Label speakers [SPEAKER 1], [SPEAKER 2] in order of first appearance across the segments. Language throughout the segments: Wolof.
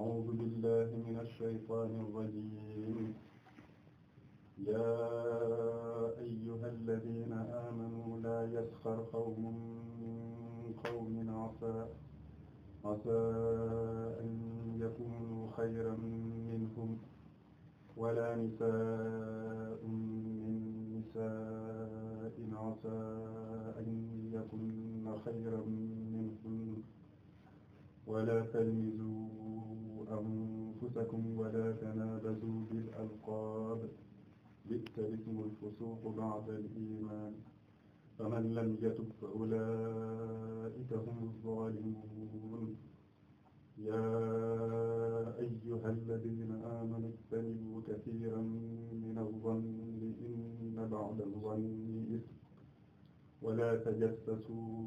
[SPEAKER 1] أعوذ بالله من الشيطان الرجيم يا أيها الذين آمنوا لا يسخر قوم من قوم عسى عسى أن يكونوا خيرا منهم ولا نساء من نساء عسى أن يكن خيرا منهم ولا تلمزوا أنفسكم ولا تنابزوا بالألقاب بئس الاسم الفسوق بعد الإيمان فمن لم يتب فأولئك هم الظالمون يا أيها الذين آمنوا اجتنبوا كثيرا من الظن إن بعد الظن إثم ولا تجسسوا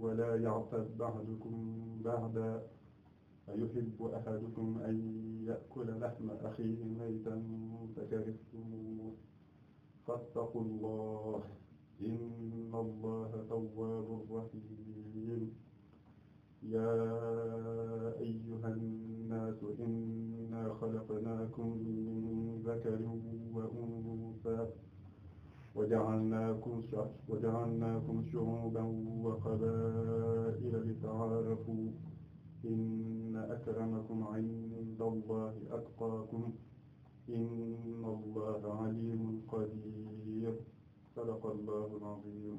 [SPEAKER 1] ولا يعتب بعضكم بعضا أيحب أحدكم أن يأكل لحم أخيه ميتا فكرهتموه فاتقوا الله إن الله تواب رحيم يا أيها الناس إنا خلقناكم من ذكر وأنثى وجعلناكم وجعلناكم شعوبا وقبائل لتعارفوا inna akramakum inda allahi atqaakum inna allaha alimun qadir sadaqa allahu al-azim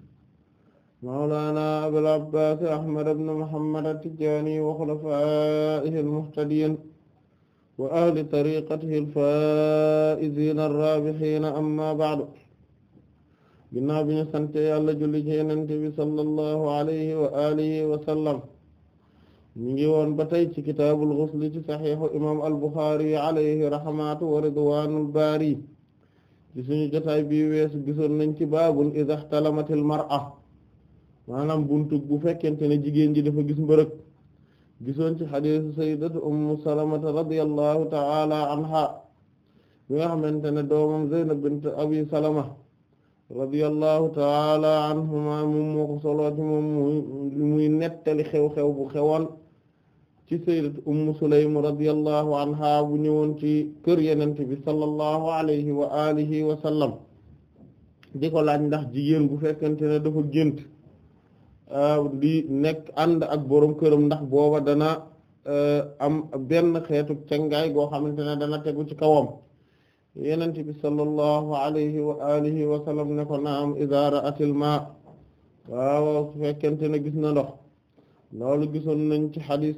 [SPEAKER 2] mawlana abul abbaas ahmad ibn muhammad at-tijaani wa xulafaa'ihi al-muhtadiin wa ahli tariqatihi al-faa'iziina ar-raabihiina amma ba'du ginnaaw bi ñu sant Yàlla julli ci Yonent bi sallallahu alayhi wa alihi wa sallam ñu ngi woon ba tey ci kitaabul ghusl ci saxiixu imaam al-Buxaari alayhi rahmatu wa ridwaanul baari ci suñu jotaay bi weesu gisoon nañ ci baabun idaa ihtalamatil mar'a maanaam buntu bu fekkente ne jigéen ji dafa gis mbërëk gisoon ci xadiis sayyidatu ummu salamata radiyallahu ta'ala anha bi nga xamante ne doomam zaynab bint abi salama radiyallahu ta'ala anhuma moom moo ko soloo ci bu ñëwoon ci kër yenent bi sallallahu alayhi wa alihi wa sallam di ko laaj ndax jigéen bu fekkente ne dafa gént Euh, di nekk ànd ak borom këram ndax booba dana euh, am benn xeetu cangaay goo xamante ne dana tegu ci kawam yenent bi sallallahu alayhi wa alihi wa sallam ne ko naam iza ra'atil ma waaw su fekkente gis na ndox loolu gisoon nañ ci xadis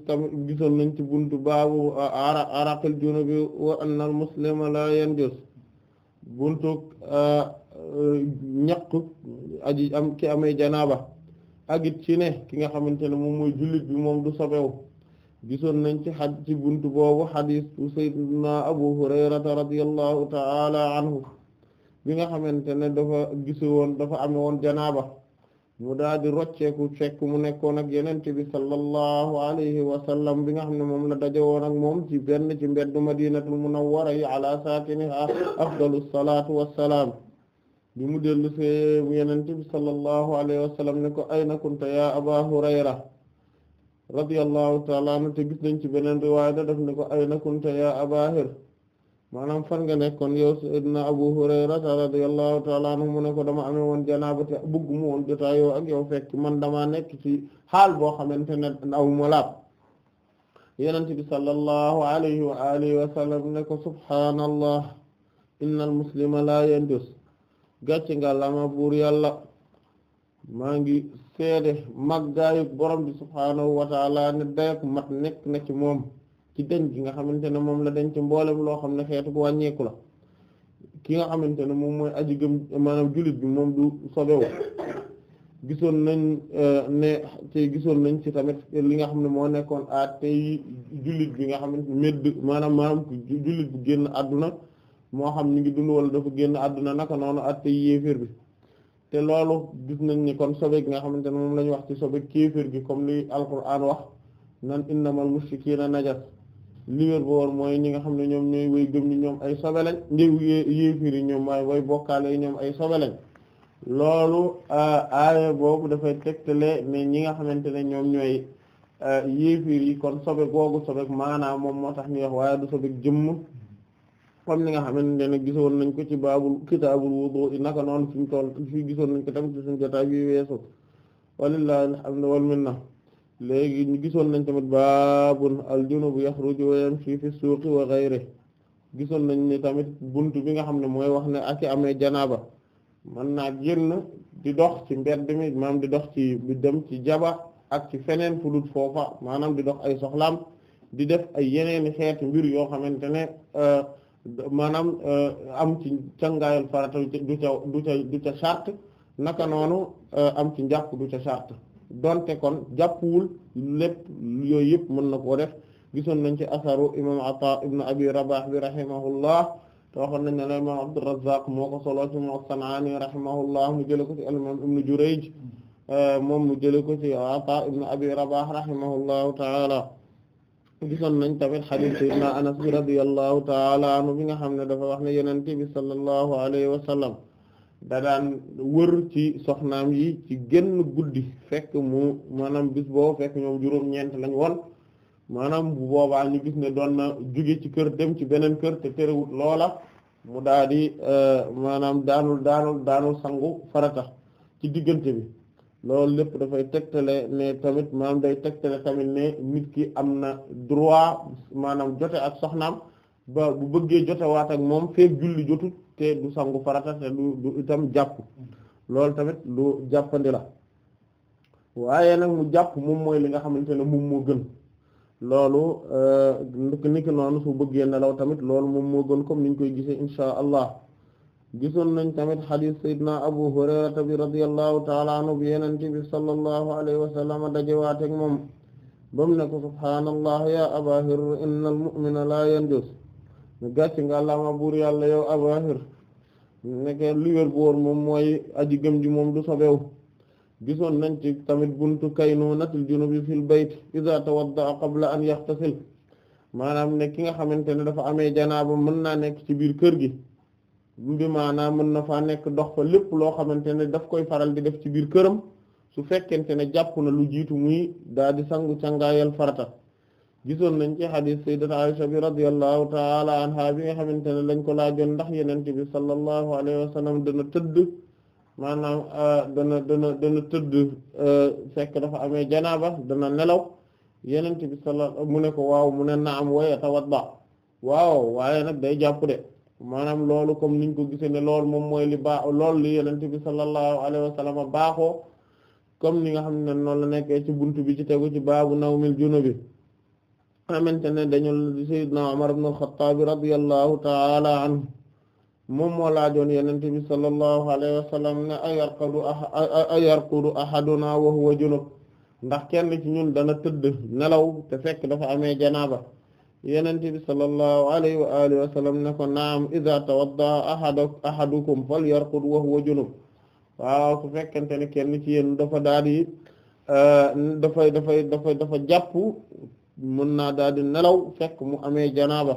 [SPEAKER 2] gisoon nañ ci buntu baabu ara araqil junubi wa anna al muslima la yanjus buntu euh, ñaq aji am ki amay janaaba ak it ci ne ki nga xamante ne moom mooy jullit bi moom du sobewu gisoon nañ ci xaj ci buntu boobu xadis bu sayyidina abu hurayrata radiyallahu ta'ala anhu bi nga xamante ne dafa gisu woon dafa ame woon janaaba mu daal di rocceeku fekk mu nekkoon ak yenente bi sallallahu alayhi wa sallam bi nga xam ne moom la daje woon ak moom ci benn ci mbeddu madinatul munawwara yi ala saakiniha afdalus salaatu wassalaam bi mu dellu see bu yenente bi sallallahu alayhi wa sallam ne ko ayna kunta ya aba hurayra radiyallahu taala anhu te gis nañ ci beneen riwaaya da def ne ko ayna kunta ya aba hir maanaam fan nga nekkoon yow sayyidina abu hurayra radiyallahu taala anhu mu ne ko dama amee woon janaaba te bëgg mu woon jotaa yow ak fekk man dama nekk ci xaal boo xamante ne aw ma laab yenente bi sallallahu alayhi wa alihi wa sallam ne ko subhaanallah inna al la yandus gàcce ngàllama buur yàlla maa ngi seede màggaayug borom bi subhaanahu wa taala ne dayak mat nekk na ci moom ci denc ki nga xamante ne moom la denc mboolem loo xam ne xeetu wàññeeku la ki nga xamante ne moom mooy aji gëm maanaam jullit bi moom du sobewu gisoon nañ euh, ne te gisoon nañ ci tamit li nga xam ne moo nekkoon a tey jullit bi nga xamante médd maanaam maanaam jullit bu génn àdduna moo xam ni ngi dund wala dafa génn àdduna naka noonu atte yéeféer bi te loolu gis nañ ni kon sobe gi nga xamante ne moom la ñu wax ci sobe kéeféer gi comme li alquran wax nan innamal mushrikina najas li wér ba war mooy ñi nga xam ne ñoom ñooy way ñoom ay sobe lañ njëw yéeféer yi ñoom waaye way bokkaale yi ñoom ay sobe loolu aaya boobu dafay tegtale mais ñi nga xamante ne ñoom ñooy yéeféer yi kon sobe googu sobe maanaam moom moo tax ñuy wax waaye du sobe jëmm comme li nga xamante ne gisoon nañ ko ci baabul kitaabul wudu naka noonu fi mu toll fii gisoon nañ ko tamit ci suñu jotaay bi weesu walillahi alhamdu wal minna léegi ñu gisoon nañ tamit baabun al junubu yaxruju wa yamshi fi suuqi wa ghayrihi gisoon nañ ni tamit buntu bi nga xam ne mooy wax ne aki amee janaaba man naa génn di dox ci mbedd mi maam di dox ci dem ci jaba ak ci feneen fu dul foofa maanaam di dox ay soxlaam di def ay yeneeni xeeti mbir yoo xamante ne euh, maanaam euh, am ci cangaayal farata du ca charte naka noonu euh, am ci njàpp du ca charte donte kon jàppwul lépp yooyu yëpp mën na koo def gisoon nañ ci asaru imam Ata ibn Abi Rabah bi rahimahullah te waxoon nañ ne la imam Abdurrazzaq moo ko solo ci moom Sanaani rahimahullah mu jële ko ci al-imam ibn Jurayj euh, moom mu jële ko ci Ata ibn Abi Rabah rahimahullahu ta'ala gisoon nañ tamit xadiis sayyidina anas bi radiyallahu taala anhu bi nga xam ne dafa wax ne yonent bi sallallahu alayhi wa sallam da daan wër ci soxnaam yi ci génn guddi fekk mu maanaam bis boobu fekk ñoom juróom-ñeent lañ woon maanaam bu boobaa ñu gis ne doon na jóge ci kër dem ci beneen kër te terewut loola mu daal di euh, maanaam daanul daanul daanul sangu farata ci diggante bi loolu lépp dafay tegtale ne tamit maam day tegtale tamit ne nit ki am na droit maanaam jote ak soxnaam ba bu bëggee jotewaat ak moom feek julli jotut te du sangu farata te du itam jàpp loolu tamit du jàppandi la waaye nag mu jàpp moom mooy li nga xamante ne moom moo gën loolu euh, niki noonu su bëggee nelaw tamit loolu moom moo gën comme niñ koy gisee insha allah gisoon nañ tamit xadis sayyidina abu hurayrata bi radiyallahu taala anhu bi yenente bi sallallahu alayhi wa sallama dajewaateeg moom bamu ne ko subhaanallah ya abahir inna al la yanjus ñu gàcc nga allaama buur yàlla yow abahir nekke li moom mooy aji gëm ji moom du sobew gisoon nañ ci tamit buntu kaynuunatil junubi fil bayt iza tawadda qabla an yaxtasil maanaam ne ki nga xamante ne dafa amee janaaba mën naa nekk ci biir kër gi bi maanaam mën na faa nekk dox fa lépp loo xamante ne daf koy faral di def ci biir këram su fekkente ne jàpp na lu jiitu muy daal di sangu cangaayal farata gisoon nañ ci xadis sayyidati Aisha bi radiyallahu taala anha bi nga xamante ne lañ ko laajoon ndax yenente bi sallallahu alayhi wa sallam dana tëdd maanaam ah, dana dana tëdd ah, fekk dafa amee janaaba dana nelaw yenente bi sallallahu mu ne ko waaw mu ne naam wa yatawadda waaw waaye nag day jàpp de maanaam loolu comme niñ ko gisee ne loolu moom mooy li baax loolu li yenente bi sallallahu alayhi wa sallam baaxoo comme ni nga xam ne noonu la nekkee ci bunt bi ci tegu ci baabu nawmil junubi xamante ne dañu sayyidna Umar ibn al-Khattab radiyallahu ta'ala anhu moom moo laajoon yenente bi sallallahu alayhi wa sallam ne ayarqadu ah, ayarqudu ahaduna wa huwa junub ndax kenn ci ñun dana tëdd nelaw te fekk dafa amee janaaba yenente bi sallallahu alayhi wa alihi wa sallam ne ko naam iza tawadda ahadu ahadukum falyarqud wa junub waaw su fekkente ne kenn ci yéen dafa daal di dafay euh, dafay dafay dafa jàpp mën naa daal di nelaw fekk mu amee janaaba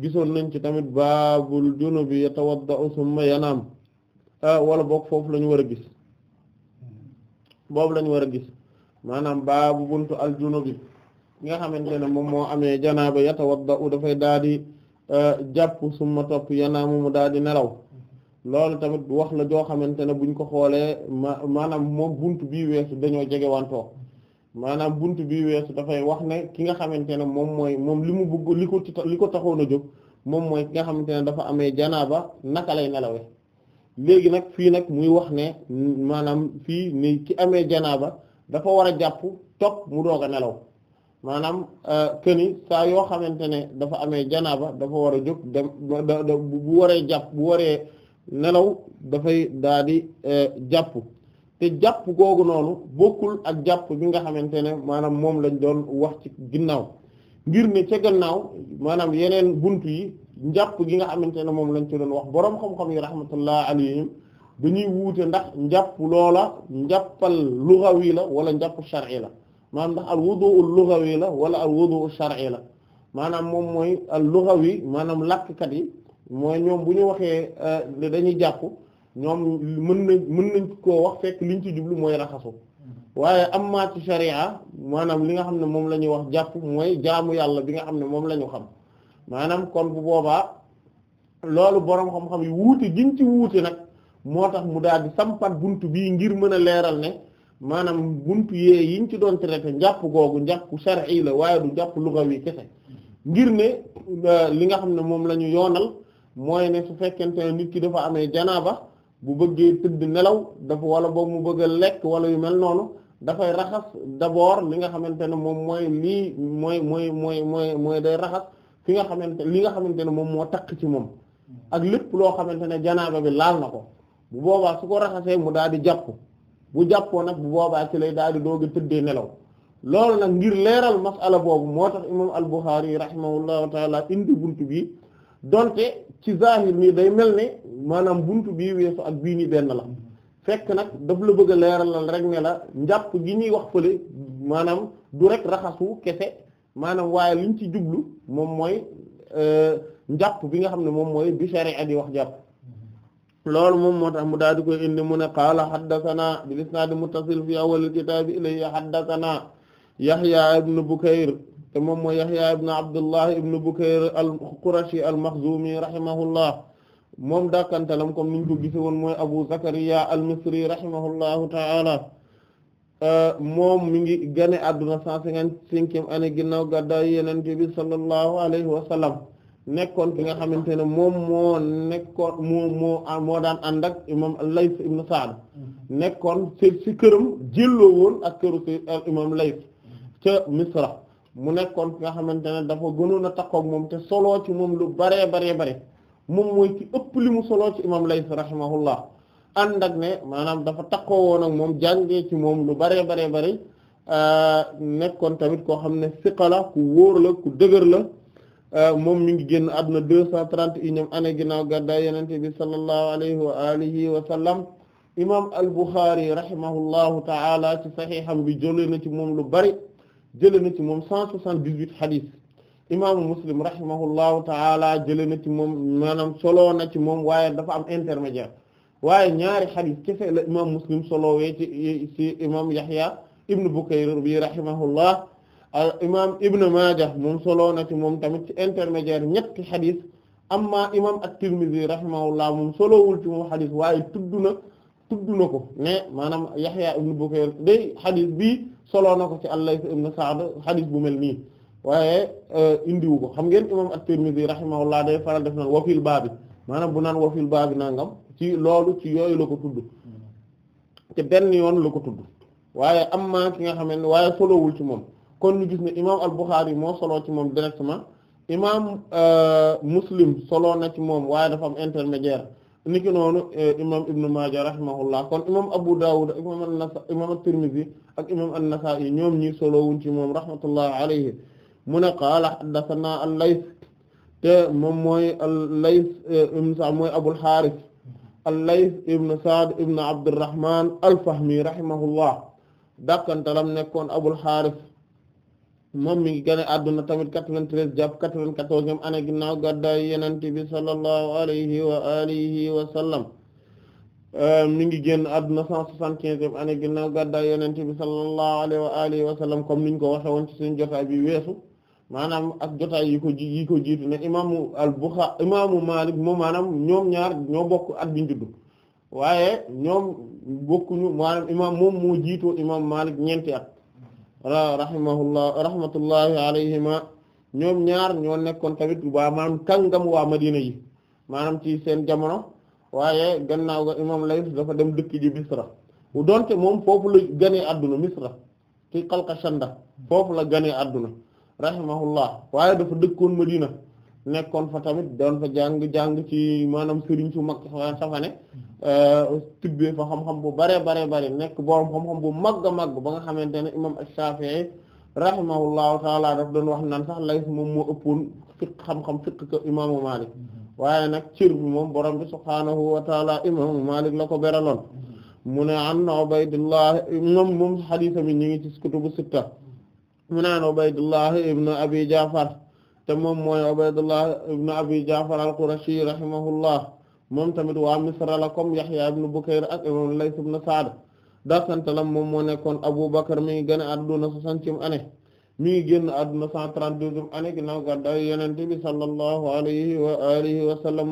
[SPEAKER 2] gisoon nañ ci tamit baabul junubi yatawadda'u summa yanaam euh, wala boog foofu la ñu war a gis hmm. boobu la ñu war a gis maanaam baabu buntu al bi nga xamante ne moom moo amee janaaba yatawaddau dafay daal di euh, jàpp suma topp yanaamu mu daal di nelaw loolu tamit wax la joo xamante ne buñ ko xoolee ma maanaam moom bunt bii weesu dañoo jege wantoo maanaam bunt bii weesu dafay wax ne ki nga xamante ne moom mooy moom li mu bugg li ko li ko taxoon a jóg moom mooy ki nga xamante ne dafa amee janaaba naka lay nelawee léegi nag fii nag muy wax ne maanaam fii ni ki amee janaaba dafa war a jàpp topp mu doog a nelaw maanaam këni euh, saa yoo xamante ne dafa amee janaaba dafa war a jóg dem bu waree jàpp bu waree nelaw dafay daadi di euh, jàpp te jàpp googu noonu bokkul ak jàpp gi nga xamante ne maanaam moom lañ doon wax ci ginnaaw ngir ne ca gannaaw maanaam yeneen bunt yi njàpp gi nga xamante ne moom lañ ci doon wax boroom xam-xam yi rahmatullah alayhim dañuy wuute ndax njàpp loola njàppal lugawi la wala njàpp shar'i la maanaam ndax al wudu'u lughawi la wala al wudu'u shar'i la maanaam moom mooy al lughawi maanaam làkkat yi mooy ñoom bu ñu waxee euh, dañuy jàpp ñoom mën nañ mën nañ koo wax fekk liñ ci jublu mooy raxasu waaye amma ci sharia maanaam li nga xam ne moom la ñuy wax jàpp mooy jaamu yàlla bi nga xam ne moom la ñu xam maanaam kon bu boobaa loolu boroom xam-xam yi wuute giñ ci wuute nag moo tax mu daal di sampat bunt bii ngir mën a leeral ne maanaam buntu yee yiñ ci doon traité njàpp googu njàpp shar'i la waaye du njàpp lugawi kese ngir ne euh, li nga xam ne moom la ñu yoonal mooy ne su fekkente ne nit ki dafa amee janaaba bu bëggee tëdd nelaw dafa wala boobu mu bëgg lekk wala yu mel noonu dafay raxas d'abord li nga xamante ne moom mooy lii mooy mooy mooy mooy mooy day raxas fi nga xamante li nga xamante ne moom moo takk ci moom ak lépp loo xamante ne janaaba bi laal na ko bu boobaa su ko raxasee mu daal di jàpp bu jàppoo nag bu boobaa ci lay daal di doog a tëddee nelaw loolu nag ngir leeral masala boobu moo tax imam al-Bukhari rahimahullahu taala indi bunt bi donte ci zahir nii day mel ne maanaam bunt bii weesu ak bii ni benn la fekk nag daf la bëgg a leeralal rek ne la njàpp gi ñuy wax fële maanaam du rek raxasu kese maanaam waaye liñ ci jublu moom mooy euh, jàpp bi nga xam ne moom mooy bi sharia di wax jàpp loolu moom moo tax mu daal di koy indi mu ne qaala haddasanaa bil isnaad muttasil fi awwalil kitaabi ilayhi haddasanaa Yahya ibn Bukayr te moom mooy Yahya ibn Abdullah ibn Bukayr al-Qurashi al-Makhzumi rahimahullah moom dàkkantalam comme niñ ko gise woon mooy Abu Zakariya al-Misri rahimahullahu ta'ala moom mi ngi gane adduna cent cinquante-cinquième année ginnaaw gàddaay Yonent bi sallallahu alayhi wa nekkoon ki nga xamante ne moom moo nekkoon moo moo moo daan ànd ak imam Layth ibn Sa'd mm-hmm. nekkoon ci ci këram jëlloo woon ak këru ci euh, imam Layth mm-hmm. ca Misra mu nekkoon ki nga xamante ne dafa gënoon a takkook moom te solo ci moom lu baree baree bare moom li mu solo ci imam Layth rahimahullah ànd ak ne maanaam dafa takkoo woon ak moom jàngee ci moom lu baree baree bare euh, nekkoon tamit koo xam ne siqa la ku wóor la ku dëgër la Euh, moom mi ngi génn àdduna deux cent trente et unième année ginnaaw gàddaay yonent bi sallallahu alayhi wa alihi wa sallam imam al-Bukhari rahimahullahu ta'ala ci saxiixam bi jole na ci moom lu bari jëlee na ci moom cent soixante-dix-huit xadis imaamu Muslim rahimahullahu ta'ala jëlee na ci moom maanaam solo na ci moom waaye dafa am intermédiaire waaye ñaari xadis kefe la imam Muslim solowee ci ci imam Yahya ibn Bukayr bi rahimahullah imaam Ibn Maaja moom solo na ci moom tamit ci intermédiaire ñetti xadis amma imaam at-Tirmidhi rahimahullah moom wul ci moom xadis waaye tudd na tudd na ko mais maanaam Yahya ibn Bukayr day xadis bii solo na ko ci al-Layth ibn Sa'd xadis bu mel nii waaye euh, indiwu ko xam ngeen imaam at-Tirmidhi rahimahullah day faral def naan wafil baabi maanaam bu naan wafil baabi nangam ci loolu ci yooyu la ko tudd
[SPEAKER 3] mm-hmm.
[SPEAKER 2] te benn yoon la ko tudd waaye amma ki nga xamante ne waaye solowul ci moom. kon ñu gis ne imaam al-Bukhari moo solo ci moom directement imaam euh, Muslim solo na ci moom waaye dafa am intermédiaire niki noonu euh, imaam Ibn Maaja rahimahullah kon imaam Abu Dawud imaam an-Nasa imaam at-Tirmidhi ak imaam an-Nasa'i ñoom ñi solo wuñ ci moom rahmatullah alayhi mu ne qaala haddathana al-Layth te moom mooy al-Layth euh, ibn Sa'd mooy Abul Harith al-Layth ibn Sa'd ibn Abdurrahman al-Fahmi rahimahullah dàkkantalam nekkoon Abul Harith moom mi ngi gane adduna tamit 93 jàpp 94e année ginnaaw gàddaay Yonent bi sallallahu alayhi wa alihi wa sallam euh, mi ngi génn adduna 175e année ginnaaw gàddaay Yonent bi sallallahu alayhi wa alihi wa sallam comme niñ ko waxe woon ci suñu jotaay bi weesu maanaam ak jotaay yi ko ji yi ko jiitu ne imaamu al-Bukhari imaamu Maalik moom maanaam ñoom ñaar ñoo bokk at biñ juddu waaye ñoom bokkuñu maanaam imaam moom moo jiitoo imaamu Maalik ñeenti at rahimahullah rahmatullahi alayhima ñoom ñaar ñoo nekkoon tamit waa maanaam kàngam waa Madina yi maanaam ci seen jamono waaye gannaaw ga imam Layth dafa dem dëkk ji Misra bu doonte moom foofu la ganee adduna Misra ki Qalqashanda foofu la ganee adduna rahimahullah waaye dafa dëkkoon Madina nekkoon fa tamit doon fa jàng jàng ci maanaam sëriñ su mag safane mm-hmm. euh, tibbee fa xam-xam bu bare bare bare nekk borom xam-xam bu mag a mag ba nga xamante ne imam Shafi'i rahimahullahu taala daf doon wax naan sax Layth moom moo ëppoon fiq xam-xam fiq ko imaamu Malik mm-hmm. waaye nag cër bi moom borom bi subhaanahu wa taala Malik la ko beraloon mm-hmm. mu ne an Ubaydullah moom moom xadiisam yi ñu ngi ci kutubu sitta mu ne an Ubaydullah te moom mooy Ubaydullah ibn Abi Ja'far al-Qurashi rahimahullah moom tamit waa Misra la comme Yahya ibn Bukayr ak imam Layth ibn Sa'd dasantalam moom moo nekkoon Abu Bakr mi ngi gën a adduna soixantième année mi ngi génn adduna cent trente-deuxième année ginnaaw gàddaay Yonent bi sallallahu alayhi wa alihi wa sallam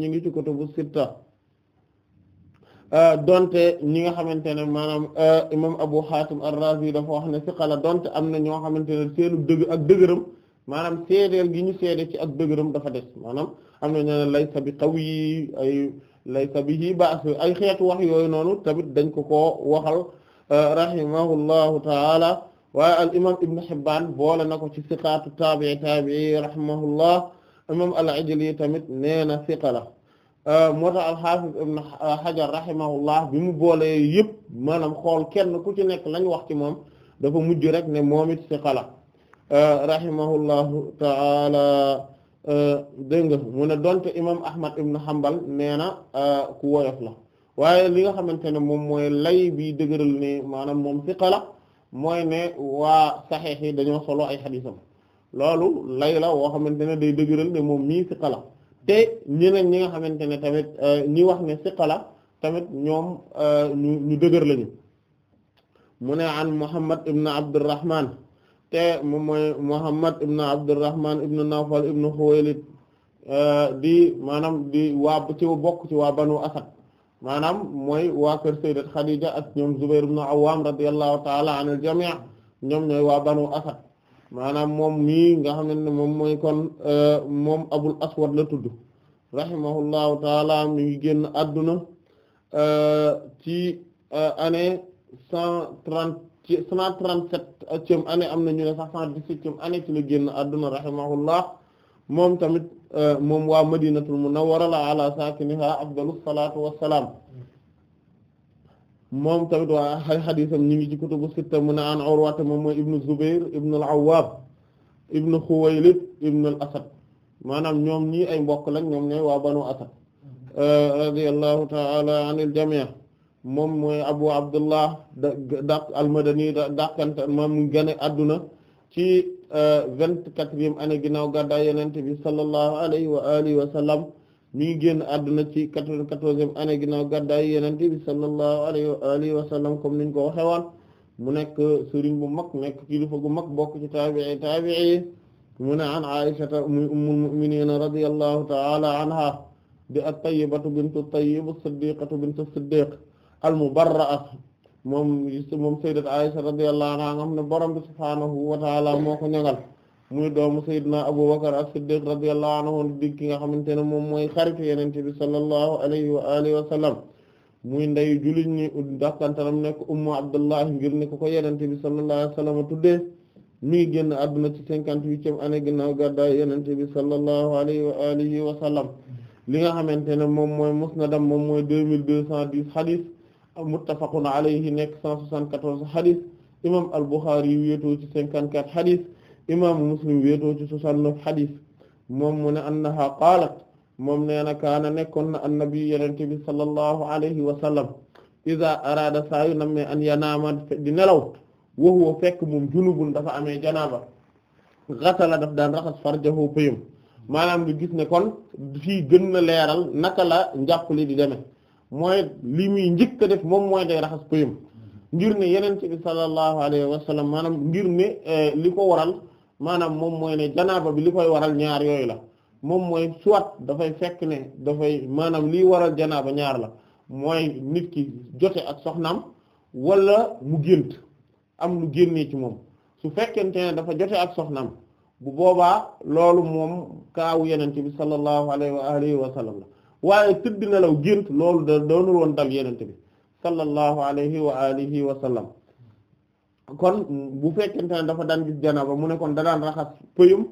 [SPEAKER 2] ñu ngi ci kutubu sitta euh, donte ñi nga xamante ne maanaam euh, imam Abu Hatim ar-Razi dafa wax ne siqa la donte am na ñoo xamante ne seenu dëgg maanaam seedeel gi ñu seede ci ak dëgëram dafa des maanaam am na ñoo lay laysa bi qawi ay laysa bihi ba's ay xeetu wax yooyu noonu tamit dañ ko ko waxal euh, rahimahullahu taala waaye al imam boole na ko ci siqaatu taabii taabii rahimahullah imam al-Ijli tamit nee na siqa la euh, moo tax al-Hafiz ibn Hajar rahimahullah bi mu boolee yëpp maanaam xool kenn ku ci nekk lañ wax ci moom dafa mujj rek ne moom it siqa rahimahullahu ta'ala euh, dégg nga mu ne donte imam ahmad ibn hanbal nee na euh, ku woyof la waaye li nga xamante ne moom mooy lay bi dëgëral ne maanaam moom siqa mooy ne waa saxeex yi dañoo solo ay xadiisam loolu lay la woo xamante ne day dëgërël ne moom mii siqa la te ñeneen ñi nga xamante ne tamit euh, ñi wax ne siqa tamit ñoom ñu ñu dëgër lañu mu ne an muhammad ibn abdurrahman te moom mooy Muhammad ibn Abdurrahman ibn Nawfal ibn Khuwaylid eh, di maanaam di waa ci bokk ci waa Banu Asad maanaam mooy waa kër Sayyidat Khadija ñoom Zubair ibn Awwam radiyallahu ta'ala anil jami' ñoom ñooy waa Banu Asad maanaam moom mii nga xam ne moom mooy kon eh, moom Abul Aswad la tudd rahimahullahu ta'ala mi ngi génn adduna eh, ci année cent trente ci cent trente-septième année am na ñu ne sax cent dix-septième année ci la génn adduna rahimahullah moom tamit euh, moom waa madinatul munawwara la ala saakiniha afdalu salaatu wassalaam moom tamit waa xadiisam ñu ngi ci kutubu sitta mu ne an Urwa moom mooy ibnu Zubayr ibnu al-Awwab ibnu Xuwaylid ibnu asad maanaam ñoom ñii ay mbokk lañ ñoom ñooy waa banu Asad euh, radiyallahu ta'ala anil jami' moom mooy abu abdullah da almadani dàqanta moom mu gane adduna ci euh, vingt-quatrième année ginnaaw gàddaay yonent bi sallallahu alayhi wa alihi wa sallam mi ngi génn adduna ci quatre-vingt-quatorzième année ginnaaw gàddaay yonent bi sallallahu alayhi wa alihi wa sallam comme niñ ko waxe woon mu nekk sëriñ bu mag nekk kilifa gu mag bokk ci taabi'i taabi'i mu ne an aishata muy ummul mu'minina radiyallahu ta'ala anha di at bintu at siddiqatu bintu siddiq al-mubarra'a moom moom sayyidat Aisha radiyallahu anha nga xam ne borom bi subhaanahu wa ta'ala moo ko ñagal muy doomu sayyidina Abu Bakr as-Siddiq radiyallahu anhu di ki nga xamante ne moom mooy xaritu Yonent bi sallallahu alayhi wa alihi wa sallam muy ndeyu jullit ñi dakkantalam nekk ummu Abdullah ngir nekk ko ko Yonent bi sallallahu alayhi wa sallam tuddee mi ngi génn àdduna ci cinquante-huitième année ginnaaw gàddaay bi sallallahu alayhi wa wa sallam li nga xamante ne moom mooy musnadam moom mooy deux mille deux cent dix muttafaqun alayhi nekk 174 xadis imam al-Bukhari wéetoo ci 54 xadis imam Muslim wéetoo ci 69 xadis moom mu ne annaha qaalat moom nee na kaana nekkoon na annabi yenente bi sallallahu alayhi wa sallam iza araada saayu nammee an yanaama di nelaw wa huwa fekk moom junubun dafa amee janaaba gasala daf daan raxas farjahu pëyam maanaam nga gis ne kon fii gën na leeral naka la njàppali di deme mooy lii muy njëkk a def moom mooy day raxas pëyam ngir ne yenente bi sallallahu alayhi wa sallam maanaam ngir ne eh, li ko waral maanaam moom mooy ne janaaba bi li koy waral ñaar yooyu la moom mooy soit dafay fekk ne dafay maanaam lii waral janaaba ñaar la mooy nit ki jote ak soxnaam wala mu gént am lu génnee ci moom su fekkente ne dafa jote ak soxnaam bu boobaa loolu moom kaawu yenente bi sallallahu alayhi wa alihi wa sallam la waaye tëdd nelaw gént loolu da doonul woon dal yenente bi sallallahu alayhi wa alihi wa sallam kon bu fekkente ne dafa daan gis janaaba mu ne kon da daan raxas pëyam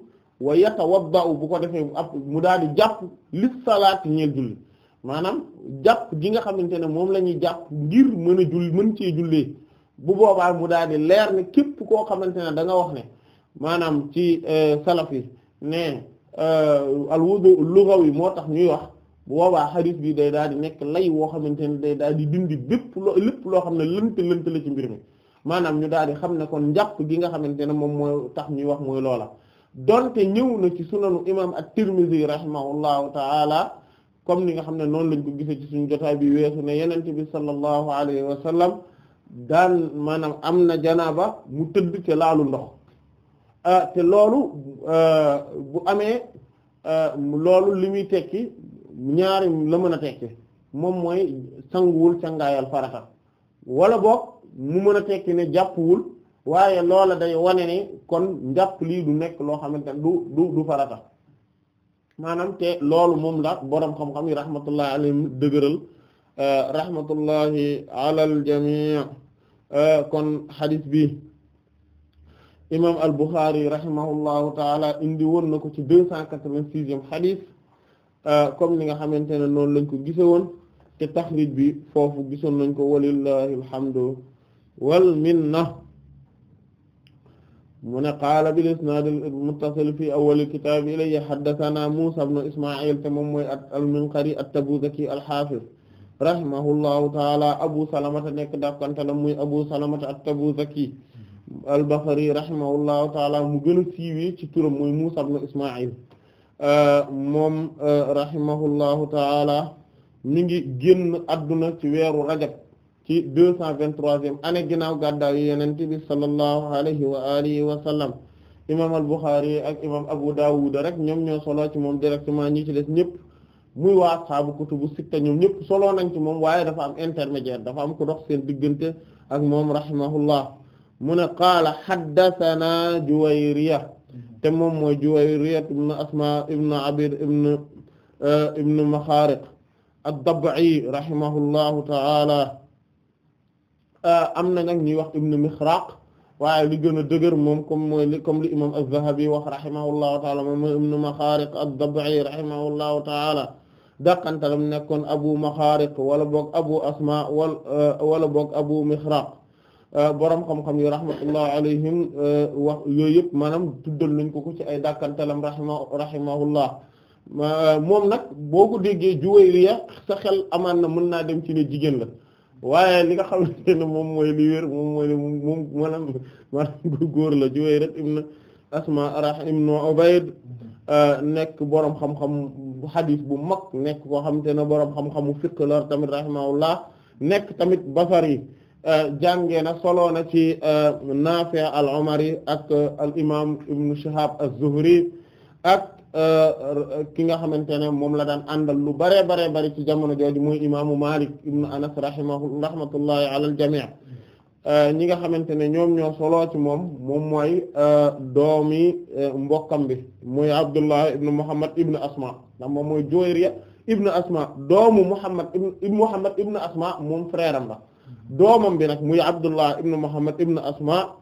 [SPEAKER 2] wa yatawadda'u bu ko defee ab mu daal di jàpp lis salaat ñeel julli maanaam jàpp gi nga xamante ne moom la ñuy jàpp ngir mën a julli mën ci jullee bu boobaa mu daal di leer ne képp koo xamante ne da nga wax ne maanaam ci euh, salaf yi ne euh, al wudu lughawi moo tax ñuy wax boobaa xadis bi day daal di nekk lay woo xamante ne day daal di dindi bépp loo lépp loo xam ne lënt lënt la ci mbir mi maanaam ñu daal di xam ne kon njàpp gi nga xamante ne moom mooy tax ñuy wax mooy loola donte ñëw na ci sunanu imam at-Tirmidhi rahimahullahu taala comme ni nga xam ne noonu lañ ko gisee ci suñu jotaay bi weesu ne yenent bi sallallahu alayhi wa sallam daan maanaam am na janaaba mu tëdd te laalu ndox ah, te loolu ah, bu amee ah, loolu li muy tekki ñaari la mën a tekki moom mooy sanguwul sangaayal farata wala boog mu mën a tekki ne jàppuwul waaye loola day wane ne kon jàpp lii du nekk loo xamante ne du du du farata maanaam te loolu moom la boroom xam-xam yi rahmatullahi alayhim dëgëral euh, rahmatullahi alal jamii euh, kon xadis bi imam al Bukhari rahimahullahu taala indi woon na ko ci deux cent quatre-vingt-sixième xadis Euh, comme ni nga xamante ne noonu lañ ko gise woon te taxrij bi foofu gisoon nañ ko walillahi alhamdu wal minna mu ne qaala bil isnaad al muttasil fi awwal al kitaab ilayya haddathana Muusaa ibn Ismaa'iil te moom mooy al-Minqari at-Tabuzaki al-Haafiz rahimahullahu taala Abu Salamata nekk dàqantala muy Abu Salamata at-Tabuzaki al-Basri rahimahullahu taala mu gën a ci turam mooy Muusaa ibn Ismaa'iil moom euh, rahimahullahu taala mi ngi génn adduna ci weeru rajab ci deux cent vingt-troisième année ginnaaw gàddaaw yi yonent bi sallallahu alayhi wa alihi wa sallam imam al-Bukhari ak imam Abu Dawud rek ñoom ñoo solo ci moom directement ñi ci des ñëpp muy waa saabu kutubu sitta ñoom ñëpp solo nañ ci moom waaye dafa am intermédiaire dafa am ku dox seen diggante ak moom rahimahullah mu ne qaala haddathana Juwayriya te moom mooy Juwayriyat ibn Asma ibn Abid ibn euh, ibn Makhariq ad-Dab'i rahimahullahu ta'ala euh, am na nag ñuy wax ibn Mikhraq waaye li gën a dëgër moom comme mooy li comme li imam az-Zahabi wax rahimahullahu ta'ala moom mooy ibn Makhariq ad-Dab'i rahimahullahu ta'ala dàqantalam nekkoon Abu Makhariq wala boog Abu Asma euh, wala boog Abu Mikhraq Euh, borom xam-xam yi rahmatullah euh, wax yooyu yëpp maanaam tuddal nañ ko ko ci ay dàkkantalam rahima rahimahullah moom nag boo ko déggee Juwayriya sa xel amaan na mën naa dem ci ne jigéen la waaye li nga xam ne moom mooy li wér moom mooy moom maanaam maanaam góor la Juwayriya ibn Asma arah ibn Ubayd euh, nekk borom xam-xam hadith bu mag nekk koo xamante ne borom xam-xamu fiqh la tamit rahimahullah nekk tamit basari Euh, jàngee na solo na ci euh, Naafi' al-Umari ak euh, al imaam Ibn Shihab az-Zuhri ak ki nga xamante ne moom la daan àndal lu bare bare bari ci jamono jooju muy imaamu Malik ibn Anas rahimahu rahmatullahi ala al-jami' ñi nga xamante ne ñoom ñoo solo moom moom mooy doomi mbokkam bi muy Abdullah ibn Muhammad ibn Asma moom mooy Juwayriya ibn Asma doomu Muhammad ibn Muhammad ibn moom frère la doomam bi nag muy Abdullah ibn Muhammad ibn Asma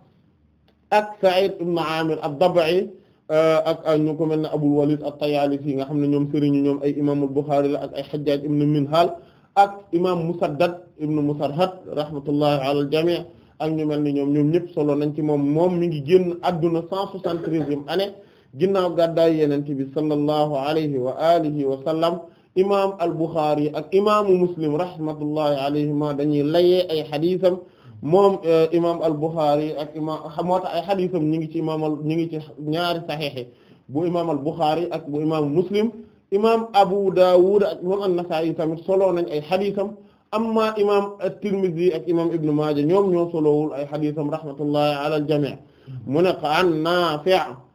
[SPEAKER 2] ak Sa'id ibn Amir ad-Daba'i uh, ak ñu ko mel ne Abul Walid at-Tayalisi nga xam ne ñoom sëriñu ñoom ay imaamul Bukhari la ak ay Hajjaj ibn Minhal ak imaam Musaddad ibn Musarhad rahmatullahi ala al-jami' ak ñu mel ni ñoom ñoom ñëpp solo nañ ci moom moom mi ngi génn adduna cent soixante-treizième année ginnaaw gàddaay Yonent bi sallallahu alayhi wa alihi wa sallam imaam al Bukhari ak imaamu Muslim rahmatullahi alayhima dañuy layee ay xadiisam moom euh, imaam al Bukhari ak imaam moo tax ay xadiisam ñu ngi ci imaam al ñu ngi ci ñaari saxiix bu imaam al Bukhari ak bu imaamu Muslim imaam Abu Dawud ak imaam an-Nasa'i tamit solo nañ ay xadiisam amma imaam at-Tirmidhi ak imaam Ibn Maaja ñoom ñoo solowul ay xadiisam rahmatullahi ala al jamii' mu ne an Naafi'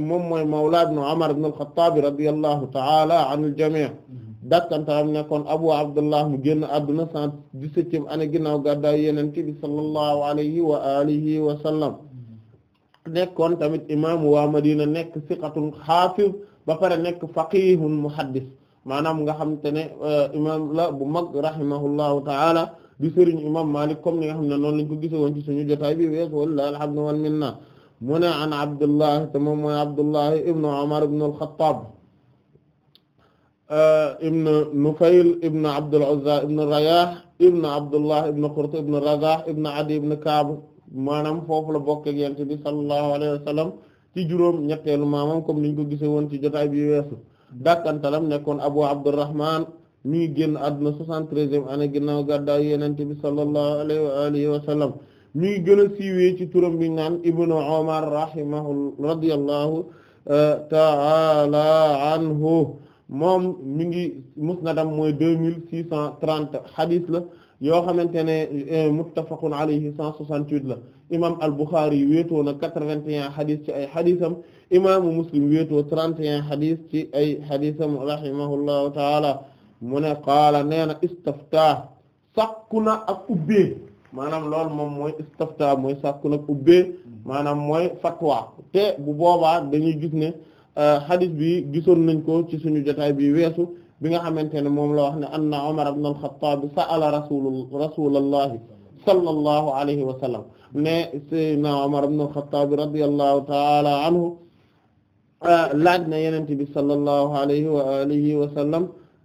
[SPEAKER 2] moom mooy mawla ibn Umar ibn al-Khattab radiyallahu ta'ala anil jami' mm-hmm. dakkantaam nekkoon Abu Abdullah mu génn àdduna cent dix-septième année ginnaaw gàddaay Yonent bi sallallahu alayhi wa alihi wa sallam mm-hmm. nekkoon tamit imaamu waa Madina nekk siqatun xaafiz ba pare nekk faqihun muhaddis maanaam nga xam te ne uh, imaam la bu mag rahimahullahu ta'ala di sëriñ imaam Maalik comme ni nga xam ne noonu lañ ko gisoon ci suñu jotaay bi wees wallahi alhamdu wal minna mu ne an Abdullahi te moom mooy Abdullahi Ibn Omar Ibn al-Khattab eh, Ibn Nufayl Ibn Abdul Uzza Ibn Rayah Ibn Abdullahi Ibn Qurt Ibn Razah Ibn Adi Ibn Kaab maanaam foofu la bokk ak Yonent bi sallallahu alayhi wa sallam ci juróom ñetteelu maamam comme niñ ko gisee woon ci jotaay bi weesu dàkkantalam nekkoon Abu Abdurrahman mi ngi génn àdduna 73e année ginnaaw gàddaay Yonent bi sallallahu alayhi wa alihi wa sallam. ñuy gën a siiwee ci turam bi naan ibnu Umar rahimahu radiyallahu euh, ta'ala anhu moom mi ngi musnadam mooy deux mille six cent trente hadith la yoo xamante ne euh, muttafaqun alayhi cent soixante-huit la imam al-Bukhari wéetoo na quatre-vingt-un hadith ci ay haditham imaamu Muslim wéetoo trente et un hadith ci ay haditham rahimahullahu taala mu ne qaala nee na istaftah sakku na ak ubbee maanaam loolu moom mooy istifta mooy sàkku nag ubbee maanaam mooy fatwa te bu boobaa dañuy gis ne euh, hadith bi gisoon nañ ko ci suñu jotaay bi weesu bi nga xamante ne moom la wax ne anna Umar ibn al-Khattab sa'ala rasul rasulallahi sallallahu alayhi wa sallam ne sayyidina Umar ibn al-Khattab radiyallahu ta'ala anhu euh, laaj na yenente bi sallallahu alayhi wa alihi wa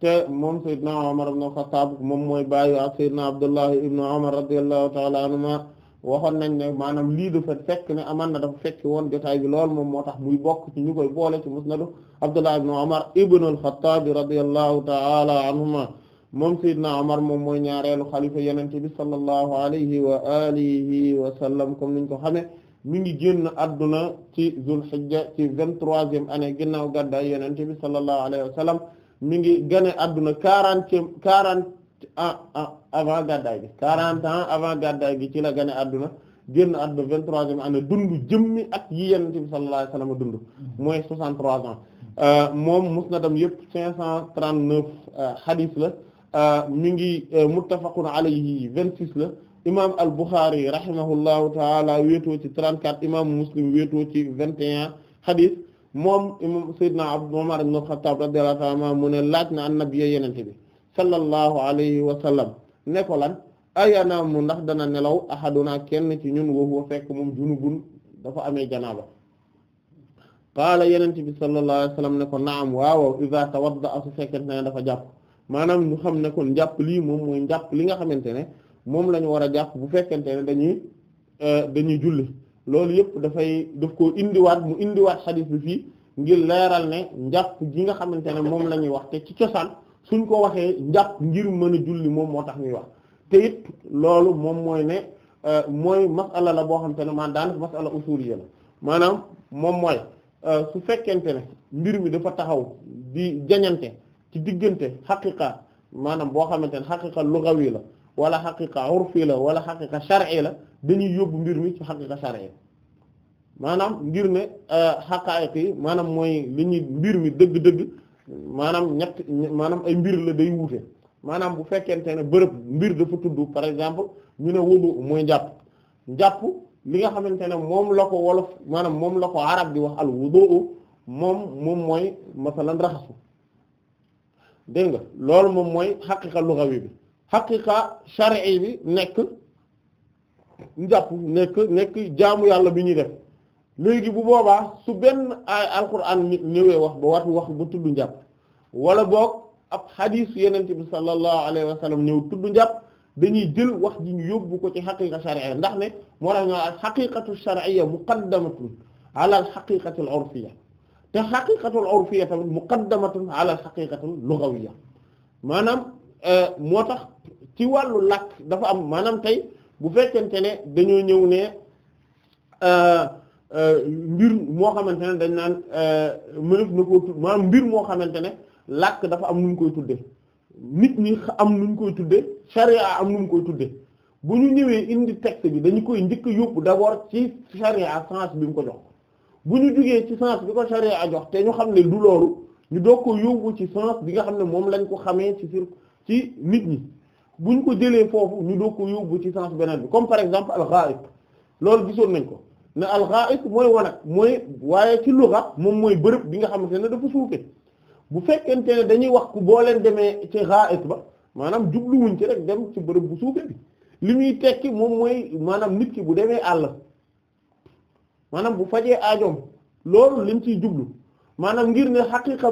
[SPEAKER 2] te moom Seydina Omar ibn Khattab moom mooy baayu ak Seydina Abdullah ibn Omar radiyallahu ta'ala anhuma waxoon nañ ne maanaam lii dafa fekk ne aman na dafa fekk woon jotaay bi lool moom moo tax muy bokk ci ñu koy boole ci musnadu Abdullah ibn Omar ibn al-Khattab radiyallahu ta'ala anhuma moom Seydina Omar moom mooy ñaareelu xalifa yonent bi sallallahu alayhi wa alihi wa sallam comme ko xamee mi ngi génn adduna ci Zulhijja ci vingt-troisième année ginnaaw gàddaay yonent bi sallallahu alayhi wa mi ngi gane adduna quarante quarante ans ah, ah, avant gàddaay gi quarante ans avant gàddaay gi ci la gane adduna génn adduna vingt-troisième année dund jëmmi ak yi yenn ci bi sallallahu alayhi dund mooy soixante-trois ans euh, moom musnadam yëpp cinq cent trente-neuf euh, hadith la euh, mi ngi muttafaqun alayhi vingt-six la imam al-Bukhari rahimahullahu taala wéetoo ci 34 imam Muslim wéetoo ci 21 hadith moom imam Seydina Abdou Umar ibn Khattab radiyallahu ta'ala mu ne laaj na annabi yonent bi sallallahu alayhi wa sallam ne ko lan ayanaamu ndax dana nelaw ahaduna kenn ci ñun wa huwa fekk moom junubun dafa amee janaaba qaala yonent bi sallallahu alayhi wa sallam ne ko naam waaw idha tawadda'a su na ne dafa jàpp maanaam ñu xam nekkoon jàpp lii moom mooy jàpp li nga xamante ne moom la ñu war a jàpp bu fekkente ne dañuy euh, dañuy julli. loolu yëpp dafay def ko indiwaat mu indiwaat xadis bi fii ngir leeral ne njàpp gi nga xamante ne moom la ñuy wax te ci cosaan suñ ko waxee njàpp ngir mën a julli moom moo tax ñuy wax te it loolu moom mooy ne euh, mooy masala la boo xam ne maanaam daanaka masala usuliyya la maanaam moom mooy euh, su fekkente ne mbir mi dafa taxaw di jañante ci diggante xaqiqa maanaam boo xamante ne xaqiqa lugawi la wala xaqiqa urfi la wala xaqiqa shar'i la dañuy yóbbu mbir mi ci xaqiqa shar'i maanaam ngir ne euh, xaqaa'iq yi maanaam mooy li ñuy mbir mi dëgg-dëgg maanaam ñett maanaam ay mbir la day wuute maanaam bu fekkente ne bërëb mbir dafa tudd par exemple ñu ne wudu mooy njàpp njàpp li nga xamante ne moom la ko wolof maanaam moom la ko arab di wax al wudu moom moom mooy masalan raxasu dégg nga loolu moom mooy xaqiqa lugawi bi xaqiqa shar'i bi nekk njàpp nekk nekk jaamu yàlla bi ñuy def léegi bu boobaa su benn ay alquran ñëwee wax ba watu wax ba tudd njàpp wala boog ab xadiis yeneen bi sallallahu alayhi wa sallam ñëw tudd njàpp dañuy jël wax ji ñu yóbbu ko ci xaqiqa shar'iyya ndax ne moo tax nga xaqiqatu shar'iyya muqaddamatun ala al xaqiqatul urfiyya te xaqiqatul urfiyya tamit muqaddamatun ala al xaqiqatul lughawiyya maanaam euh, moo tax ci wàllu làkk dafa am maanaam tey bu fekkente ne dañoo ñëw ne euh, euh, mbir moo xamante ne dañ naan euh, mënef na koo tudd maanaam mbir moo xamante ne làkk dafa am nu mu koy tudde nit ñi am nu mu koy tudde charia am nu mu koy tudde bu ñu ñëwee indi texte bi dañu koy njëkk yóbbu d'abord ci charia sens bi mu ko jox bu ñu jugee ci sens bi ko charia jox te ñu xam ne du loolu ñu doog ko yóbbu ci sens bi nga xam ne moom lañ ko xamee ci ci nit ñi bu buñ ko jëlee foofu ñu doo ko yóbbu ci sens beneen bi comme par exemple al loolu gisoon nañ ko ne al-gha'ib mooy wanag mooy waaye ci lugha moom mooy bërëb bi nga xamante ne dafa suufee bu fekkente ne dañuy wax ku boo demee ci ba maanaam jubluwuñ ci dem ci bërëb bu suufee li muy tekki moom mooy maanaam nit ki bu demee àll maanaam bu fajee aajoom loolu lim ciy jublu maanaam ngir ne xaqiqa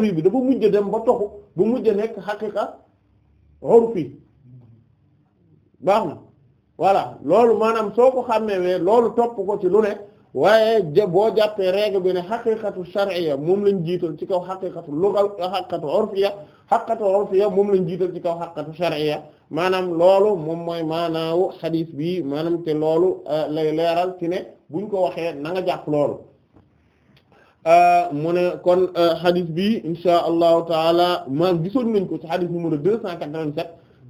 [SPEAKER 2] wi bi dafa mujj dem ba toxu ba mujj nekk xaqiqa urfi na voilà loolu maanaam soo ko xàmmee loolu topp ko ci lu ne waaye boo jàppee règle bi ne xaqiqatu shar'iyya moom lañ jiital ci kaw xaqiqatu lugal xaqiqatu urfiyya xaqiqatu urfiyya moom lañ jiital ci kaw xaqiqatu shar'iyya maanaam loolu moom mooy maanaawu xadiis bi maanaam te loolu euh, lay leeral ci ne buñ ko waxee na nga jàpp loolu Euh, mu ne kon euh, hadith bi insha allahu taala maam gisoon nañ ko ci hadith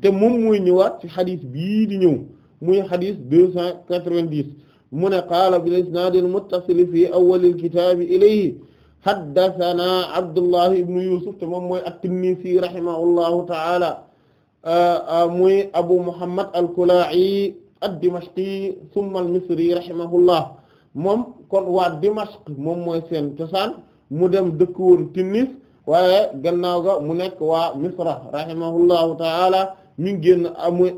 [SPEAKER 2] te moom mooy bii di ñëw muy hadith deux cent quatre vingt mu ne qaala bil isnaad al muttasil fi awwal al kitaab ilayhi haddathana Abdullah ibn Yusuf te moom mooy at-Tinnisi rahimahullahu taala euh, muy Abu Muhammad al-Kula'i ad-Dimashqi thumma al-Misri rahimahullah moom kon waa Dimashq moom mooy seen cosaan mu dem dëkk woon Tunis waaye gannaaw ga mu nekk waa Misra rahimahullahu ta'ala mi ngi génn amuy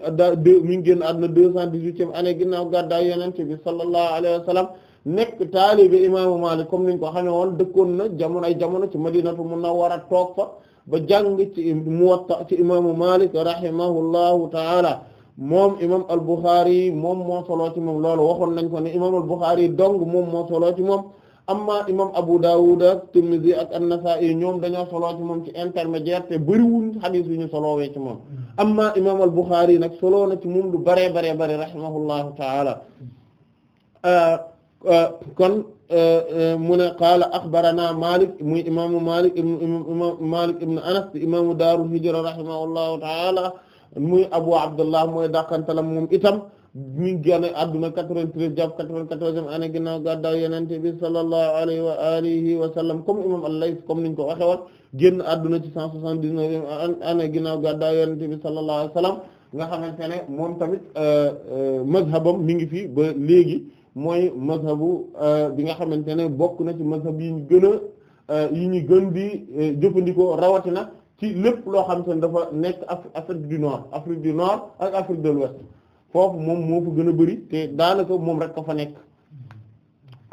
[SPEAKER 2] mi ngi génn àdduna deux cent dix-huitième année ginnaaw gàddaay Yonent bi sallallahu alayhi wa sallam nekk taalibe imaamu Maalik comme niñ ko xamee woon dëkkoon na jamono ay jamono ci Madinatu Munawwara toog fa ba jàng ci Muwatta ci imaamu Maalik rahimahullahu ta'ala moom imam al-Bukhari moom moo solo ci moom loolu waxoon nañ ko ne imam al-Bukhari dong moom moo solo moom amma imam Abu Dawud ak Tirmidhi ak an ñoom dañoo solo moom ci intermédiaire te bëriwuñ xadiis yu ñu solowee moom amma imam al-Bukhari nag solo ci moom lu baree baree bare rahimahullahu ta'ala euh, euh, kon euh, mu ne qaala axbarana Malik muy ta'ala muy Abu Abdullah mooy dàqantalam moom itam mi ngi génn adduna 93 jàpp 94e année ginnaaw gàddaay Yonent bi sallallahu alayhi wa alihi wa sallam comme imam al-Layth niñ ko waxe woon génn adduna ci 179e année ginnaw gàddaay Yonent bi sallallahu alayhi wa sallam nga xamante ne moom tamit euh, euh, mazhabam mi ngi fi ba léegi mooy mazhabu euh, bi nga xamante ne bokk na ci mazhab yi ñu gën a yi ñu gën bi jëfandikoo rawatina. ci lépp loo xam te ne dafa nekk Afrique du Nord Afrique du Nord ak Afrique de l'Ouest foofu moom moo fa gën a bari te daanaka moom rek ko fa nekk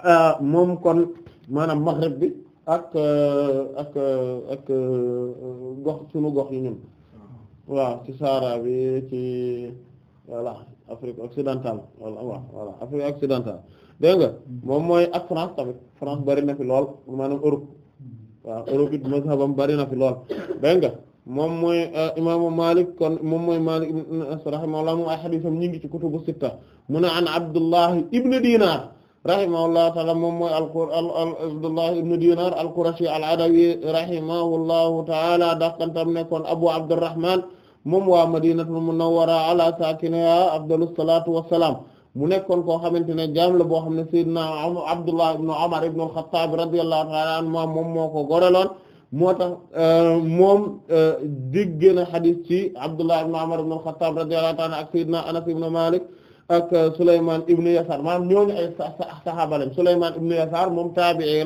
[SPEAKER 2] euh, moom kon maanaam Maghreb bi ak euh, ak euh, ak gox sunu gox yi ñun waaw ci Sahara bi ci voilà Afrique occidentale voilà waaw voilà Afrique occidentale dégg nga hmm. moom mooy ak France tamit France bari na fi lool maanaam Europe waaw eurofiit mazhabam bari na fi lool dégg nga moom mooy euh, imaamu Malik kon moom mooy Malik ibn Anas rahimahullah moom ay xadiisam ñi ngi ci kutubu sitta an Abdullahi ibn Dinar rahimahullahu taala moom mooy Abdullah ibn Dinar al-Qurashi al-Adawi rahimahullahu taala daqantam nekkoon Abu Abdurrahman moom waa Madinatul Munawwara ala saakiniha afdalu salaatu wa salaam mu nekkoon koo xamante ne jaam la boo xam ne sayyidina Abdullah ibn Umar ibn al-Khattab radiyallahu ta'ala anhu moom moo ko goreloon moo tax euh, moom euh, dégg na xadis ci Abdullah ibn Umar ibn al-Khattab radiyallahu ta'ala ak sayyidina Anas ibn Malik ak euh, Souleymane ibn Yasar maanaam ñooñu ay saxaaba lañ Souleymane ibn Yasar moom taabi'i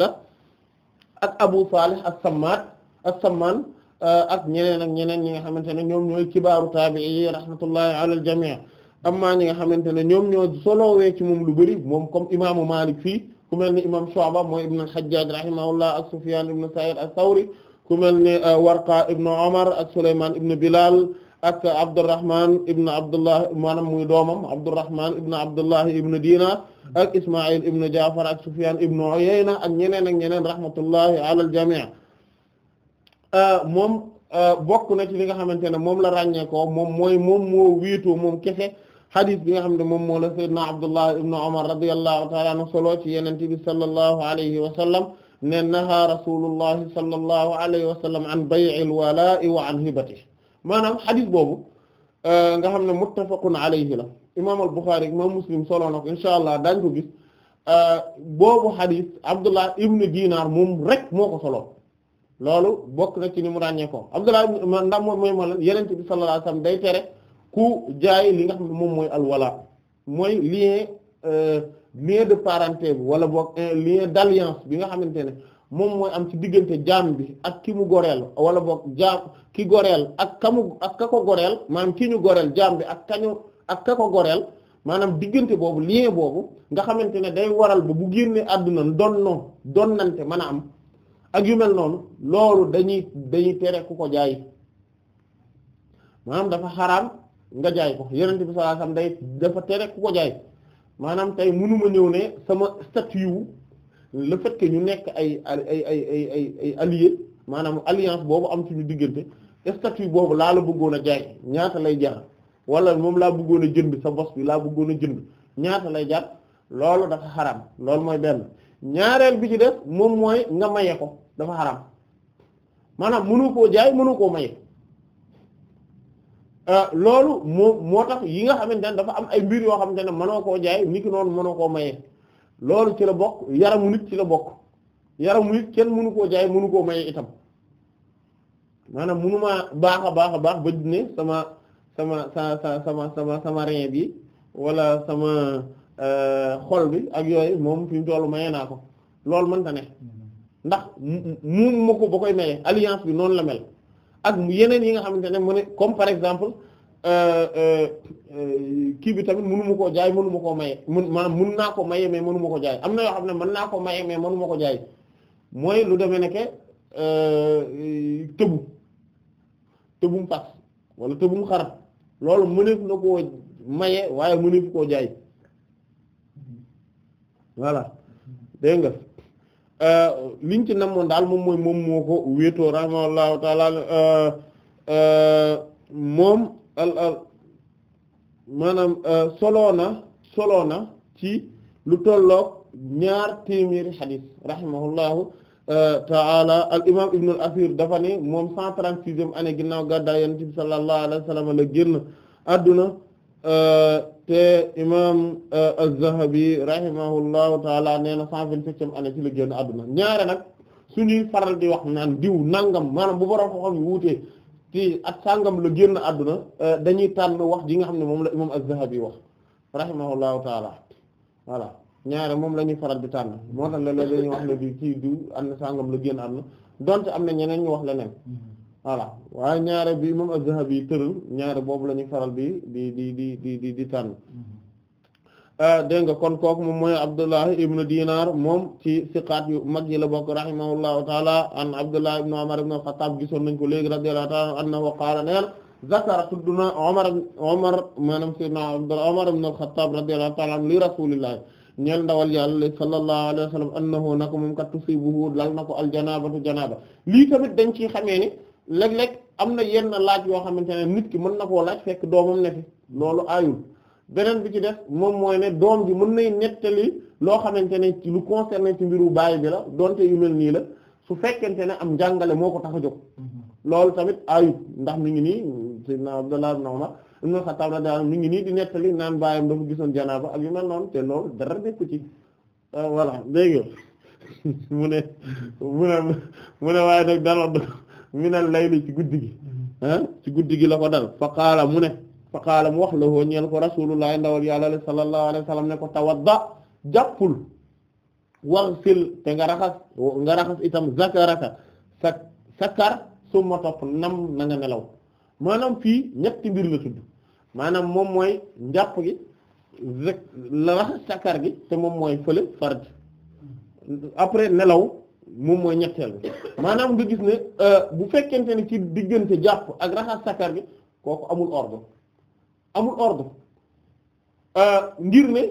[SPEAKER 2] ak Abu Salih as-Samman ak ñeneen ak ñeneen ñi nga xamante ne ñoom ñooy kibaaru taabi'i rahmatullahi ala al amma ñi nga xamante ne ñoom ñoo solowee ci moom lu bari moom comme imaamu Malik fii ku mel ni imam Shu'ba mooy ibn al-Hajjaj rahimahullah ak Sufyan ibn Sa'id ath ku mel ni uh, Warqa ibn Umar ak Sulayman ibn Bilal ak Abdurrahman ibn Abdullah maanaam muy doomam Abdurrahman ibn Abdullah ibn Dinar ak Isma'il ibn Ja'far ak Sufyan ibn Uyayna ak ñeneen ak ñeneen rahmatullahi ala al-jami' uh, moom uh, bokk na ci li nga xamante ne moom la ràññee moom mooy moom moo wiitu moom kese xadis bi nga xam ne moom moo la sayyidna Abdullah ibn Umar radiyallahu ta'ala solo ci Yonent bi alayhi wa sallam ne nahaa rasulullahi sallallahu alayhi wa sallam an bay'il walaa'i wa an hibatihi maanaam xadis boobu euh, nga xam ne muttafaqun alayhi la imaam al-Bukhari imaam Muslim solo na ko inshaa Allah daañu ko gis euh, boobu xadis Abdullah ibn Dinar moom rek moo ko solo loolu bokk na ci ni mu ràññee ko Abdullah ndax moom mooy ma la Yonent bi sallallahu alayhi day tere. ku jaay li nga xam ne moom mooy alwala mooy lien euh, lien de parenté bi wala boog euh, lien d'alliance bi nga xamante ne moom mooy am ci diggante jaam bi ak ki mu goreel wala boog jaam ki goreel ak kamu ak ka ko goreel maanaam ki bi ak kañu ak ka ko goreel maanaam diggante boobu lien boobu nga xamante ne day waral ba bu génnee àdduna donnoo donnante mën a am ak yu mel noonu loolu dañuy dañuy tere ku ko jaay maanaam dafa xaraam nga jaay ko yonent bi sallallahu alayhi wasallam day dafa tere ku ko jaay maanaam tey mënuma ñëw ne sama statut wu le fait ñu nekk ay ay ay ay ay ay alliés maanaam alliance boobu am suñu diggante statut boobu laa la bëggoon a jaay ñaata lay jaar wala moom laa bëggoon a jënd sa bos bi laa bëggoon a jënd ñaata lay jaar loolu dafa xaram loolu mooy benn ñaareel bi ci def moom mooy nga maye ko dafa xaram maanaam mënu koo jaay mënu koo maye Euh, loolu moom moo tax yi nga xamante ne dafa am ay mbir yoo xamante ne mënoo koo jaay niki noonu mënoo koo maye loolu ci la bokk yaramu nit ci la bokk yaramu nit kenn mënu koo jaay mënu koo maye itam maanaam mënuma baax a baax a baax ba ne sama sama sa sa sama sama sama rein bi wala sama euh, xol bi ak yooyu moom fi mu maye naa ko loolu mënta ne mm-hmm. ndax mu ma ko ba koy maye alliance bi noonu la mel. ak yeneen yi nga xamante ne mu ne comme par exemple euh, euh, euh, kii bi tamit mënu koo jaay mënu ma koo maye mun maanaam mun naa ko maye mais mënu ko jaay am na yoo xam ne mën naa ko maye mais mënu ma ko jaay mooy lu demee nekke tëbu tëbum fas wala tëbum xarab loolu mëneef na koo maye waaye mëneef koo jaay voilà dégg nga Euh, liñ ci namoon daal moom mooy moom moo ko wéetoo rahimahullahu taala euh, euh, moom al soloo na soloo na ci lu tolloog ñaar téeméeri xadis rahimahullahu taala al imam ibn al asir dafa ne moom cent trente-sixième année ginnaaw gàddaay yonent bi sallallahu alayhi wa sallam la génn adduna te imam eh, az-Zahabi rahimahullahu taala nee na cent vingt-septième année ci la génn àdduna ñaare nag suñuy faral di wax naan diw nangam maanaam bu borom xam-xam yu wuutee ci génn àdduna eh, dañuy tànn wax ji nga xam ne moom la imam az-Zahabi wax rahimahullahu taala voilà ñaare moom la ñuy faral di tànn moo tax la la dañuy na sàngam la génn àdduna donte am na ñeneen ñu wax leneen mm-hmm. voilà waaye ñaare bi moom a zahabi yi tëral ñaare boobu lañuy ñuy faral di di di di di di di mhm. euh, kon kooku moom mooy Abdullah ibn Dinar moom ci siqaat yu mag yi la bokk rahimahullahu taala an Abdullah ibn Umar ibn al gisoon nañ ko léegi radiyallahu taala annahu qaala neen zakara tudduna Umar Umar maanaam sayyidina li sallallahu alayhi wa sallam annahu nako moom kat tusibuhu lal na ko al janaabatu janaaba lii tamit dañ ci xamee ni léeg-léeg am na yenn laaj yoo xamante ne nit ki mën na koo laaj fekk doomam ne fi loolu aayul beneen bi ci def moom mooy ne doom ji mën nay nettali loo xamante ne ci lu concerné ci mbiru baay bi la donte yu nii la su fekkente ne am njàngale moo ko tax a jóg mm-hmm. loolu tamit aayut ndax mi ngi nii sayyidina Abdullah ibn Umar ibn Khattab mi ngi nii di nettali naan baayam dafa gisoon janaaba ak yu mel noonu te loolu dara nekku ci euh, voilà dégg nga mu ne mu ne mu ne waaye nag dara minal layli ci guddi gi ci guddi gi la ko dal mu ne fa mu wax la woo ñeel ko rasulullah ndawal yàlla sallallahu alayhi wasallam ne ko tawadda jàppul waghsil te nga raxas nga raxas itam zakaraka sa sakar suma topp nam na nga nelaw maanaam fii ñetti mbir la tudd maanaam moom mooy njàpp gi la sakar gi te moom mooy fële farj après nelaw moom mooy ñetteel bi maanaam nga gis ne euh, bu fekkente ne ci diggante jàpp ak raxas sakar gi kooku amul ordre amul ordre euh, ngir ne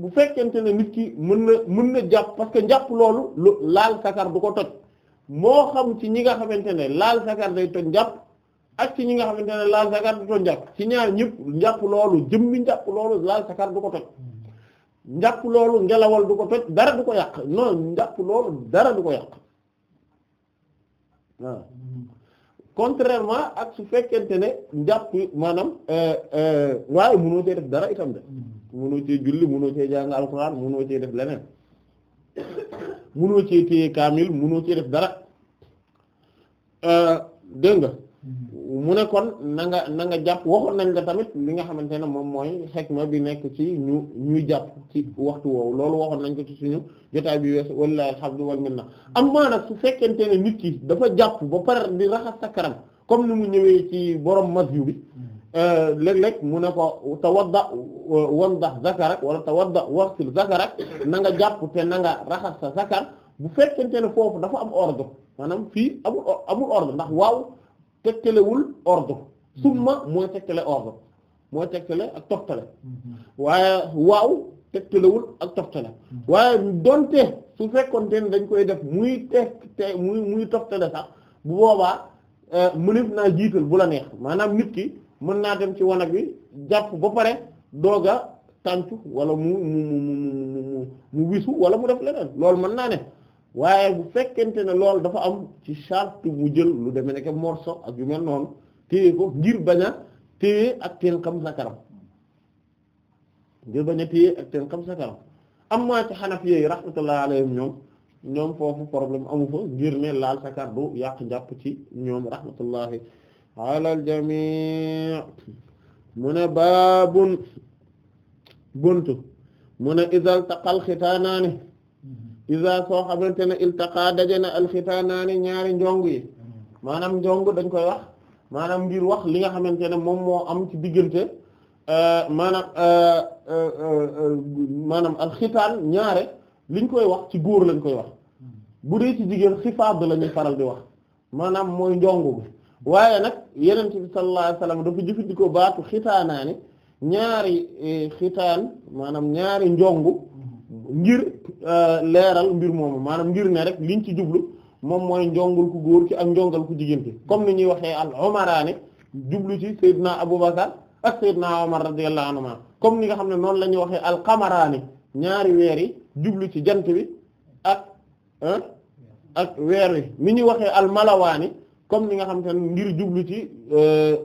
[SPEAKER 2] bu fekkente ne nit ki mën na mën na jàpp parce que njàpp loolu laal sakar du ko toj moo xam ci ñi nga xamante ne laal sakar day toj njàpp ak ci ñi nga xamante ne laal sakar du toj njàpp ci ñaar ñëpp njàpp loolu jëmmi njàpp loolu laal sakar du ko toj njàpp loolu ngelawal du ko toj dara du ko yàq non njàpp loolu dara du ko yàq waaw contrairement ak su fekkente ne njàpp maanaam euh, euh, waaye mënoo cee def dara itam de mënoo cee julli mënoo cee jàng alxuraan mënoo cee def leneen mënoo ci ci kaamil mënoo cee def dara euh, dégg nga mu ne kon na nga jàpp waxoon nañ la tamit li nga xamante ne moom mooy xekma bi nekk ci ñu ñuy jàpp ci waxtu woowu loolu waxoon nañ ko ci suñu jotaay bi weesu wallaahi alhamdu wal minna am maa nag su fekkente ne nit ki dafa jàpp ba pare di raxas sa karam comme ni mu ñëwee ci borom mazyu bi
[SPEAKER 3] hmm.
[SPEAKER 2] euh, léeg-léeg mu ne ko tawadda wandax zakarak wala tawadda waxtil zakarak na nga jàpp te nanga nga raxas sa zakar bu fekkente ne foofu dafa am ordre maanaam fii amul amul ndax waaw tegtalewul ordre mhm. summa mooy tegtale ordre mooy tegtale ak toftale mhm. waaye waaw tegtalewul ak toftale mhm. waaye donte su fekkoon ne dañ koy def muy teg te muy muy toftale sax bu boobaa euh, mënef naa jiital bu la neex maanaam nit ki mën naa dem ci wanag bi jàpp ba pare doog a tàncu wala mu mu mu mu mu mu wisu wala mu def leneen loolu mën naa ne waaye bu fekkente ne loolu dafa am ci charte mu jël lu demee nekk morceau ak yu mel noonu téye ko ngir bañ a téye ak teen xam sa karam ngir téye ak teen xam sa am naa ci xanaf yooyu rahmatullah ngir ne laal sa yàq njàpp ci ñoom rahmatullahi alal jamii mu ne baabun buntu mu ne izal taqal xitaanaani isa soo xamante ne iltaqa daje na alxitaanaani ñaari njong yi maanaam njong dañ koy wax maanaam ngir wax li nga xamante ne moom moo am ci diggante euh, maanaam euh, euh, maanaam alxitaan ñaare liñ koy wax ci góor lañ koy wax bu dee ci jigéen xifaad la ñuy faral di wax maanaam mooy njong bi waaye nag yeneen bi sallallahu alayhi wasallam dafa jëfandikoo baatu xitaanaani ñaari eh, xitaan maanaam ñaari njongu ngir euh, leeral mbir moomu maanaam ngir ne rek liñ ci jublu moom mooy njongul ku góor ki ak njongal ku jigéen ki comme ni ñuy waxee al umaraani jublu ci Seydina Abubakar ak Seydina Omar comme ni nga xam ne noonu la ñuy waxee al ñaari weer yi jublu ci jant bi ak ak weer wi ni ñuy waxee al malawaani comme ni nga xam te ngir jublu ci euh,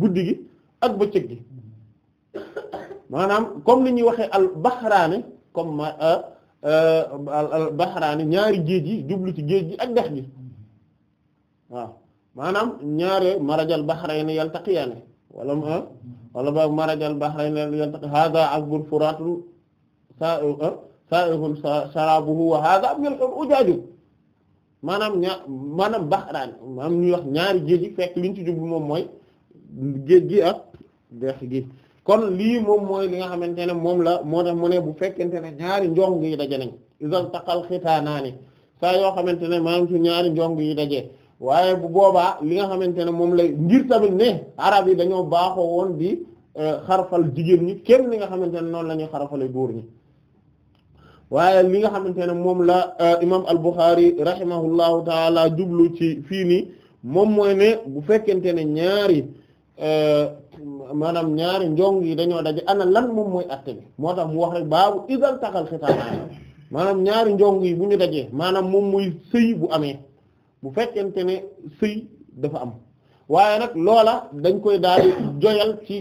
[SPEAKER 2] guddi gi ak bëccëg gi maanaam comme ni ñuy waxee al bahraani comme ma euh, euh, al bahraani ñaari géej gi jublu ci géej gi ak dex gi waaw maanaam ñaare marajal bahrayni yaltaqiyaani wala ma euh, wala ba marajal bahrayni yaltaqi hada azbun furaatun sa'ihun sharabuhu wa hada milhun ujaajun maanaam ñaar maanaam bahraani maanaam ñuy wax ñaari géej gi fekk liñ ci jublu moom mooy géej gi ak dex gi kon lii moom mooy li nga xamante ne moom la moo tax mu ne bu fekkente ne ñaari njong yi daje nañ isal taqal xitaanaani yoo xamante ne maanaam su ñaari njong yi daje waaye bu boobaa li nga xamante ne moom lay ngir tamit ne arab yi dañoo baaxoo woon di euh, xarafal jigéen ñi kenn li nga xamante ne noonu lañuy ñuy xarafale góor ñi waaye li xamante ne moom la euh, imam al-Bukhari rahimahullahu taala jublu ci fii nii moom mooy ne bu fekkente ne ñaari euh, maanaam ñaari njong yi dañoo daje ana lan moom mooy atte moo tax mu wax rek baabu idal taxal xitaanaani maanaam ñaari njong yi bu ñu dajee maanaam moom mooy sëy bu amee bu fekkente ne sëy dafa am waaye nag loola dañ koy daal di joyal ci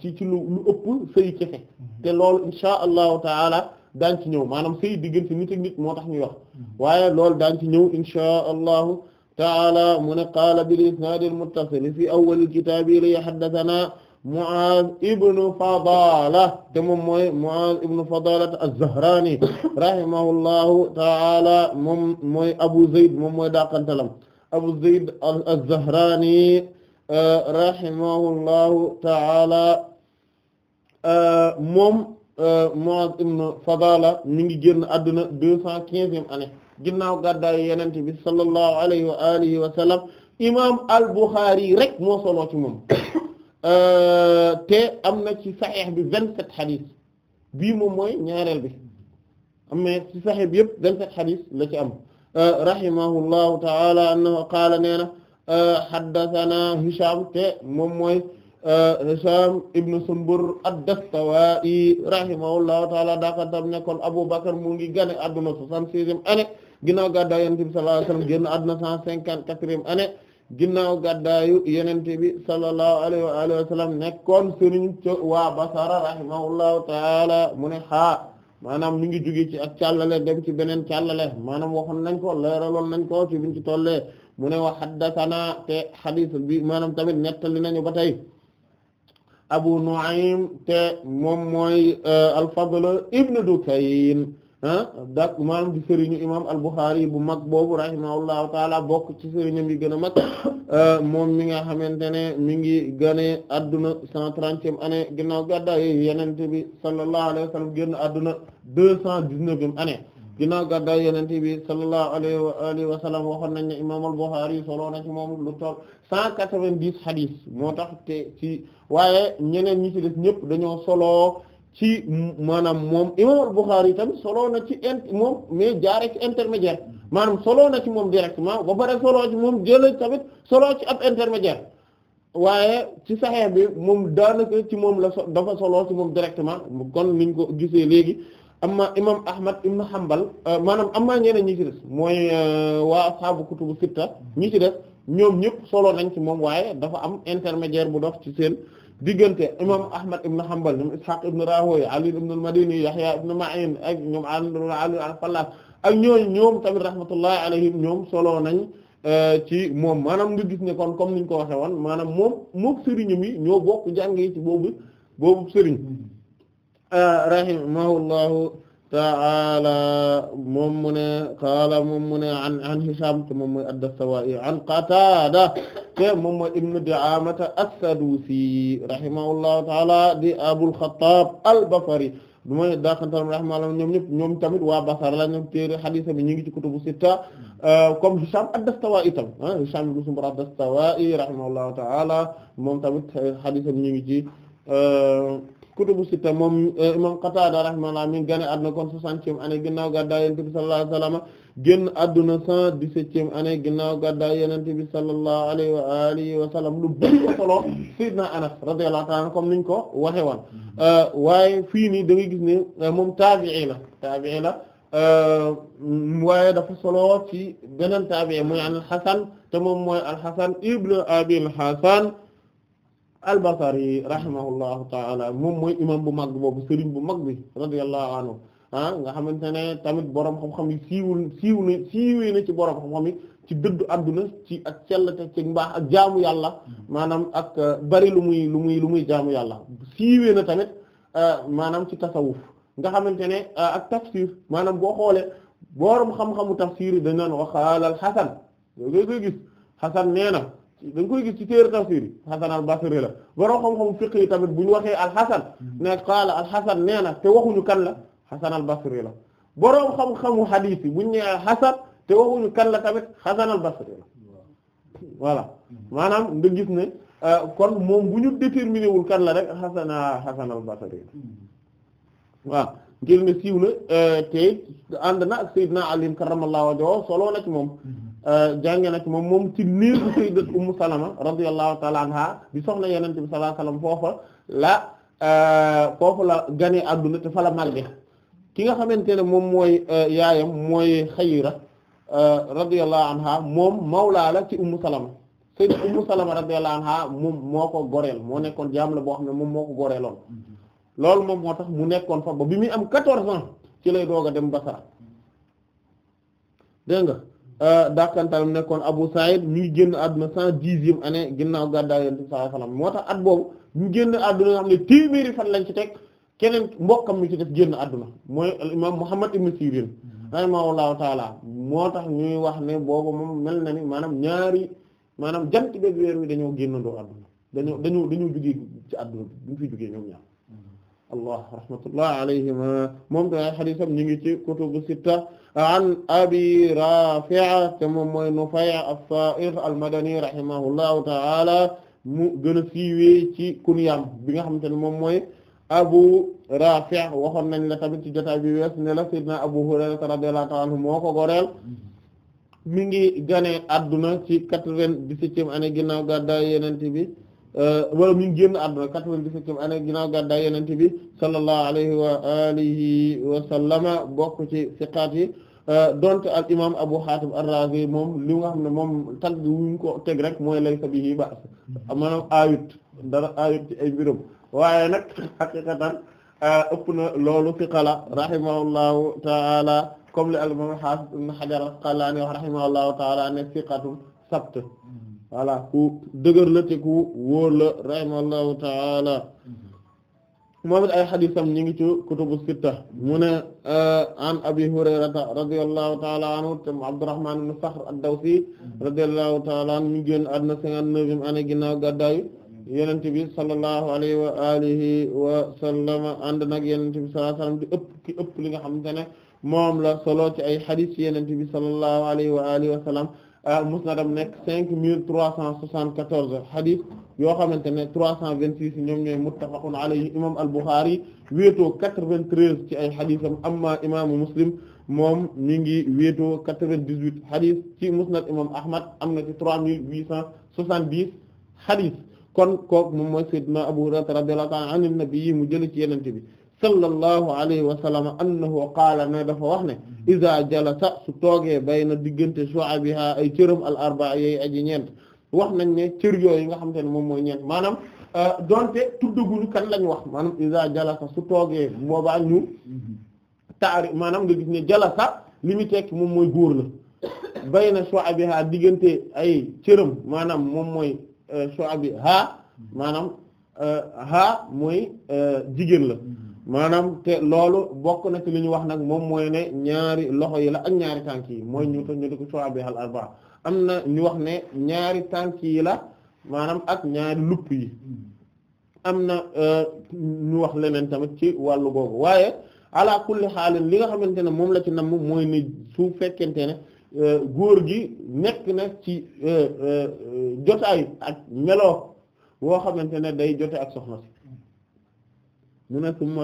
[SPEAKER 2] ci ci lu lu ëpp sëy kese te lool insha allahu taala daañ ci ñëw maanaam sëy diggante nit ak nit moo tax ñuy wax waaye loolu daañ ci ñëw insha allahu taala mu ne qaala bil isnaad al muttasil fi awwal al kitaab li haddathana Mu'aaz ibnu Fadaala te moom mooy Mu'aaz ibnu Fadaala az-Zahraani rahimahullahu ta'ala moom mooy Abu Zayd moom mooy dàqantalam Abu Zayd az-Zahraani euh, rahimahullahu ta'ala euh, moom euh, Mu'aaz ibnu Fadaala mi ngi génn àdduna deux cent quinzième année ginnaaw gàddaayu yenente bi sallallahu alayhi wa alihi wa sallam imam al rek moo solo ci moom te am na ci saxiix bi vingt-sept xadis bii moom mooy ñaareel bi am na ci saxiix bi yëpp vingt-sept xadis ci am rahimahullahu taala annahu qaala nee Hisham te moom mooy Hisham ibn Sumbur ad-Dastawaa'i rahimahullahu taala dakantam nekkoon Abu Bakr mu ngi gane adduna soixante-sixième année ginnaaw gàddaay yonent bi sallallahu alayhi wasallam génn àdduna cent cinquante-quatrième année ginnaaw gàddaayu yonent bi sallallahu alayhi wa alihi wa sallam nekkoon sëriñ ci waa Basara rahimahullahu taala mu ne xaa maanaam mi ngi jóge ci ak callale dem ci beneen càllale maanaam waxoon nañ ko leeraloon nañ ko ci biñ ci tollee mu ne wa haddathana te hadith bi maanaam tamit nettali nañu ba tey Abu Nu'aym te moom mooy euh, al-Fadl ibn dak maanaam di sëriñu imam al-Bukhari bu mag boobu rahimahullahu taala bokk ci sëriñam yi gën a mag euh, moom mi nga xamante ne mu ngi gane adduna cent trentième année ginnaaw gàddaay yenente bi sallallahu alayhi wa sallam génn adduna deux cent dix-neuvième année ginnaaw gàddaay yenente bi sallallahu alayhi wa alihi waxoon nañ ne imam al-Bukhari soloo na ci moom lu toll cent quatre-vingt-dix hadith moo tax te ci waaye ñeneen ñi ci def ñëpp dañoo solo ci maanaam moom imam al-Bukhari tamit soloo na ci int moom mais jaare ci intermédiaire maanaam soloo na ci moom directement ba pare soloo ci moom jëlee tamit soloo ci ab intermédiaire waaye ci saxee bi moom daanaka ci moom la so dafa soloo ci moom directement kon niñ ko gisee léegi amma imam Ahmad ibn Hanbal euh, maanaam amma ñeneen ñi ci des mooy euh, waa ashabu kutubu sitta ñi ci des ñoom ñëpp solo nañ ci moom waaye dafa am intermédiaire bu dox ci seen diggante imam ahmad ibn hanbal ñoom ishaq ibn rahoya yi ibn al-madini yahya ibn ma'in ak ñoom ali al-fallas ak ñooñ ñoom tamit rahmatullahi alayhim ñoom solo nañ euh, ci moom maanaam nga gis ne kon comme niñ ko waxe woon maanaam moom moom sëriñam yi ñoo bokk jànge ci boobu boobu sëriñ mm-hmm. euh, rahimahullahu ta'ala moom mu ne qaala moom mu ne an an Hisham te moom mooy ad-Dastuwaa'i an Qataada te moom mooy ibnu Di'aamata as-Saduusi rahimahullahu ta'ala di Abul Khattaab al-Basri du mooy daakantaram rahimahullah ñoom ñëpp ñoom tamit waa Basra la ñoom téere hadiis bi ñu ngi ci kutubu sitta euh, comme Hisham ad-Dastuwaa'i tam ah, Hisham ibn Sumar ad-Dastuwaa'i rahimahullahu ta'ala moom tamit hadiis bi ñu ngi ci euh, kutubu sitta moom eh, imam Qatada rahimahullah mi ngi gane àdduna kon soixantième année ginnaaw gàddaay yonent sallallahu alayhi wa sallam àdduna cent dix ginnaaw gàddaay yonent bi sallallahu alayhi lu bëri ko solo sayyidina Anas radiyallahu ta'ala comme niñ ko waxe woon eh, waaye fii nii da gis ne eh, moom taabi'i la taabi'i la waaye dafa solo ci beneen taabi'i mooy al-Hasan te moom mooy alhasan ibn Abil Hasan al-Basri rahimahullahu taala moom mooy imam bu mag boobu sëriñ bu mag bi radiyallahu anhu ah nga xamante ne tamit boroom xam-xam yi siiwul siiw na siiwee na ci borom xam-xam ci dëddu àdduna ci ak sellate ci mbaax ak jaamu yàlla maanaam ak euh, bari lu muy lu muy lu muy jaamu yàlla siiwee na tamit euh, maanaam ci tasawuf nga xamante ne euh, ak tafsir maanaam boo xoolee borom xam-xamu tafsir yi dañ naan wax xaalal Xasan loolu gis Xasan nee na. da koy gis ci téere tafsir yi Hasan al-Basri la borom xam-xamu fiqh yi tamit bu ñu waxee al-Hasan hmm. ne qaala al-Hasan nee na te waxuñu kan la Hasan al la borom xam-xamu hadith yi bu ñu nee al-Hasan te waxuñu kan la tamit Hasan al-Basri hmm. maanaam nga gis ne euh, kon moom bu ñu déterminé wul kan la rek Hasan Hasan al la waaw hmm. ngir ne siiw na euh, te ànd na ak Seydina Ali karramallahu wajhahu solo na moom. Euh, jànge na moom moom ci néegu sayyidat ummu salama radiyallahu ta'ala anha bi soxna yonent bi sallallahu alayhi wasallam foofa la euh, foofu la gane adduna te fa la màgge ki nga xamante ne moom mooy euh, yaayam mooy xayira radiyallahu anha moom mawlaa la ci ummu salama sayyidat ummu salama radiyallahu anha moom moo ko goreel moo nekkoon jaam boo xam ne moom moo ko goreeloon loolu moom moo tax mu nekkoon fa ba bi muy am quatorze ans ci lay doog a dem Basra dégg nga Euh, daakantalam nekkoon Abu Sa'id ñu ngi génn àdduna cent dixième année ginnaaw gàddaay Yonent bi moo tax at boobu ñu génn àdduna nga xam ne téeméeri fan lañ ci teg keneen mbokkam mi ci def génn àdduna mooy imam Muhammad ibn Sirin rahimahullahu taala moo tax ñuy wax ne boobu moom mel na ni maanaam ñaari maanaam jant beeg weer wi dañoo génnandoo àdduna dañoo dañoo dañoo jugee ci àdduna bi ñu fi jugee ñoom ñaar allah rahmatullah alayhima moom tamit ay xadiisam ñu ngi ci kutubu sitta an abi rafi' te moom mooy Nufay' as-Sa'igh al-Madani rahimahullahu ta'ala mu gën siiwee ci kunyam bi nga xamante ne moom mooy abu rafi' waxoon nañ la tamit ci jotaay bi wees ne la sayyidina abu hurayra radiyallahu ta'ala moo ko goreel mi ngi gane adduna ci quatre-vingt-dix-septième année ginnaaw gàddaay yonent bi Euh, wala mi ngi génn àdduna quatre-vingt-dix-septième année ginnaaw gàddaay yenente bi sallallahu alayhi wa alihi wa sallama bokk ci siqaat yi euh, donte al imam Abu Hatim ar-Razi moom li nga ne moom tagg wuñ ko teg rek mooy laysa bihi ba maanaam ayut dara ayut ci ay mbirum waaye nag xaqiqatan euh, ëpp na loolu fiqala rahimahullahu taala comme le al imam Hafiz ibn wax rahimahullahu taala ne fiqatun sabt voilà ku dëgër la te ku wóor la taala moom it ay xadisam ñi ngi ci kutubu sitta mu ne euh, an abi hurayrata radiyallahu taala anhu te abdurrahman ibn sakhr ad-dawsi radiyallahu taala anhu mi génn àdduna cinquante-neuvième année ginnaaw gàddaayu yenente bi sallallahu alayhi wa alihi wa sallama ànd nag yenente bi sallallahu alayhi wa la solo ci ay xadis yenente alayhi wa sallam musnadam nekk cinq mille trois cent soixante-quatorze hadith yoo xamante ne trois cent vingt-six ñoom ñooy muttafaqun alayhi imam al-Bukhari wéetoo quatre-vingt-treize ci ay haditham amma imaamu Muslim moom mi ngi wéetoo quatre-vingt-dix-huit hadith ci musnad imam Ahmad am na ci trois mille huit cent soixante-dix hadith kon kook moom mooy sayyidina Abu Hurayra radiyallahu ta'ala anhu nabi mu jël ci yenente bi sallallahu alayhi wa sallam annahu qaala ne dafa wax ne iza jalasa su toogee bayna diggante shu'abiha ay cëram al arba'a yooyu aji ñeent wax nañ ne cër yooyu nga xam ne moom mooy ñeent maanaam euh, donte tuddaguñu kan lañ wax maanaam iza jalasa su toogee boobaa ñu taari maanaam nga gis ne jalasa li mu tekki moom mooy góor la bayna shu'abiha diggante ay cëram maanaam moom mooy euh, shu'abiha maanaam euh, ha mooy jigéen la maanaam te loolu bokk na ci li ñu wax nag moom mooy ne ñaari loxo yi la ak ñaari tànk yi mooy ñu ñu di ko soabi al am na ñu wax ne ñaari tànk yi la maanaam ak ñaari lupp yi am na euh, ñu wax leneen tamit ci wàllu googu waaye ala kulli xaalin li nga xamante ne moom la ci namm mooy ni su fekkente ne euh, góor gi nekk na ci euh, jotaay ak meloo woo xamante ne day jote ak soxna si mu ne summa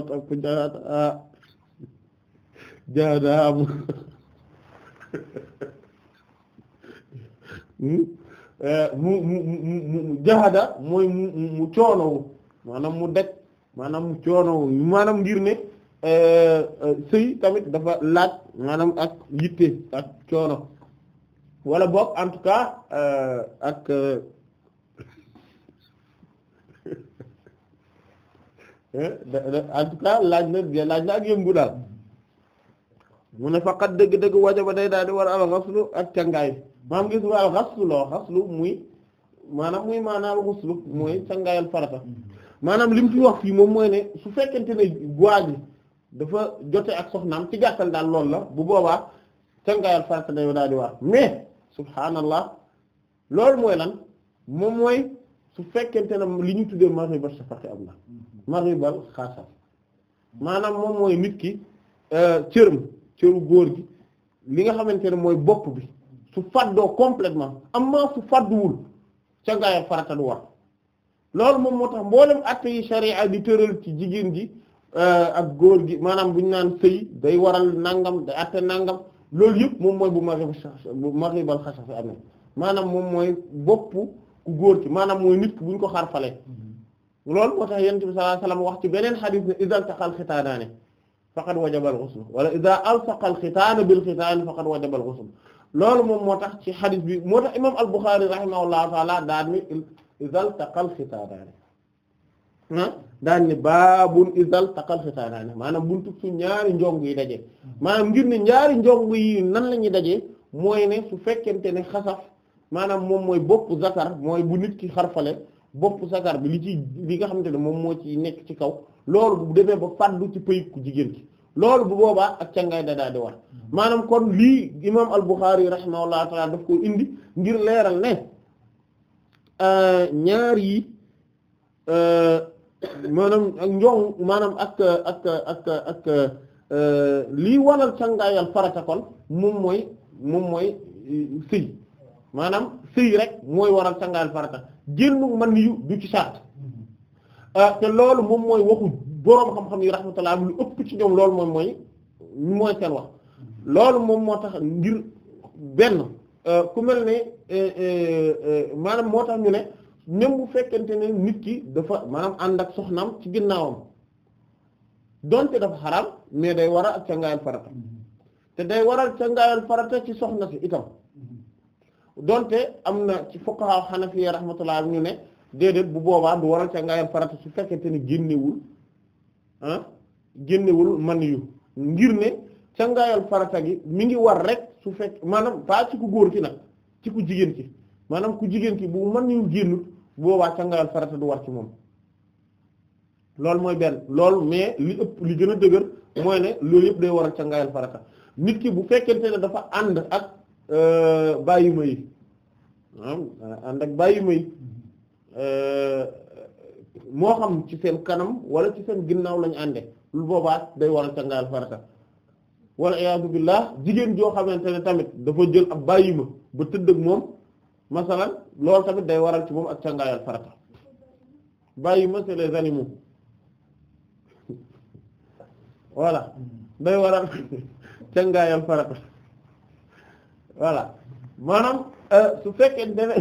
[SPEAKER 2] eh, mu mu mu mu jaada mooy mu mu coonowu maanaam mu daj maanaam mu coonowu maanaam ngir ne eh, eh, sëy tamit dafa laaj maanaam ak yitte ak coono wala boog en tout cas ak Eh, en tout cas laaj na laaj na ak yëngu daal mu ne faqat dëgg-dëgg wajaba day daal di war alxaslu ak cangaay maam gis nga alxaslu loo xaslu muy maanaam muy maanaam alxaslu mooy cangaayal farata maanaam li mu fi wax fii moom mooy ne su fekkente ne waa ji dafa jote ak soxnaam ci gàttal daal loolu la bu boobaa cangaayal farata day daal di war mais subhaanallah loolu mooy lan moom mooy su fekkente ne li ñu tuddee maribal shafaqi am na maribal xaasal maanaam moom mooy nit ki euh, cëram cëru góor gi li nga xamante ne mooy bopp bi su faddoo complètement amma su fadduwul ca gaaya farata du war loolu moom moo tax mboolem atte yi sharia di ci jigéen ji euh, ak góor gi maanaam bu ñu naan sëy day waral nangam day atte nangam loolu yëpp moom mooy bu maribal bu maribal xaasal am na maanaam moom mooy boppu ku góor ci maanaam mooy nit ki buñ ko xarfalee
[SPEAKER 3] mm-hmm.
[SPEAKER 2] loolu moo tax yonent bi sallallahu alayhi wax ci beneen xadis ne iza altaqal xitaanaani faqad wajaba al-ghusl wala iza altaqa al-xitaanu bil-xitaani faqad wajaba al-ghusl loolu moom moo tax ci xadis bi moo tax imaam al-Bukhari rahimahullahu taala daan ni iza altaqa al-xitaanaani ah daan ni baabun iza altaqa al-xitaanaani maanaam buntu su ñaari njong yi daje mm-hmm. maanaam ngir ne ñaari njong yi nan la ñuy daje mooy ne su fekkente ne xasaf. maanaam moom mooy bopp zakar mooy bu nit ki xarfale bopp zakar bi li ci li nga xamante ne moom moo ci nekk ci kaw loolu bu demee ba fàddu ci pëy ku jigéen ki loolu bu boobaa ak cangaay dadaa maanaam kon lii imam al-Bukhari rahimahullahu taala daf ko indi ngir leeral ne euh, ñaar yi euh, maanaam ak njong maanaam ak ak ak ak euh, lii waral cangaayal farata kon moom mooy moom mooy sëy maanaam sëy rek mooy waral sangaayal farata génnu man yu du ci sart euh, te loolu moom mooy waxu boroom xam-xam yi rahmatullah lu ëpp ci ñoom loolu moom mooy mooy seen wax loolu moom moo tax ngir benn euh, ku mel ne euh, maanaam moo tax ñu ne ñëm bu fekkente ne nit ki dafa maanaam ànd ak soxnaam ci ginnaawam donte dafa xaraam mais day waral ak sangaayal farata mm-hmm. te day waral sangaayal farata ci soxna si itam donte am na ci fuqaha hanafi rahmatullah ñu ne déedéet bu boobaa du waral càngaayal farata su fekkente ne génnewul ah génnewul man yu ngir ne càngaayal farata gi mi ngi war rek su fekk maanaam pas ci ku góor ki nag ci ku jigéen ki maanaam ku jigéen ki bu man yu génnut boobaa càngaayal farata du war ci moom loolu mooy benn lool mais li ëpp li gën a dëgër mooy ne loolu yëpp day waral càngaayal farata nit ki bu fekkente ne dafa ànd ak Euh, bàyyima yi ànd bàyyi bàyyima yi euh, moo xam ci seen kanam wala ci seen ginnaaw lañu àndee lu boobaa day war a cangaayal farata wala iyaadu billah jigéen joo xamante ne tamit dafa jël ab bàyyima ba tëdd moom masalan loolu tamit day waral ci moom ak cangaayal farata bàyyima c'est les animaux voilà day waral cangaayal farata voilà maanaam euh, su fekkee dene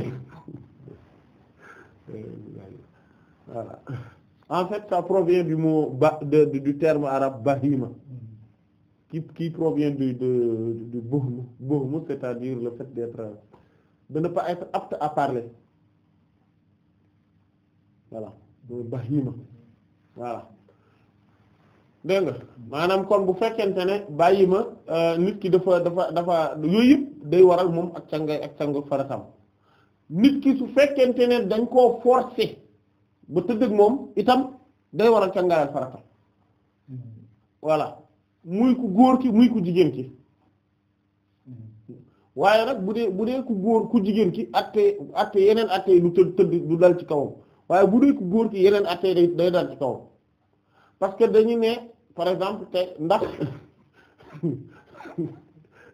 [SPEAKER 2] voilà en fait ça provient du mot ba de, de, du terme arabe bahima qui qui provient du de du c'est-à-dire le fait d'être de ne pas être à parler voilà bahima voilà dégg nga maanaam kon bu fekkente ne bàyyi ma euh, nit ki dafa dafa dafa yooyu yëpp day waral moom ak cangay ak cangu faratam nit ki su fekkente ne dañ koo forcer ba tëdd ak moom itam day waral cangaayal faratam voilà muy ku góor ki muy ku jigéen ki waaye nag bu dee bu dee ku góor ku jigéen ki atte atte yeneen ate yi du tëdd tëdd dal ci kawam waaye bu dee ku góor ki yeneen atte day day dal ci kawam parce dañu ne par exemple te ndax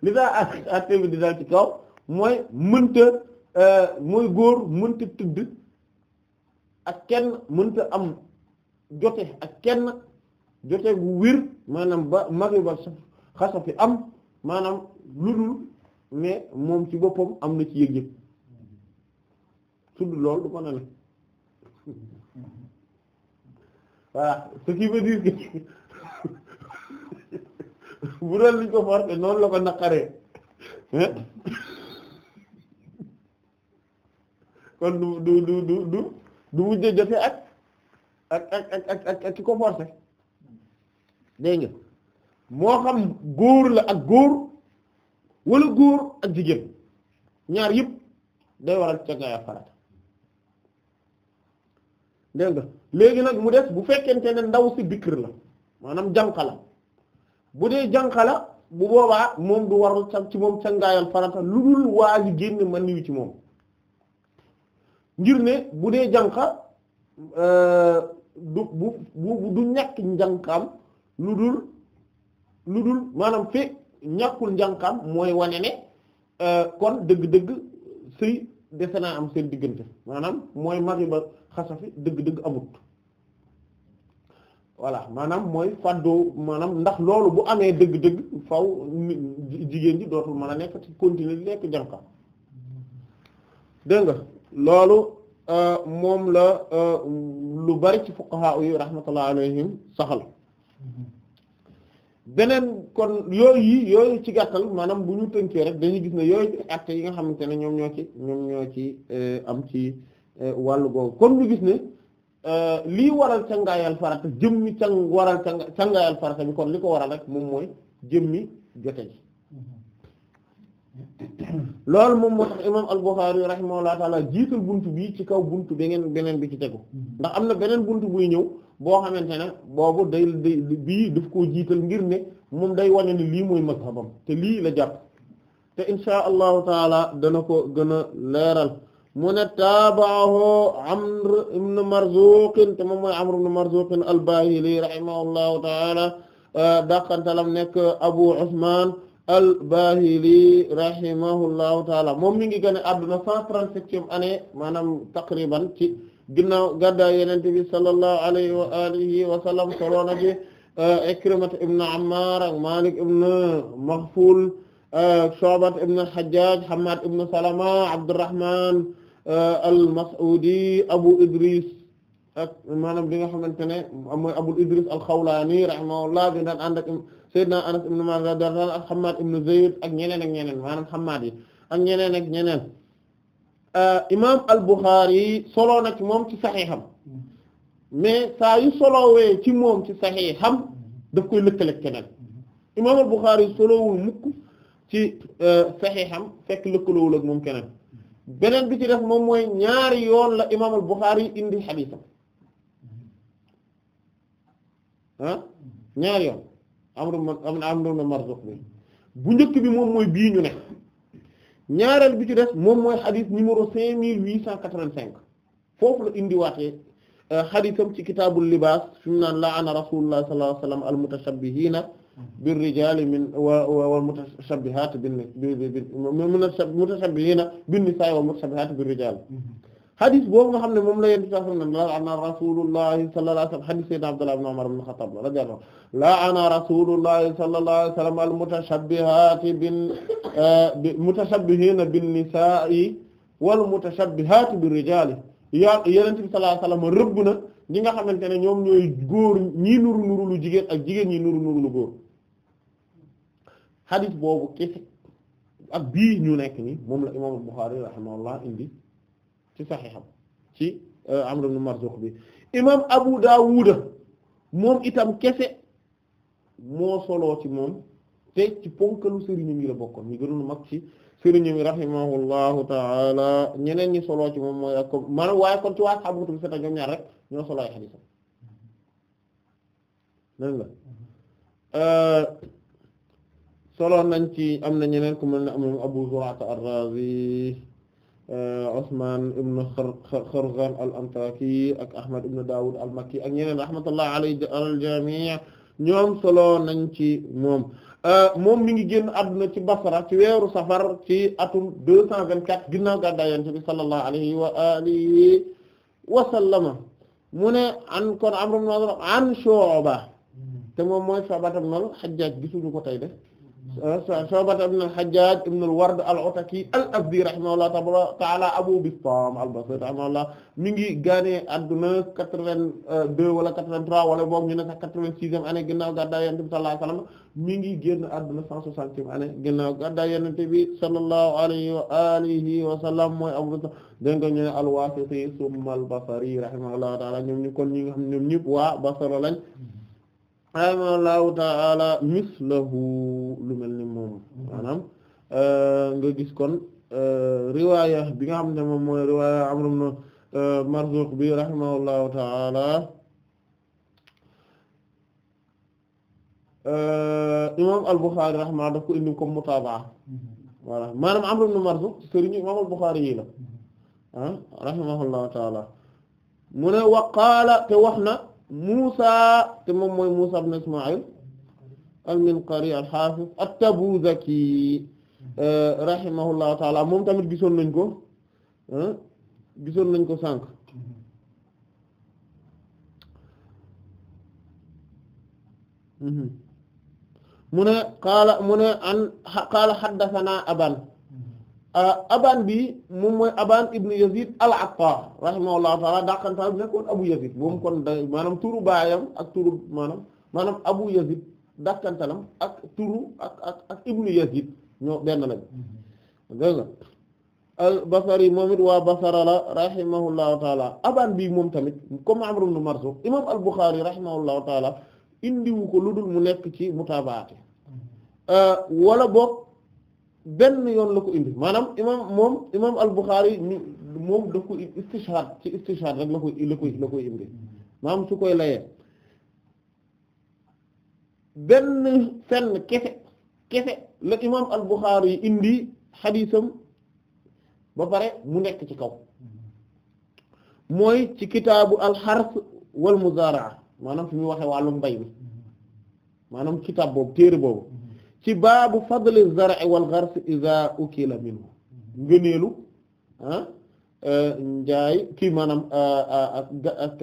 [SPEAKER 2] li daa àtte bi di daal ci kaw mooy mënta euh, mooy góor mënta tëdd ak kenn mënta am jote ak kenn jote bu wir maanaam ba mari ba xasa fi am maanaam lu dul mais moom ci boppam am na ci yëg-yëg tudd loolu du ko na ne voilà ce qui veut dire bu doon liñ ko forcé noonu la ko naqaree kon du du du du du du mujj jote ak ak ak ak ak ak ki ko forcé dégg nga moo xam góor la ak góor wala góor ak jigéen ñaar yëpp day waral càggaay ak farata dégg nga léegi nag mu des bu fekkente ne ndaw si bikr la maanaam jànq la bu dee jànqala bu boobaa moom du war ci moom cangaayal farata lu dul waa ji génn man niwu ci moom ngir ne bu dee jànqa euh, du bu bu du ñàkk njànqaam lu dul lu dul maanaam fi ñàkkul njànqaam mooy wane ne euh, kon dëgg-dëgg sëy dese naa am seen diggante maanaam mooy mari ba xasafi dëgg-dëgg amut voilà maanaam mooy fàddoo maanaam ndax loolu bu amee dëgg-dëgg faw jigéen ji dootul mën a nekk ci continuer di nekk jànka dégg nga loolu euh, moom la euh, lu bari ci fuqaha yi rahmatullah alayhim saxal beneen kon yooyu yi yooyu ci gàttal maanaam bu ñu tënkee rek dañu gis ne yooyu acte yi nga xamante ne ñoom ñoo ci ñoom ñoo ci euh, am ci wàllu googu comme ñu gis ne Euh, lii waral cangaayal farata jëmmi can waral cangaayal farata bi kon li ko waral rek moom mooy mi jote ji loolu moom moo tax imam al-Bukhari rahimahullah jiital bunt bi ci kaw bunt beneen beneen bi ci tegu ndax am na beneen bunt buy ñëw boo xamante ne boobu day day bii daf koo jiital ngir ne moom day wane ni lii mooy mazhabam te lii la jàpp te insha allahu taala dana ko gën a leeral mu ne taabaahu amr ibn marzuq te moom mooy amr ibn marzuq al-bahili rahimahullahu ta'ala dàqantalam nekk abu usman al-bahili rahimahullahu ta'ala moom mi ngi gane adduna 137e année maanaam taqriban ci ginnaaw gaddaa yonent bi sallallahu alayhi wa alihi wa sallam soloona ji ikrimat ibn ammar ak malik ibn maghful shu'bat ibn hajjaj hamad ibn salama abdurrahman Euh, al-Mas'udi Abu Idris ak maanaam bi nga xamante ne mooy Abu Idris al-Khawlani rahimahullah bi daan ànd ak Seydina Anas ibn Malik daan ak Hammad ibn Zayd ak ñeneen ak ñeneen maanaam Hammad yi ak ñeneen ak ñeneen euh, imaam al-Bukhari solo na ci moom ci saxiixam mais saa yu solowee ci moom ci saxiixam daf koy lëkkaleeg keneen imaam al-Bukhari solowul mukk ci euh, saxiixam fekk lëkkalowul ak moom keneen. beneen bi ci def moom mooy ñaari yoon la imaam al Buxaari indi xadiisam ah ñaari yoon am amru am amru na marzuq bi bu njëkk bi moom mooy biiñu ne ñaareel bi ci def moom mooy xadiis numéro cinq mille huit cent quatre-vingt-cinq foofu la indiwaatee euh, xadiisam ci kitaabul libaas fi naan laa rasuulullaah sallallaahu alayhi wa sallam al mutashabbihiina bir rijaali min wal mutashabbihaati bin mutashabbihiina bin nisaa'i wal mutashabbihaati bir rijaal hadis boobu nga xam ne moom la yéen saa xam ne la'ana rasulullahi sallallahu alayhi wa sallam hadis sayyidina Abdullah ibn Umar ibn Khattab radiyallahu anhu la'ana rasulullahi sallallahu alayhi wa sallam al mutashabbihaati bin mutashabbihiina bin nisaa'i wal mutashabbihaati bir rijaali yaa yonent bi sallallahu alayhi wa sallam rëbb na ñi nga xamante ne ñoom ñooy góor ñii nuru nuru lu jigéen ak jigéen ñi nuru nuru lu góor xadis boobu kese ak bii ñu nekk ni moom la imam Bukhari rahimahullah indi ci saxiixam ci euh, Amr ibn Marzuq bi imam Abu Dawud moom itam kese moo soloo ci moom te ci ponkalu sëriñam yi la bokkoon ñu gënoon mag ci sëriñam yi rahimahullahu taala ñeneen ñi soloo ci moom mooy ak ko maanaam waaye kon ci waa xabutu bi ñoom ñaar rek ñoo soloo ay xadisam solo nañ ci am na ñeneen ku mel ne am Abu Zur'a ar-Razi euh, Usman ibn Kharzan al-Antaki ak Ahmad ibn Dawud al-Makki ak ñeneen rahmatullah alayhi al-jami' ñoom solo nañ ci moom euh, moom mi ngi génn àdduna ci Basra ci weeru safar ci atum deux cent vingt-quatre ginnaaw gàddaay Yonent bi sallallahu alayhi wa alihi wa sallama mu ne an kon Amr ibn Nadr an Shu'ba te moom mooy Shu'ba ibn al-Hajjaj gisuñu ko tey de Shu'bata ibn al-Hajjaj ibn al-Ward al-Ataki al-Azdi rahimahullah ta'ala Abu Bistam al-Basri rahimahullah mi ngi gaane adduna quatre-vingt-deux wala quatre-vingt-trois wala boobu ñu ne sax quatre-vingt-sixième année ginnaaw gàddaay Yonent bi sallallahu alayhi wa sallam mi ngi génn adduna cent soixantième année ginnaaw gàddaay Yonent bi sallallahu alayhi wa alihi wa sallam mooy Abu Bistam dégg nga ñu summa al-Basri rahimahullah ta'ala ñoom ñu kon ñi nga xam ñoom ñëpp waa rahimahullahu ta'ala mislahu lu mel ni moom maanaam euh, nga gis kon euh, riwaaya bi nga xam ne moom mooy riwaaya Amr ibn euh, Marzuq bi rahimahullahu ta'ala imam al-Bukhari daf ko indi comme mutaabaa voilà maanaam Amr ibn Marzuq sëriñu imam al-Bukhari yi la ah rahimahullahu mu ne waqaala te wax na Muusa te moom mooy Muusa ibn Ismaïl al-Minqari al-Hafiz at-Tabuzaki euh, rahimahullahu taala moom tamit gisoon nañ ko gisoon nañ ko sànq mhm. mu ne qaala mu ne an qaala haddathana Aban Euh, abaan bi moom mooy abaan ibn yazid al attar rahimahullahu taala daqantal nekkoon abu yazid moom kon da turu baayam ak turu maanaam maanaam abu yazid daqantalam ak turu ak ak ak ibn yazid ñoo benn lañ basari moom waa basara la rahimahullahu taala abaan bi moom tamit comme amr ibn marzuq imam al bukhari rahimahullahu taala indiwu ko lu dul mu nekk ci mutaabaate euh, wala boog benn yoon la ko indi maanaam imaam moom imaam al-Bukhari moom daf ko istishhad ci istishhad la koy la koy la koy indi maanaam su koy layee benn fenn kese kese la imaam al-Bukhari indi xadiisam ba pare mu nekk ci kaw mooy ci kitaabu al-harth wal muzaraa maanaam fi mu waxee wàllu mbay mi maanaam kitaab boobu téere boobu ci baabu fadli zar'i wal gharsi iza ukila minhu ngëneelu ah euh, njaay kii maanaam euh,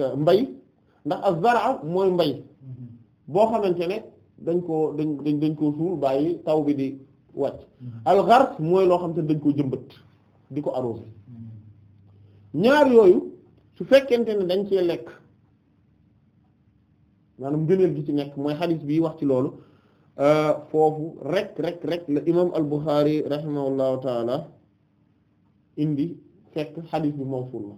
[SPEAKER 2] euh, mbay ndax az-zar'a mooy mbay boo xamante ne dañ ko dañ dañ dañ koo suul bàyyi taw bi di wàcc mm-hmm. al mooy loo xam te dañ koo jëmbët di ko arrosé ñaar yooyu su fekkente ne dañ cee lekk maanaam ngëneel gi ci nekk mooy hadith bi wax ci loolu foofu rek rek rek la imam al-Bukhari rahimahullahu taala indi fekk xadis bi mawsul la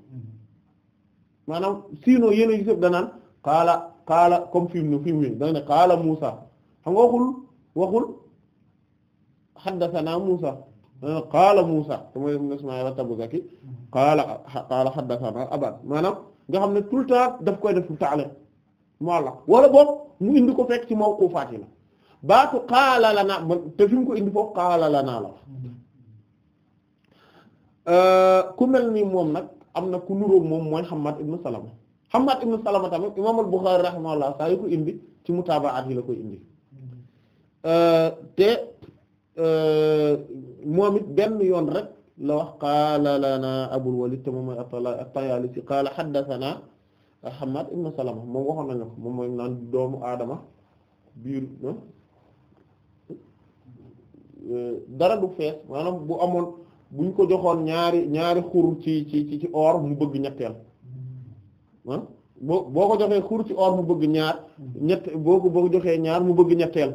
[SPEAKER 2] maanaam sinon yéen a gisab danaan qaala qaala comme fi mu ne fi mu ne danga ne qaala Musa xam nga waxul waxul xaddasanaa Musa danga qaala Musa dama dem Ismaïl at-Tabuzaki qaala qaala xaddasanaa maanaam nga xam ne tout le temps daf koy def ta'liq la wala boog mu indi ko fekk ci mawqufaat yi la baatu qaala lanaa man te fi ko indi foofu qaala lanaa la euh, ku mel ni moom nag am na ku nuróo moom mooy Hammad ibn Salama Hammad ibn tamit imaam al-Bukhari saa yu ko indi ci mutaabaat yi la koy indi euh, te euh, moom benn yoon rek la wax qaala lanaa Abul Walid te moom mooy at-Tayaalisi qaala haddathanaa Hammad ibn Salama moom waxoon nañu ko moom mooy naan doomu Adama Euh, dara du fees maanaam bu amoon buñ ko joxoon ñaari ñaari xur ci ci ci or mu bëgg ñetteel ah boo boo ko joxee xur ci or mu bëgg ñaar ñett boo ko boo joxee ñaar mu bëgg ñetteel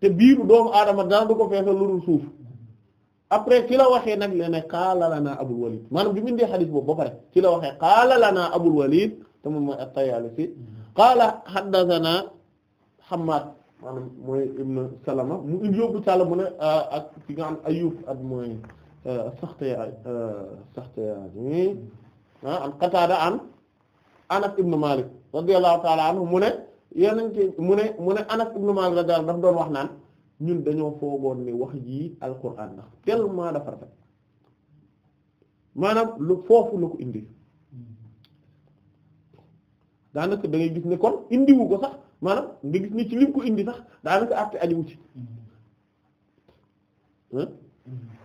[SPEAKER 2] te biiru doomu aadama dara du ko feesal lu dul suuf après ci la waxee nag leen ne qaala lanaa abul walid maanaam bi mu indee xadiis boobu ba pare ci la waxee qaala lanaa abul walid te moom mooy at-Tayaalisi qaala haddasanaa Hammaad maanaam mooy ibn Salama mu yóbbu Sall mu ne ah, ak ki nga am Ayyub ak mooy euh, Saxtiyaani euh, Saxtiyaani ah an Qataada an Malik radiyallahu ta'ala anhu mu ne yeneen ci mu ne mu ne Anas ibn Malik radiyallahu daf doon wax naan ñun dañoo foogoon ni wax jii alquran ndax tellement dafa rafet maanaam lu foofu la ko indi daanaka da ngay gis ne kon indiwu ko sax. maanaam nga gis ni ci lim ko indi sax daanaka àtte ajiwu ci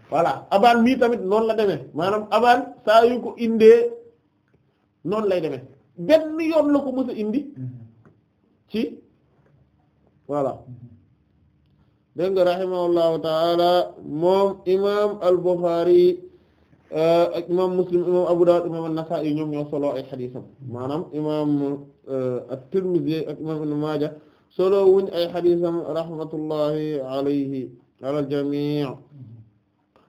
[SPEAKER 2] voilà abaan mii tamit noonu la deme maanaam abaan saa yu ko indee noonu lay deme benn yoon la ko mës indi ci voilà dégg nga rahimahullahu taala moom imam al-Bukhari euh, ak imam Muslim imam Abu Dawud imam an-Nasa'i ñoom ñoo solo ay xadiisam maanaam imam ak imam Ibn solo wu ay xadiisam rahmatullahi alayhi ala al-jamii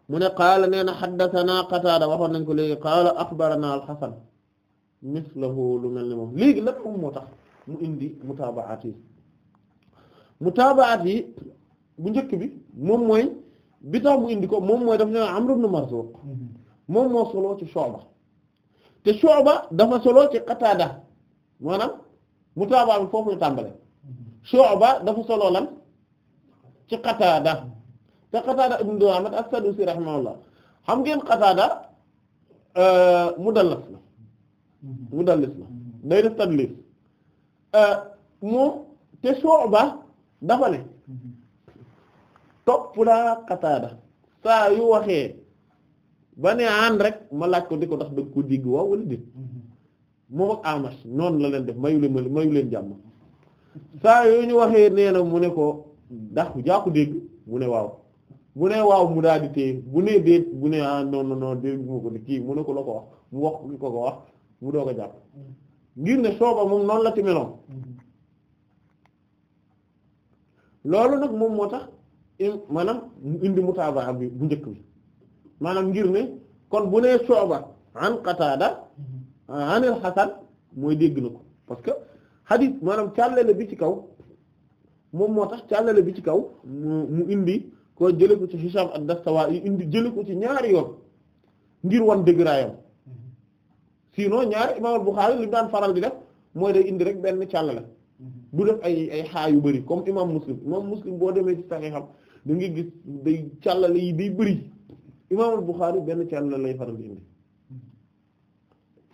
[SPEAKER 2] mu ne qaala nee na xaddathana Qataada waxoon nañ ko léegi qaala axbarana al-Hasan mislahu lu mel ni moom léegi lan moom moo tax mu indi mutaabaat yi mutaabaat yi bu njëkk bi moom mooy bi tax mu indi ko moom mooy daf ne Amr ibn Marzuq mm-hmm. moom moo solo ci Shu'ba te Shu'ba dafa solo ci Qataada maanaam mutaabaa bi foofu la tàmbale Shu'ba dafa solo lan ci Qataada te Qataada ibn Du'aamat as xam ngeen Qataada euh, mudallis la mudallis la day def tadlis euh, moom te Shu'ba dafa ne topp laa Qataada saa yu waxee ba ne aan rek ma laaj ko di ko tax dëgg ko jéggi waaw wala déet moom ak Amash noonu la leen def mayu leen mayu leen jàmm saa yooyu ñu waxee nee na mu ne ko ndax jaaku dégg mu ne waaw bu ne waaw mu daal di téye bu ne déet bu ne ah non mu ne ko la ko wax ko ko wax mu doog a jàpp la ci meloon loolu nag moom moo tax maanaam indi mutaaba bi bu njëkk bi maanaam ngir ne kon bu ne sooba an Qataada anil Hasan mooy dégg na ko parce que hadith maanaam càllale bi ci kaw moom moo tax càllale bi ci kaw mu indi ko jële ko ci Hisham ad-Dastawaay indi jële ko ci ñaari yoon ngir wan dëggraayam sinon ñaari imam al-Bukhari li daan faral di def mooy de indi rek benn càllale bu def ay ay xaa yu bëri comme imam Muslim imam Muslim boo demee ci saxee xam da ngay gis day càllale yi day bëri imam al-Bukhari benn càllale lay faral di indi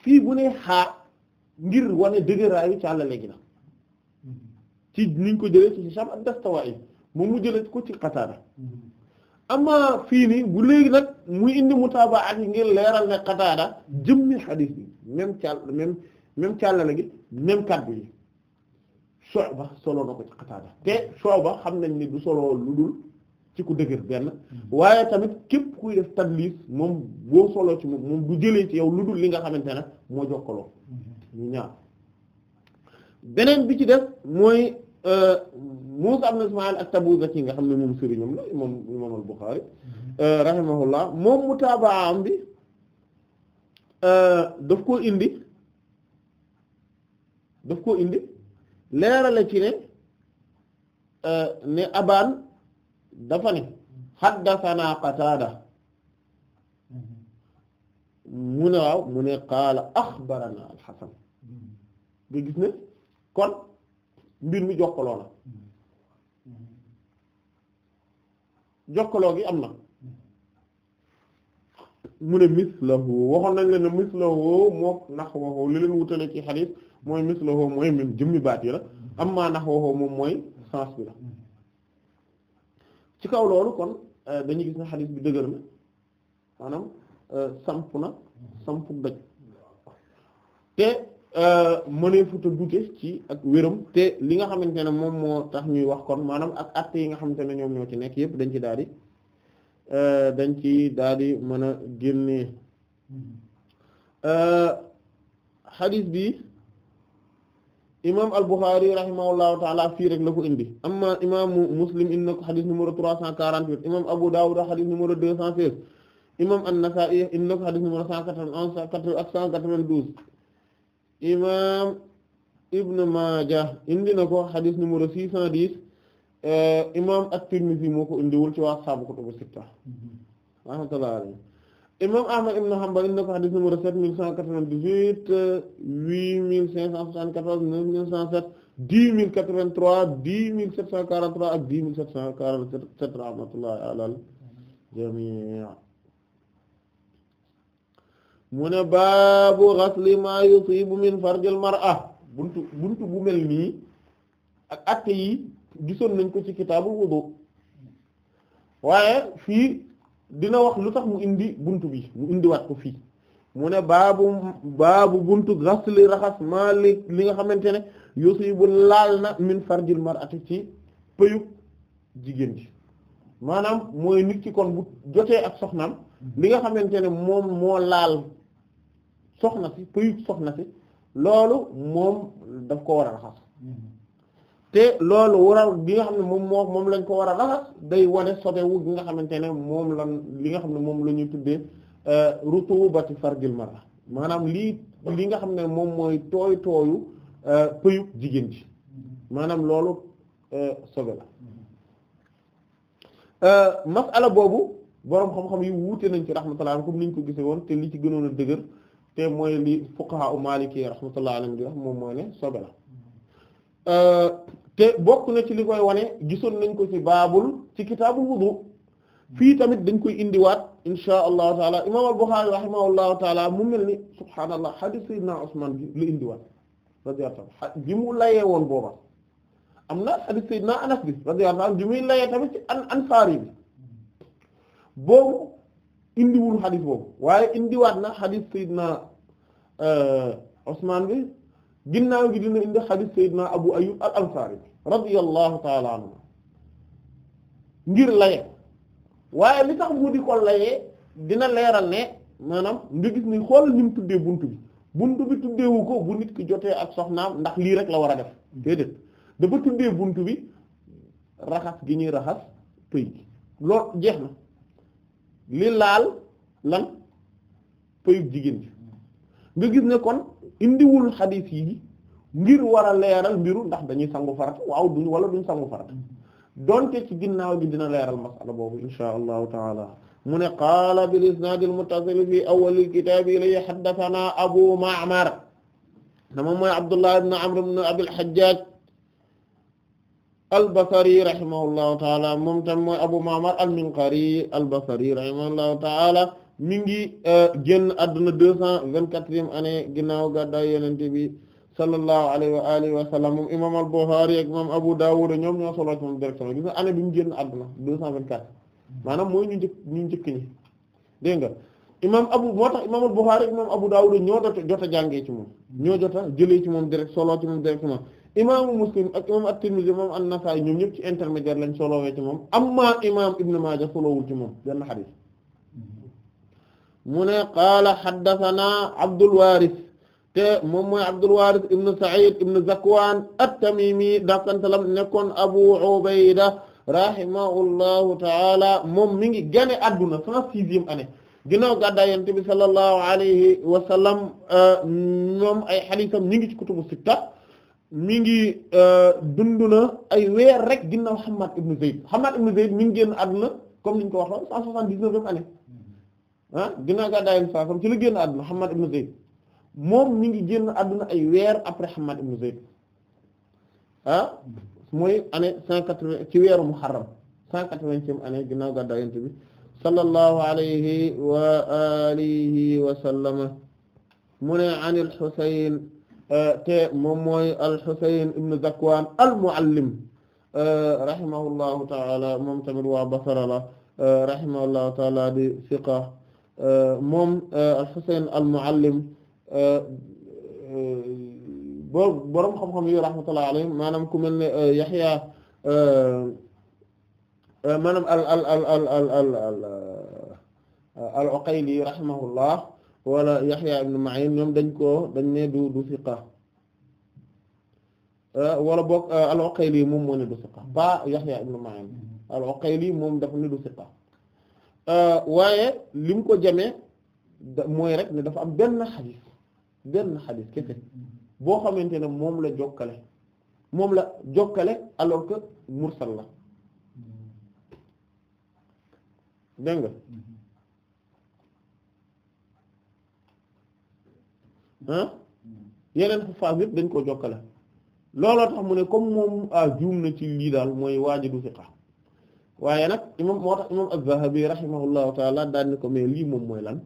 [SPEAKER 2] fii bu ne xaa ngir wane dëgëraayu càllale gi na ci niñ ko jëlee ci Hishaam ad-Dastawaay moom mu jëlee ko ci Qataada amaa fii nii bu léegi nag muy indi mutaabaat yi ngir leeral ne Qataada jëmmi xadiis bi même càll gi même kàddu yi Shu'ba solo na ko ci Qataada te Shu'ba xam nañ ni du solo lu dul ci ku dëgër benn mm-hmm. waaye tamit képp kuy def tadlis moom boo soloo ci moom moom du jëlee ci yow lu dul li nga xamante ne moo jokkaloo
[SPEAKER 3] mm-hmm.
[SPEAKER 2] ñu ñaar beneen bi ci def mooy euh, Muusaa ibn Ismaayil at-Tabuzaki nga xam ne moom sëriñam la moom imaam al-Bukhari mm-hmm. euh, rahimahullah moom bi euh, daf koo indi daf koo indi leerale ci ne ne abaan dafa ne xaddasanaa qataada mu ne waaw mu ne qaala axbarana alxasan nga gis ne kon mbir mi jokkaloo na jokkaloo gi am na mu ne mislahu waxoon nañ leen ne mislahu moo naxwahu li leen wutale ci xadiis mooy mislahu mooy même jëmmi baat yi la amma naxwahu moom mooy sens bi la ci kaw loolu kon euh, dañuy gis ne xadis bi dëgër na maanaam euh, samp na samp doj te euh, mënee futa dute ci ak wéram te li nga xamante ne moom moo tax ñuy wax kon maanaam ak actes yi nga xamante ne ñoom ñoo ci nekk yépp dañ ci daal di dañ ci daal mën a génnee hmm. xadis bi imam al-Bukhari rahimahullahu taala fii rek la ko indi amma imaamu Muslim indi na ko xadis numéro 348 imam Abu Dawud xadis numéro 216 imam an-Nasa'i indi na ko xadis numéro 191 ak 192 imam Ibn Maaja indi na ko xadis numéro 610 euh, imam at-Tirmidhi moo ko indiwul ci waa ashaabu kutubu sitta mm-hmm. rahmatullahi alayhi imam Ahmad ibn Hanbal indi na ko xadis numéro sept mille cent quatre-vingt-dix-huit huit mille cinq cent soixante neuf mille cent sept dix mille quatre-vingt-trois dix mille sept cent quarante-trois ak dix mille sept cent quarante-sept rahmatullahi alal jamii mu ne baabu ghasli ma yusibu min farjil mar'a buntu bu mel nii ak acte yi gisoon nañ ko ci kitaabul wudu dina wax lu tax mu indi buntu bi mu indiwaat ko fii mu ne baabu baabu buntu gasli raxas maa li li nga xamante ne yusibu laal na min farjil mar'ati ci pëyub jigéen ji maanaam mooy nit ki kon bu jotee ak soxnaam li nga xamante ne moom moo laal soxna si pëyub soxna si loolu moom daf ko war a raxas te loolu waral bi nga xam ne moom moo moom lañ ko war a raxas day wane sobewu bi nga xamante ne moom lan li nga xam ne moom la ñuy tuddee euh, rutubati fargil mara maanaam lii li nga xam ne moom mooy tooy tooyu euh, pëyub jigéen ji maanaam loolu euh, sobe la masala boobu boroom xam-xam yi wuute nañ ci rahmatullah comme niñ ko gisee woon te li ci gënoon a dëgër te mooy li fuqaha u maliki rahmatullah alayhim di wax moom mooy ne sobe la te bokk na ci li koy wane gisoon nañ ko ci baabul ci kitaabul wudu fii tamit dañ koy indiwaat insha allahu taala imaam al-Bukhari taala mu mel ni subhaanallah hadith sayyidina Usman bi la indiwaat radiyallahu anhu bi mu layee woon booba am na hadith sayyidina Anas bi radiyallahu anhu bi muy layee tamit ci an ansaari bi boobu indiwul hadith boobu waaye indiwaat na hadith sayyidina uh, Usman bi ginnaaw gi dina indi xadiis Seydina Abu Ayyub al Ansari radiyallahu taala anhu ngir laye waaye li tax mu di ko layee dina leeral ne maanaam nga gis ni xool ni mu tuddee bunt bi buntu bi tuddeewu ko bu nit ki jotee ak soxnaam ndax lii rek la war a def déedéet dafa tuddee buntu bi raxas gi ñuy raxas pëy gi loolu jeex na li laal lan pëyub jigéen ji nga gis ne kon indiwul xadiis yi ngir war a leeral mbiru ndax dañuy sangu farata waaw duñ wala duñ sangu farata mm-hmm. donte ci ginnaaw gi dina leeral masala boobu insha allahu taala mu ne qaala bil isnaad al muttasil fi awwal al kitaab ilayhi haddathanaa abu ma'mar dama mooy abdullah ibn amr ibn abi al hajjaj al basri rahimahullahu taala moom tam mooy abu ma'mar al minqari al basri rahimahullahu taala mi ngi euh, génn àdduna deux cent vingt-quatrième année ginnaaw gàddaay yonent bi sallallahu alayhi wa alihi wa sallam moom imam al-Bukhari ak imam Abu Dawud ñoom ñoo solo ci moom directement gis nga année bi mu génn àdduna deux cent vingt-quatre maanaam mooy ñu njëkk ñu njëkk ñi dégg nga imam Abu moo tax imam al-Bukhari ak imam Abu Dawud ñoo jot jot a jàngee ci moom ñoo jot a jëlee ci moom direct solo ci moom directement imaamu Muslim ak imam at-Tirmidhi moom an-Nasa'i ñoom ñëpp ci intermédiaire lañ solowee ci moom amma imam Ibn Maaja solowul ci moom benn xadiis mu ne qaala xaddasanaa Abdul Waaris te moom mooy Abdul Waaris ibn Saïd ibn Zakwaan at-Tamimi dakantalam nekkoon Abu Ubayda rahimahullahu taala moom mi ngi gane adduna cent sixième année ginnaaw gàddaay Yonent bi sallallahu alayhi wa sallam ñoom euh, ay xadiisam ñi ngi ci kutubu sitta mi ngi euh, dund na ay weer rek ginnaaw Hammad ibn Zayd Hammad ibn Zayd mi ngi génn adduna comme niñ ko waxoon cent soixante-dix-neuvième année ah ginnaaw gàddaay Yonent bi sallallahu alayhi wasallam ci la génn àdduna Hammad ibn Zayd moom mi ngi génn àdduna ay weer après Hammad ibn Zayd ah mooy année cent quatre-vingt ci weeru Muharram cent quatre-vingtième année ginnaaw gàddaay Yonent bi sallallahu alayhi wa alihi wa sallama mu ne an al-Husayn eh, te moom mooy al-Husayn ibn Zakwan al-Muallim eh, rahimahullahu ta'ala moom tamit waa Basra la eh, rahimahullahu ta'ala di siqa Euh, moom euh, al-Husayn al-Muallim euh, boo boroom xam-xam yi rahmatullah alayhim maanaam ku mel ne Yahya maanaam al al al al al al al-Uqayli rahimahullah wala Yahya ibn Ma'in ñoom dañ koo dañ ne du du siqa wala boog al-Uqayli moom moo ne du siqa ba Yahya ibn Ma'in mm-hmm. al-Uqayli moom dafa ne du siqa Euh, waaye lim ko jamee mooy rek ne dafa am benn xadis benn xadis kese boo xamante ne moom la jokkale moom la jokkale alors que mursal la dégg nga ah yeneen xafaas yëpp dañ ko jokkale looloo tax mu ne comme moom a ah, juum na ci lii daal mooy waaji du fiqa waaye nag imam moo tax imam az-Zahabi rahimahullahu taala daan ko mais lii moom mooy lan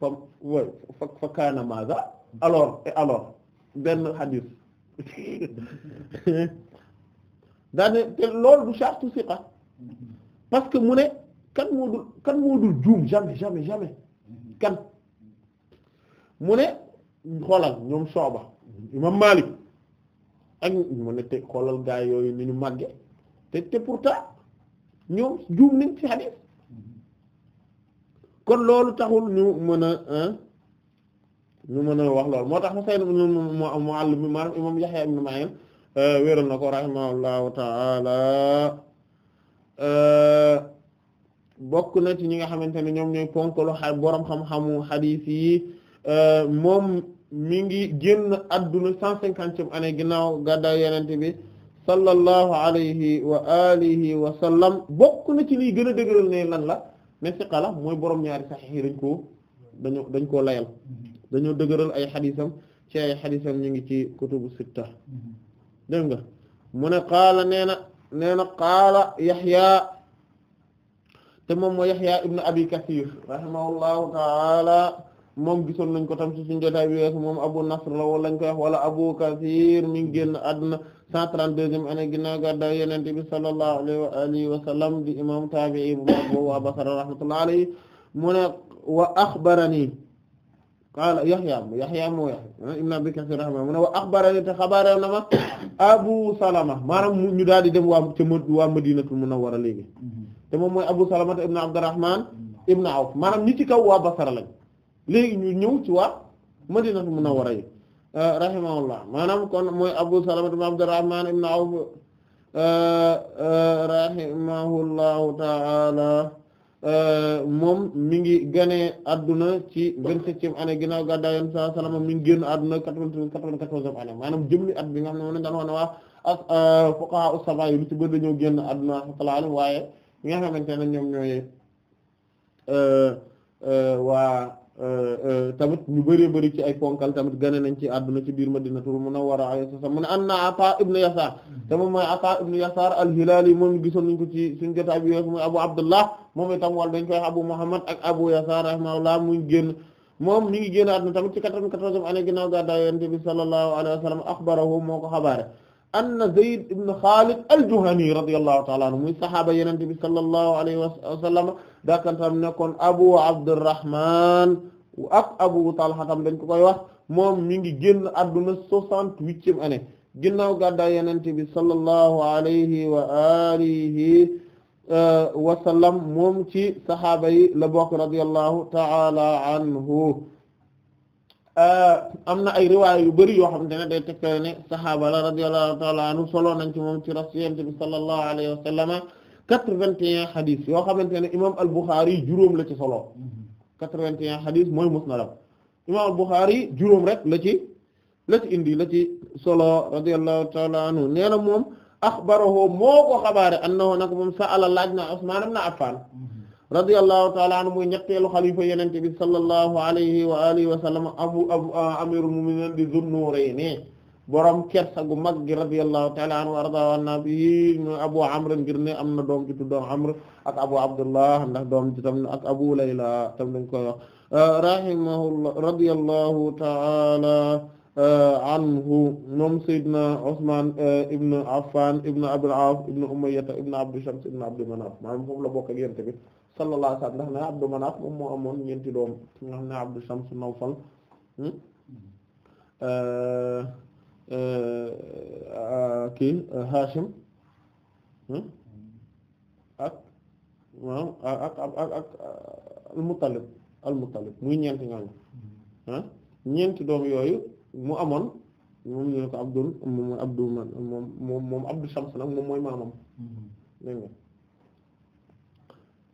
[SPEAKER 2] fa fa fa kaana maza alors et alors benn xadiis daane te loolu du chartu siqa parce que mu ne kan moo dul kan moo dul juum jamais jamais kan mu ne xoolal ñoom Sooba imam Maalik ak mu ne te xoolal gaay yooyu ni ñu màgge te te ñoom juum nañ ci xadis kon loolu taxul nu mën a ñu mën a wax loolu moo tax Husayn ibn Mu'allim maanaam imam Yahya ibn Ma'in euh, wéral na ko rahimahullahu ta'ala euh, bokk na ci ñi nga xamante ne ñoom ñooy ponkolu borom xam-xamu xadis yi euh, moom mii ngi génn adduna cent cinquantième année ginnaaw gàddaay yeneen bi sallallahu alayhi wa alihi wa sallam bokk na ci lii gën a dëgëral ne lan la ne siqa la mooy boroom ñaari saxiix yi dañ koo dañoo dañ koo layal dañoo dëgëral ay xadiisam ci ay xadiisam ñu ngi ci kutubu sitta dégg nga mu ne qaala nee na nee na qaala Yaxya te moom moo Yaxya ibn Abi Kathir rahimahullahu taala moom gisoon nañ ko tam ci suñu jotaay bi moom Abu Nasr la wala lañ koy wax wala Abu Kasir mi ngi génn àdduna 132e année ginnaaw gàddaay Yonent bi sallallahu alayhi wa alihi wa sallam di imam tabi'i bu mag boobu waa Basra rahmatullahi alayhi mu ne wa akhbarani qaala Yahya Yahya moo Yahya ibn Abi Kasir rahma mu wa akhbarani te xabaare na ma Abu Salama maanaam ñu daal di dem waa ca waa na wara léegi mm-hmm. te moom mooy Abu Salama ibn Abdurrahman ibn Awf maanaam ñi ci kaw waa Basra léegi ñu ñëw ci waa Madinatu Munawwara yi euh, rahimahullah maanaam kon mooy Abu Salama ibn Abdurrahman ibn Awf euh, euh, rahimahullahu ta'ala moom mi ngi ganee adduna ci vingt-septième année ginnaaw gàddaay Yonent sallallahu alayhi wa sallam mi génn adduna quatre-vingt-treizième quatre vingt at bi nga xam ne moom lañu daan wax ne waa as fuqaha as-sab'a yi lu génn adduna waaye nga xamante ne ñoom ñooy Euh, euh, tamit ñu bëree bëri ci ay ponkal tamit gane nañ ci àdduna ci biir Madinatul Munawwara alayhi salaam mu ne anna Ata ibn Yasar te moom mooy Ata ibn Yasar al moom gisoon nañ ko ci suñu jotaay bi wees mooy Abu Abdullah moom itam wala dañ koy Abu Muhammad ak Abu Yasar rahimahullah mu ngi génn moom mi ngi génn àdduna tamit ci 94e année ginnaaw gàddaay Yonent bi sallallahu alayhi wa sallam axbarahu moo ko xabaare anna Zayd ibn Khalid al-Juhani radiyallahu ta'ala anhu muy saxaaba Yonent bi sallallahu alayhi wa sallam daakantam nekkoon Abu Abdurrahman ak Abu Talha tam dañ ko koy wax moom mi ngi génn adduna soixante-huitième année ginnaaw gàddaay Yonent bi sallallahu alayhi wa alihi euh, wa sallam moom ci saxaaba yi la bokk radiyallahu ta'ala anhu Euh, am na ay riwaay yu bëri yoo xam ne day tegtale ne saxaaba la radiyallahu ta'ala anhu solo nañ ci moom ci rasiyent bi sallallahu alayhi wa sallam quatre-vingt-un xadis yoo xamante ne imam al-Bukhari juróom la ci solo quatre-vingt-un xadis mooy musnadam imam al juróom rek la ci indi la ci solo radiyallahu ta'ala anhu moom axbarahu moo ko xabaare annahu nag moom sa'ala laaj na Usman ibn Affan radiyallahu taala anhu muy ñetteelu xalifa yenente bi sallallahu alayhi wa alihi wa sallam abu abu uh, amirul mu'minin di Zunnurayni borom kersa gu mag gi radiyallahu taala anhu arda wa nabi abu amr ngir ne am na doom ci tuddoom amr ak abu abdullah ndax doom ci tam ak abu layla tam dañ koy wax uh, rahimahullah radiyallahu taala uh, anhu moom Seydina Ousmane ibn Affan ibn Abdul Awf ibn Umayyah ibn Abdu Shams ibn Abdu Manaf maanaam foofu la bokk ak yéen tamit sallallahu alayhi wa sallam ndax na Abdu Manaf moom moo amoon ñeenti doom nga xam ne Abdu Shams Nawfal hmm? eh, eh, kii Hashim hmm? ak ak ak ak al hmm? yooyu mu amoon moom ñu ne ko Abdul moom moom moom Abdu Shams nag moom mooy maamam mm-hmm.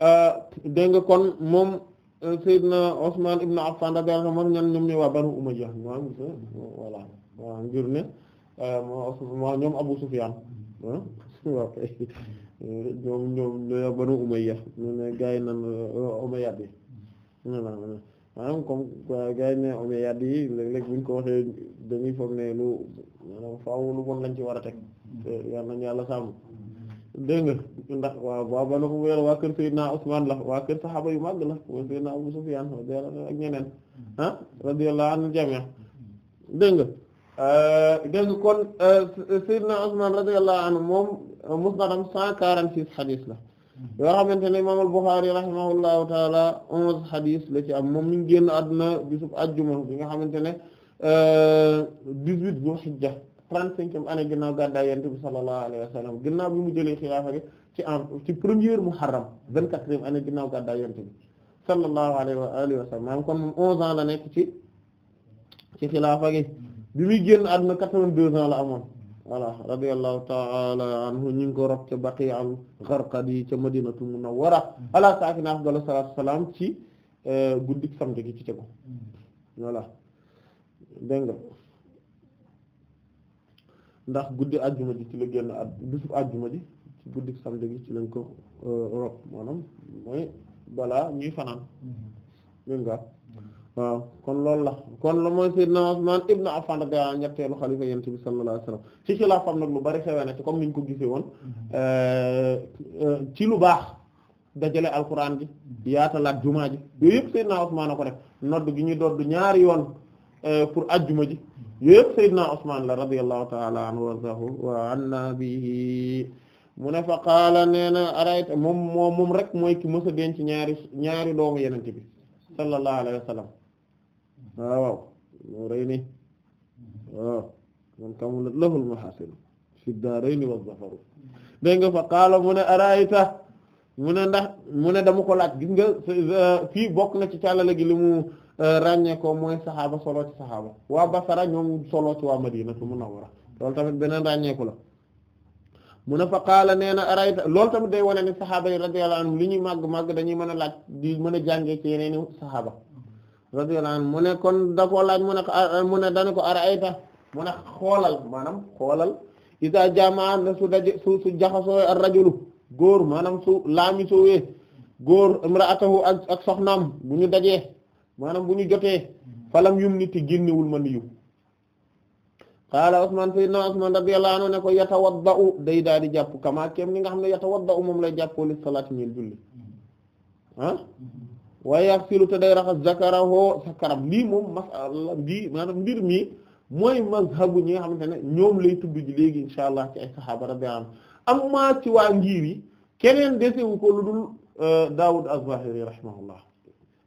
[SPEAKER 2] Euh, dégg nga kon moom euh, Seydina Usman ibn Affan radiyallahu anhu moom ñan ñoom ñooy waa Banu Umayya maanaam voilà waaw ngir ne euh, moo ñoom Abu Sufyan ah, waaw ñoom ne gaa yi nan Umayya bi maanaam comme gaa yi ne Umayya yi ko waxee dañuy foog ne lu maanaam lu bon lañ ci war a teg yàlla nañu yàlla dégg nga ndax waaw booba la ko wéer waa kër Seydina Usmaan la waa kër saxaaba yu mag la waa Seydina Abu Sufyaan ak ñeneen ah radiyallahu anhu jami'a dégg nga euh, dégg nga kon euh, Seydina Usmaan radiyallahu anhu moom euh, musnadam cent quarante six xadis la yoo xamante ne imaam al-Bukhari rahimahullahu taala onze xadis la ci am moom mi ngi génn àdduna bisub ajjuma bi nga xamante ne dix-huit bu xijja trente-cinquième année ginnaaw gàddaay yonent bi sallallahu alayhi wa sallam ginnaaw bi mu jëlee xilaafa gi ci en ci première muharram vingt-quatrième année ginnaaw gàddaay yonent bi sallallahu alayhi wa alihi wa sallam maanaam kon moom onze ans la nekk ci ci xilaafa bi muy génn àdduna quatre-vingt-deux ans la amoon voilà radiyallahu ta'ala anhu ñu ngi ko rob ca Baqi al-Gharqadi ca Madinatu Munawwara ala saakina afdalu salaatu salaam ci euh, guddik samedi gi ci tegu voilà ndax guddi àjjuma ji ci la génn at bisub àjjuma ji ci guddi samedi gi ci lañ ko euh, rob maanaam mooy balaa ñuy fanaan mm-hmm. dégg nga
[SPEAKER 3] mm-hmm.
[SPEAKER 2] waaw kon loolu la kon la mooy sayyidna Usman ibn Affan gaa ñetteelu xalifa yonent bi sallallahu alayhi wasallam ci ci laa fam nag lu bari xewee na comme niñ ko gisee woon mm-hmm. euh, euh, ci lu baax dajale alquran ji yaatalaat jumaa ji yooyu yëpp sayyidna Usman a ko def nodd gi ñuy dodd ñaari yoon pour àjjuma ji yëpp Seydina Usmaan la radiyallahu ta'ala anhu warzahu wa anna bihi mu ne fa qaala nee na arayta moom moom moom rek mooy ki mësa denc ñaari ñaari doomu yenent bi sallallahu alayhi wa sallam waaw mu rëy ni waaw man kamulat lahul mahasin fi daarayni wa zafaru dégg nga fa qaala mu ne arayta mu ne ndax mu ne dama ko laaj gis nga fii bokk na ci càllale gi li mu ràññee ko mooy saxaaba solo ci saxaaba waa Basra ñoom solo ci waa Madinatu Munawwara loolu tamit beneen ràññeeku la mu ne fa qaala nee na lool loolu tamit day wane ne saxaaba yi radiyallahu anhum li màgg dañuy mën a laaj mën a jàngee ci yeneeni saxaaba radiyallahu anhum mu ne kon da laaj mu ne mu ne dana ko arayta mu ne xoolal maanaam xoolal isa jamaa su su su jaxasoo ar rajulu góor maanam su laami soowee góor imraatahu ak ak soxnaam bu ñu dajee maanaam bu ñu jotee falam yum nit génnewul ma niyu qaala Usmaan sayyidna Usmaan radiyallahu anhu ne ko yatawadda'u day daal di jàpp kamaa kem ni nga xam ne yatawadda'u moom lay jàppoo li salaati ñeel julli ah waaye yaghsilu te day raxas zakarahu sakaram lii moom masala bii maanaam mbir mi mooy mazhabu ñi nga xamante ne ñoom lay tudd ji léegi insha allah ci ay saxaaba radiyallahu anhu amma waa ngiir yi keneen desewu ko lu dul euh, Daawud az-Zahiri rahimahullah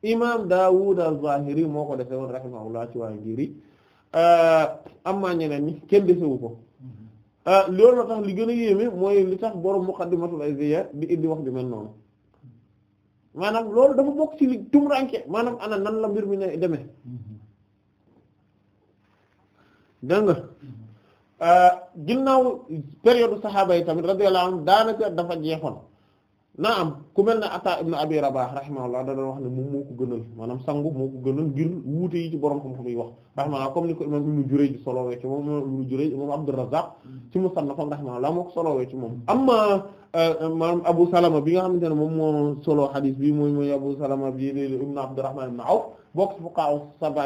[SPEAKER 2] imam Daawud az-Zahiri moo ko defe woon laa ci waa ngiri euh, amma ñeneen ñi kenn defewu ko mm-hmm. euh, loolu la tax li gën a yéeme mooy li tax borom muqaddimatul izziya di indi wax bi mel noonu mm-hmm. maanaam loolu dafa bokk ci li tumranke maanaam ana nan la mbir mi ne deme mm-hmm. dégg nga euh, ginnaaw période saxaaba yi tamit radiyallahu anhum daanaka dafa jeexoon naa am ku mel ne Ataa ibn Abi Rabaah rahimahullah da doon wax ne moom ko gënal maanaam sangu moo ko gënal ngir wuute yi ci borom xam-xam yi wax rahimahullah comme ni ko imam Ibn Jurayj moom moo ko solowee euh, bi nga xamante ne moom moo solo xadiis bi mooy mooy Abu Salama bi ibn Abdurrahman ibn Awf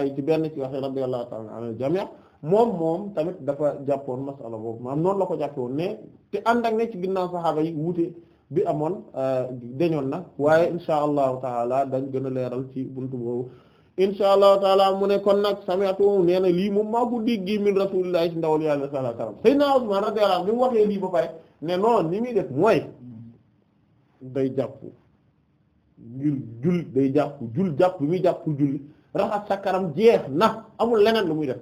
[SPEAKER 2] yi ci benn ci waxe radiyallahu ta'ala anil jami' moom moom tamit dafa jàppoon masala boobu maanaam noonu la ko jàppoon ne te ànd ak ne ci ginnaaw saxaaba yi wuute bi amoon euh, deñoon na waaye insha allahu taala dañ gën a leeral ci bunt boobu insha allahu taala mu ne kon nag sami'tu nee na lii moom maa ko déggee min rasulillahi ci ndawal yàlla sallallahu alayhi wasallam sayyidina Usman radiyallahu mu waxee lii ba pare ne noon ni muy def mooy day jàpp jul jul day jàpp jul jàpp bi muy jàpp julli raxas sa karam jeex na amul leneen lu muy def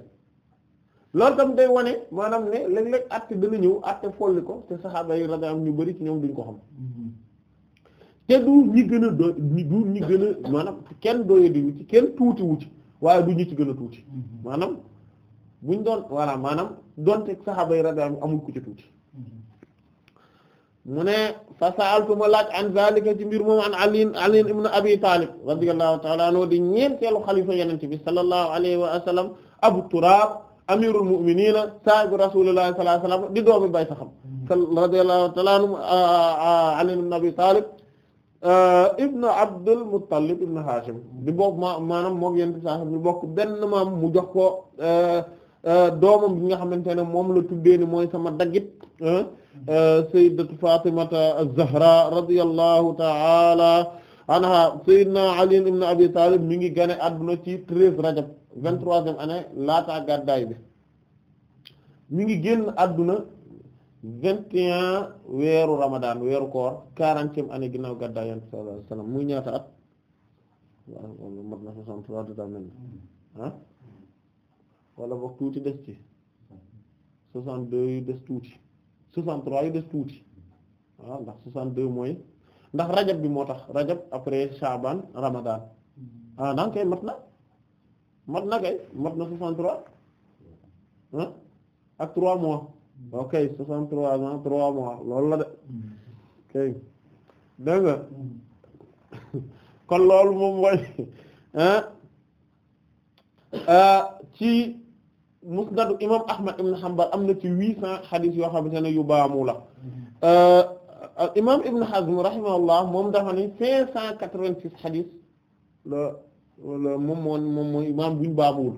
[SPEAKER 2] lool tam day wone maanaam ne léeg-léeg àtte dana ñëw àtte folli ko te saxaaba yi ñu bari ci ñoom duñ ko xam mm-hmm. te du ñi gën a do du ñi gën a maanaam kenn doyadiwu ci kenn tuutiwu ci waaye du ñu ci gën a tuuti mm-hmm. maanaam buñ doon voilà maanaam donte saxaaba yi radiyallahu amul ku ci tuuti
[SPEAKER 3] mm-hmm.
[SPEAKER 2] mu ne fa saaltu ma laaj an zalika ci mbir moom an ali ali ibn abi talib radiyallahu di ñeenteelu xalifa yenente bi sallallahu alayhi wa abu turab amirul mu'minina saahibu rasulillahi sallallahu alayhi wasallam di doomi bay saxam radiyallahu ta'ala anhu Ali ibn Abi Talib ibn Abdul Muttalib ibn Hashim di bokk ma maanaam moom yent saxam ñu bokk benn maam mu jox ko doomam bi nga xamante ne moom la tuddee ni mooy sama daggit sayyidatu Fatimata az-Zahra radiyallahu ta'ala anha sayyidina Ali ibn Abi Talib mi ngi gane adduna ci treize rajab vingt-troisième année laataa gàddaay bi mi ngi génn àdduna vingt et un weeru Ramadan weeru koor quarantième année ginnaaw gàddaay yonent sallallahu alayhi wasallam muy ñaata at waaw mat na soixante-trois de tam nañ boog tuuti des ci soixante-deux yu des tuuti soixante-trois yu des tuuti waaw ndax soixante-deux mooy ndax rajab bi moo tax rajab après Shaaban Ramadan ah daan mat na mat na kay mat na 63 ak 3 mois ok 63 ans 3 mois loolu la de kay kon loolu moom mooy euh, ci musnadu imam Ahmad ibn Hanbal am na ci 800 xadis yoo xamante ne yu baamu la euh, imam Ibn Hazm rahimahullah moom dafa ni 586 xadis la. wala moom moo moom mooy imaam buñ baabuwul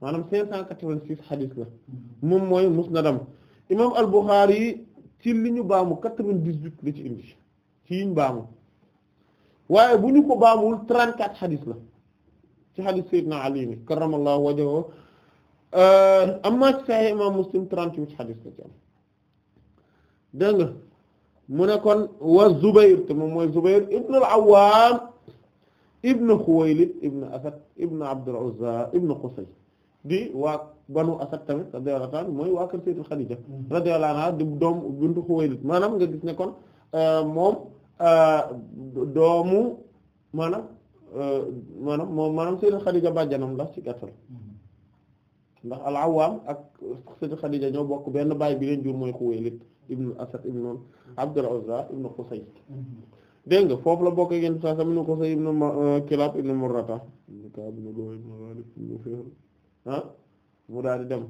[SPEAKER 2] maanaam seen cent quatre-vingt-six xadis la moom mooy musnadam imaam al-Bukhari yi ci li ñu baamu quatre-vingt-dix-huit la ci indi ci yiñ baamu waaye bu ñu ko baamuwul trente-quatre xadis la ci xadis Seydina Ali ni karramallahu wajhahu euh, amma ci Sahih imaam Muslim trente kon wa Zubayr te moom mooy Zubayr ibn al-Awwam ibn Khuwaylid ibn Asad ibn Abdul Uzza ibn Qusay di waa banu Asad tamit radiyallahu mooy waa kër Sayyidatu Khadija radiyallahu di doom bintu Khuwaylid maanaam nga ne kon euh, moom euh, doomu maanaam euh, maanaam moom maanaam Sayyidatu Khadija la ci gàttal ndax al-Awwam ak Sayyidatu Khadija ñoo bokk benn baay bi leen jur mooy Khuwaylid Asad ibn Abdul Uzza ibn Qusay dégg nga foofu la bokk ngeen saa ko say ibnu euh, mu daal di dem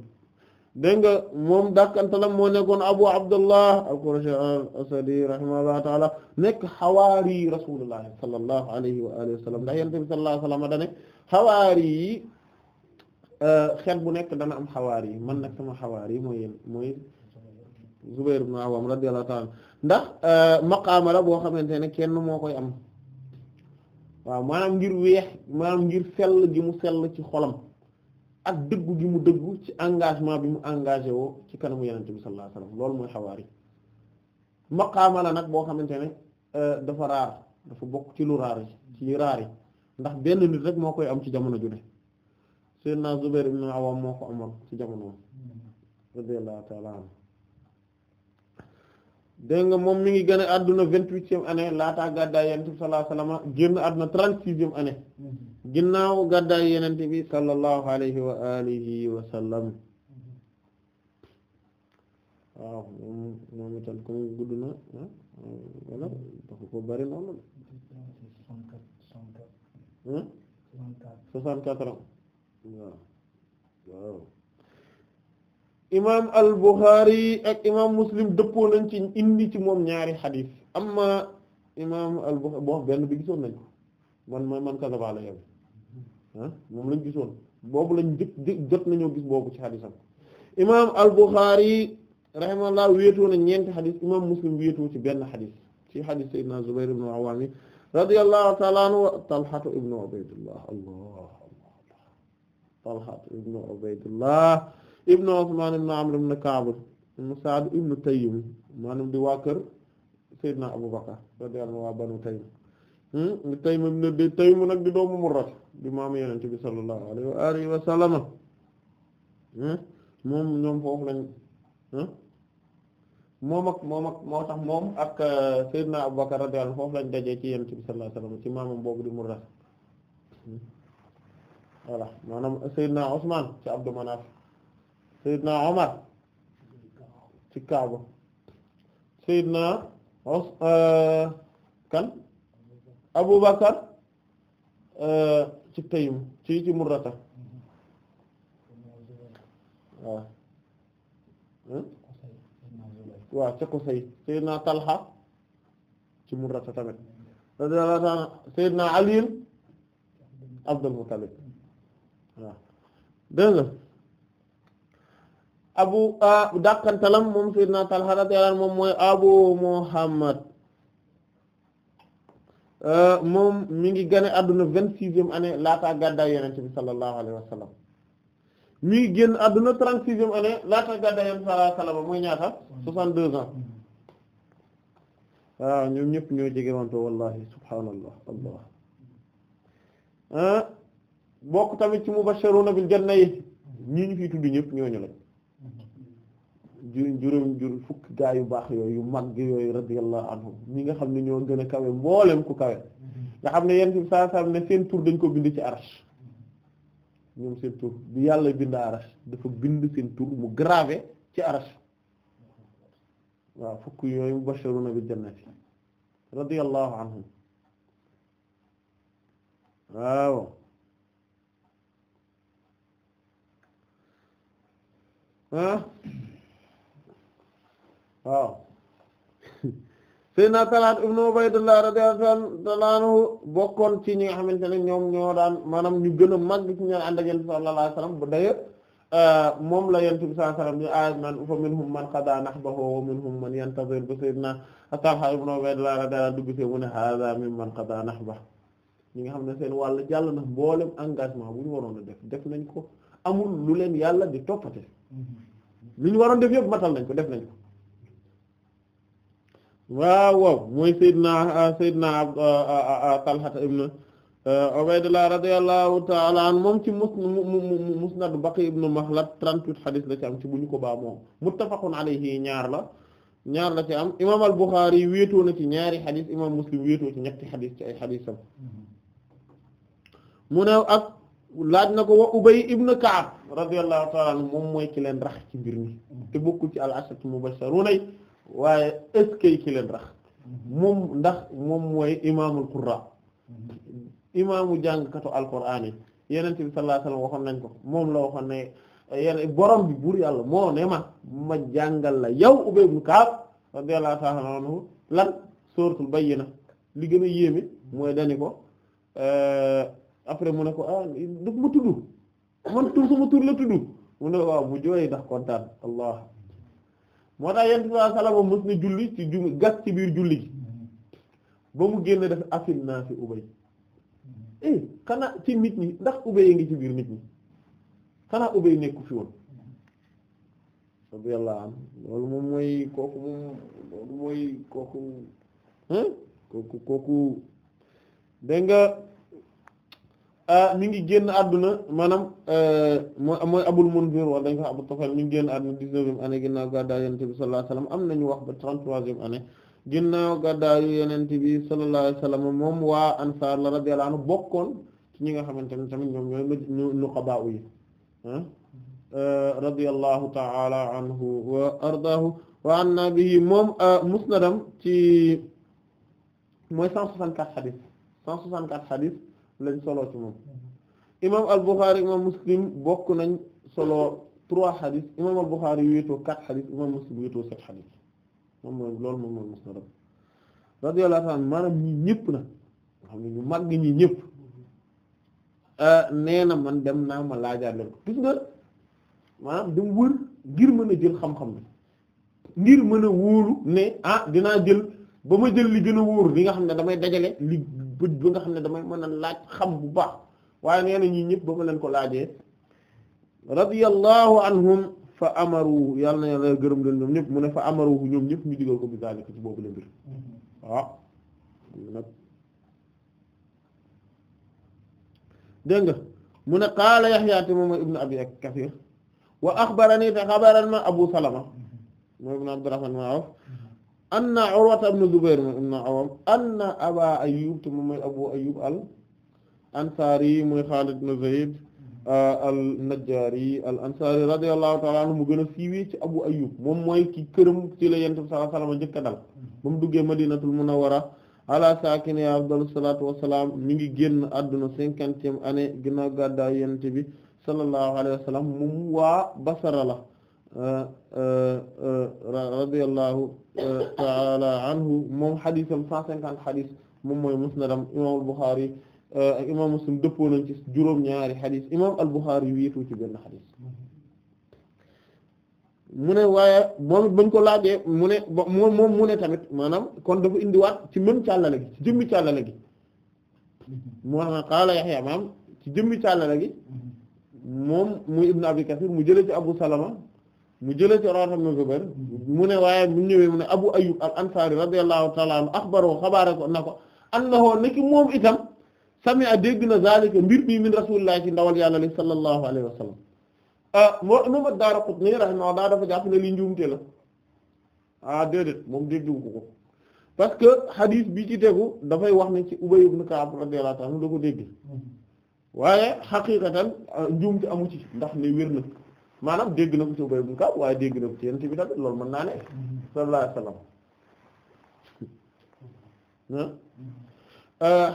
[SPEAKER 2] dégg nga moom dàkkantalam moo nekkoon Abu Abdullah al-Qurashi al-Asadi rahimahullahu ta'ala nekk xawaari rasulullah sallallahu alayhi wa alihi wa sallam ndax yonent bi sallallahu euh, bu nekk dana am xawaari yi man nag sama xawaari yi mooy mooy Zubayr ibn Awwam radiyallahu ta'ala ndax euh, maqaama la boo xamante ne kenn moo koy am waaw maanaam ngir weex maanaam ngir sell gi mu sell ci xolam ak dëggu gi mu dëggu ci engagement bi mu engagé woo ci kanamu yenente bi sallallahu loolu mooy xawaar yi maqaama nag boo xamante ne euh, dafa raar dafa bokk ci lu raar yi ci raar yi ndax benn nit rek moo koy am ci jamono ju ne sayyidna Zubair ibn Awwam moo ko amoon ci jamono
[SPEAKER 3] mm-hmm.
[SPEAKER 2] radiyallahu ta'ala dégg nga moom mi ngi gën a adduna vingt-huitième année laataa gàddaay yenente bi sallallahu alayhi wa sallam génn adduna trente-sixième année mhm. ginnaaw gàddaay yenente bi sallallahu alayhi wa alihi wa sallam mhm. waaw moom itam ko gudd na wala ah, dafa ko bari noonu la hmm? soixante-quatre ans imaam al Bukhari ak imaam Muslim dëppoo nañ ci indi ci moom ñaari xadis amma imaam al Bukhari bon benn bi gisoon nañ man man man kasaba la yow moom lañ gisoon boobu lañ jëkk jot nañoo gis boobu ci xadisam imaam al Bukhari rahimahullah wéetoo na ñeenti xadis imaam Muslim wéetoo ci benn xadis ci xadis Seydina Zubayr ibn Awwam radiyallahu ta'ala anhu Talhatu ibn Ubaydullah Allah Allah Talhatu ibn ibnu Usmaan ibnu Amr ibnu Ka'b ibnu Sa'd ibnu Taym maanaam di waa kër Seydina Abu Bakar radiyallahu waa Banu Taym hmm? Taym ibnu di Taym nag di doomu Murra di maamu Yonent bi sallallahu alayhi wa hmm? moom ñoom foofu lañ hmm? moom ak moom ak moo tax moom ak uh, Seydina Abu Bakar radiyallahu foofu lañ dajee ci Yonent bi sallallahu alayhi wa sallam ci maamam boobu di Murra voilà maanaam Seydina Usmaan ci Abdu Manaf Seydina Omar ci Kaaba Seydina eh, kan Abu Bakar eh, ci Taym ci ci Murrata waaw hmm? waaw ca Qusay Seydina Talha ci Murrata tamit radiyallahu ta'ala Seydina Ali Abdul Muttalib waaw dégg nga abu dàqantalam moom sayyidina Talha radiyallahu anhu moom mooy abu muhammad moom mi ngi gane adduna vingt-sixième année laataa gàddaay yonent bi sallallahu alayhi wa sallam mi mooy ñaata soixante-deux ans waaw ñoom ñëpp ñoo jegewantoo wallahi subhaanallah allah bokk tamit ci mubashiruna bil janna yi ñii ñu fi tudd ñëpp ñooñu la juróom jur fukk gaa yu baax yooyu yu mag yooyu radiyallahu anhum ñi nga xam ne ñoo gën a kawe mboolem ku kawe nga xam ne yéen ci saa saa ne seen tur dañ ko bind ci arash ñoom seen tur bi yàlla bind arash dafa bind seen tur mu gravé ci arash waaw fukk yooyu mubashiruna bil jannati radiyallahu anhum waaw waaw Seydina Talaat de Ubaydullah radiyallahu anhu bokkoon ci ñi nga xamante ne ñoom ñoo daan maanaam ñu gën a màgg ci ñaan ànd ak Yonent euh, moom la Yonent bi sallallahu alayhi wasallam ñu aayat naan fa minhum man qadaa nahbahu wa minhum man yantazir ba ñi nga xam ne seen walla jàll na mboolem engagement bu ñu waroon a def def nañ ko amul lu leen yàlla di toppate
[SPEAKER 3] mm-hmm.
[SPEAKER 2] li ñu waroon def yëpp matal nañ ko def nañ ko waaw waaw mooy Seydina ah, Seydina ah, ah, Talha ibn Ubaydullah radiyallahu ta'ala anhu moom ci musnad Baqi ibn Makhlad 38 xadis la ci am ci bu ñu ko baa moom muttafaqun alayhi ñaar la ñaar la ci am imaam al-Bukhari wéetoo na ci ñaari xadis imaam Muslim wéetoo ci ñetti xadis ci ay xadisam mu ne ak laaj na ko wa Ubay ibn Ka'b radiyallahu ta'ala anhu moom mooy ki leen rax ci mbir mi te bokkul ci al-ashrat mubashiruna waaye est-ce rax mhm. moom ndax moom mooy imaamul qurra mhm. imaamu jàngkatu alquraan yi yeneen bi waxoon nañ ko moom la waxoon ne borom bi buur yàlla moo ne ma ma jàngal la yow Ubay ibn Ka'b radiyallahu ta'ala anhu lan suratul bayyina li gën a yéeme mooy dani ko euh, après mu ne ko ah daf ma mu ne waaw mu jooy ndax kontaan allah moo tax yent bi salama mës na julli ci ju gas ci biir julli gi ba mu génn def afin naa fi ubay eh, xanaa ci nit ñi ndax ubay ngi ci biir nit ñi xanaa ubay nekku fi woon radiyallahu loolu moom mooy kooku moom loolu mooy kooku kooku kooku dégg Ah, mi ngi génn adduna maanaam eh, mooy mooy Abul Munzir wala dañ ko Abu Tufayl mi ngi génn àdduna dix-neuvième année ginnaaw gàddaay Yonent bi sallallahu alayhi wasallam am nañu wax ba trente-troisième année ginnaaw gàddaayu Yonent bi sallallahu alayhi wasallam moom waa Ansaar la radiyallahu anhu bokkoon ci ñi nga xamante ne tamit ñoom ñooy nuqabaa yi ah, eh, radiyallahu ta'ala anhu wa ardaahu waa anna bihi moom eh, musnadam ci mooy cent soixante-quatre hadith cent soixante-quatre hadith lañ solo ci moom imam al-Bukhari Muslim bokk nañ solo trois xadis imam al-Bukhari quatre xadis imam Muslim wéetoo sept xadis moom mooy loolu moom mooy musnadam radiyallahu ñëpp na xam ne ñu màgg ñi ah, man dem naa ma laajaat leen ko gis nga maanaam dem wër ngir mën a jël xam-xam bi ngir mën a wóolu ne ah dinaa jël ba ma jël li gën a wóor li nga xam ne damay dajale li bët bi nga xam ne damay mën a laaj xam bu ba waaye nee na ñii ñëpp ba ma leen ko laajee radiyallahu anhum fa amaru yàlla na yàlla gërëm leen ñoom ñëpp mu ne fa amaru ñoom ñëpp ñu digal ko bi zalika ci boobu la mbir waaw mu ne qaala Yahya moom ibnu abi Kathir wa axbarani te xabaran ma Abu Salama mooy ibnu Abdurrahman anna Urwata ibn Zubayr ibn Awwam anna Aba Ayyub te Abu Ayyub al Ansari mooy Khalid ibn Zayd uh, al Najjari al Ansari radiyallahu ta'ala anhu mu gën a siiwee ci Abu Ayyub moom mooy ki këram ci la Yonent bi sallallahu alayhi a dal mm-hmm. ba mu Madinatul Munawwara ala saakinihaa afdalu salaatu wa salaam mi ngi génn àdduna cinquantième année ginnaaw gàddaay Yonent bi sallallahu alayhi wasallam moom waa Basra la. E, e, radiyallahu e, taala anhu moom xadisam cinquante xadis moom mooy musnadam imam al-Bukhari ak imam Muslim dëppoo nañ ci juróom-ñaari xadis imam al-Bukhari ci benn xadis mu ne waaye moom bañ ko laajee mu ne tamit maanaam kon dafa indiwaat ci même càllale gi ci jëmmi càllale gi ci jëmmi càllale gi
[SPEAKER 3] mm-hmm.
[SPEAKER 2] moom muy Ibn Abi Kathir mu jëlee ci Abu Salama mu jëlee ci Urwa ibn Zubayr mu ne waaye mu ñëwee mu ne Abu Ayyub al-Ansari radiyallahu ta'ala anhu axbaro xabaare ko na ko annahu niki moom itam a dégg na zalika mbir bii min rasulillah ci ndawal yàlla li sallallahu alayhi wa sallam ah, moo imam ad-Daraqutni rahimahullah daa a jàpp ne li njuumte la ah déedéet moom dégguwu ko ko parce que hadith bi ci tegu dafay wax ne ci Ubay ibn Ka'b radiyallahu ta'ala anhu da ko dégg hmm. waaye xaqiqatan ah, njuumte amu ci ndax ne wér na maanaam dégg na ko ci Ubay ibn Ka'b waaye dégg na ko ci yent bi tamit loolu mën naa ne mm-hmm. sallallahu alayhi wasallam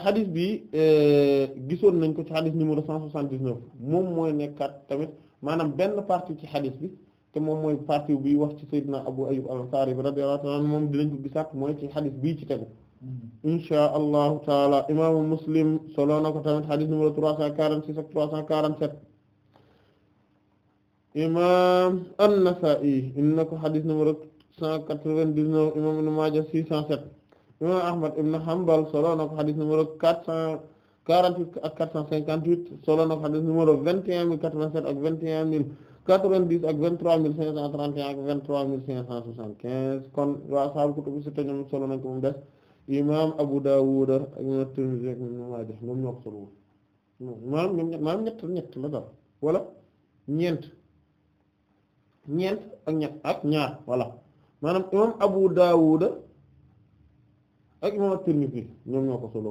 [SPEAKER 2] xadis mm-hmm. euh, bi euh, gisoon nañ ko ci xadis numéro 179 moom mooy nekkaat tamit maanaam benn partie ci xadis bi te moom mooy partie bi wax ci Seydina Abu Ayyub al-Ansari bi radiyallahu anhu moom dinañ ko gisaat mooy ci xadis bii ci tegu
[SPEAKER 3] mm-hmm.
[SPEAKER 2] insha allahu taala imaamu Muslim solo na ko tamit xadis numéro 346 ak 347 imam an-Nasa'i indi na ko xadis numéro 199 imam Ibn Maaja 607 imam Ahmad ibn Hanbal solo na ko xadis numéro 448 ak 458 solo na ko xadis numéro 21087 ak 21090 ak 23531 ak 23575 kon wa ashaabu kutubu sitta ñoom solo nañ ko moom des imam Abu Dawud ak imam Tirmidhi ak Ibn Maaja ñoom ñoo ko solo maanaam ñett ñett la daal wala ñeent ñeent ak ñett ak ñaar voilà maanaam imam Abu Dawud ak imam At-Tirmidhi ñoom ñoo ko solo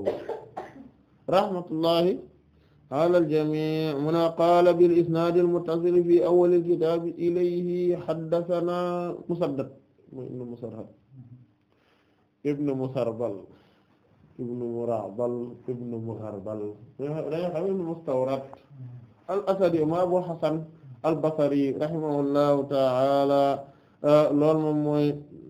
[SPEAKER 2] rahmatullahi mu bil isnaad al fi awwal al-kitaab ilayhi Musaddad ibn Musarbal ibn Murabal ibn Mugharbal dañu xam ibn Mustawrad al-Asadi ma Abu Hasan al-Basri rahimahullahu ta'ala euh, loolu moom mooy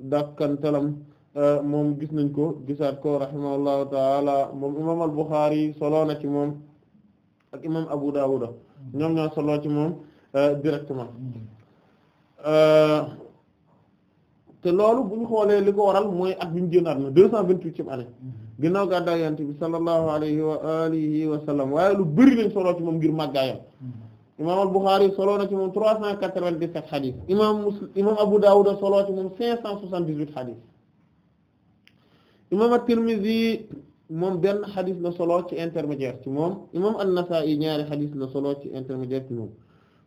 [SPEAKER 2] dakkantalam euh, moom gis nañ ko gisaat ko rahimahullahu ta'ala moom imam al-Bukhari solo na ci moom ak imam Abu Dawud ñoom ñoo solo ci moom euh, directement te loolu bu ñu xoolee li ko waral mooy ak bi mu génn àdduna deux cent vingt-huitième année ginnaaw gàddaay Yonent bi sallallahu alayhi wa alihi wa waaye lu bari lañ solo moom ngir màggaayam imam al-Bukhari solo na ci moom trois cent quatre-vingt-dix-sept xadis imam Muslim imam Abu Dawud solo ci moom cinq cent soixante-dix-huit xadis imam at-Tirmidhi moom benn xadis la solo ci intermédiaire ci moom imam an-Nasa'i ñaari xadis la solo ci intermédiaire ci moom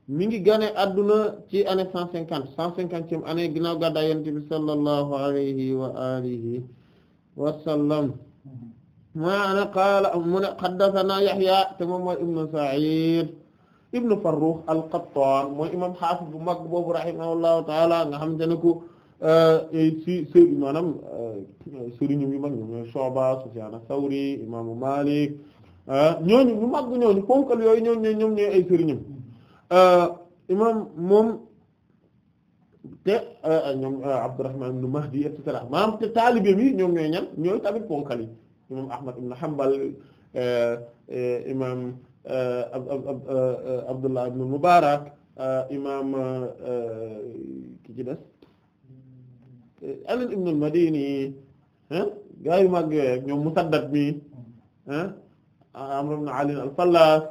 [SPEAKER 2] mi ngi gane adduna ci année cent cinquante cent cinquantième année ginnaaw gàddaay yonent bi sallallahu alayhi wa alihi wa sallam maana qaala mu ne haddathana Yahya te moom mooy ibnu Sa'id ibnu Farrukh al-Qattan mooy imam xaafis bu mag boobu rahimahullahu taala nga xamante ne ko eh, si si maanaam eh, sëriñu yu mag ñoom Shu'ba Sufyan ath-Thawri imaamu Malik eh, ñooñu ñu mag ñooñu ponkal yooyu ñoom ñooy ñoom ñooy ay sëriñam imam moom te ñoom a ibn Mahdi et cetera maanaam te taalibeem yi ñoom ñooy ñan ñooy tamit ponkal yi imam ibn Hanbal imam ab ab eh, Abdullah ibn Mubarak eh, imaam eh, ki ci des Ali ibn madini gaa yu mag ñoom Musaddad mi Amr ibn Ali al-Fallas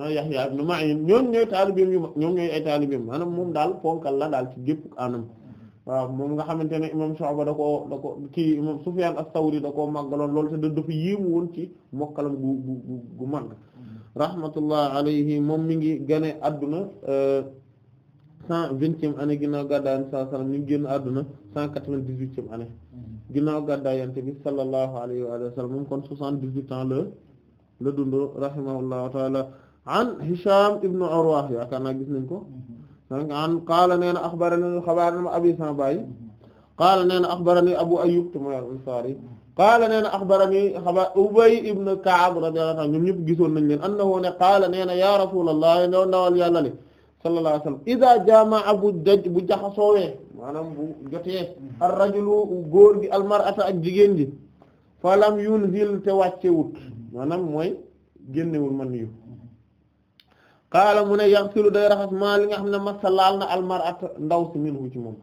[SPEAKER 2] Yahya ibn Ma'in ñoom ñooy taalibeem yu mag ñoom ñooy ay taalibeem maanaam moom daal ponkal la daal ci gépp anam waaw moom nga xamante ne imam Shu'ba da koo da ko kii imam Sufyan as-Sawri da koo màggaloon loolu te da dafa woon ci mokkalam gu gu rahmatullah alayhi moom mi ngi gane adduna euh, cent vingtième année ginnaaw gàddaay yonent sallallahu alayhi wa sallam mi ngi génn adduna cent quatre-vingt-dix-huitième année ginnaaw kon soixante dix la la dund rahimahullahu taala an Hisham ibnu Urwa yaakaar naa gis nañ ko an qaala nee na axbarani xabaar na ma abi san bayi qaala na axbarani Abu Ayyub te mooy al qaala nee na axbarani xabar ubay ibn kaab radiyallahu anhu ñoom ñëpp gisoon nañ leen annahu ne qaala nee na ya rasulallah ndow ndawal yàlla li sallallahu alayhi wa sallam ida jamaa bu daj bu bu jotee ar rajulu góor ak jigéen ji fa lam yunzil te wàccewut maanaam mooy génnewul man yu qaala mu ne yaxsilu day raxas maa li nga xam ne massa laal na almarata ndaw si minhu ci moom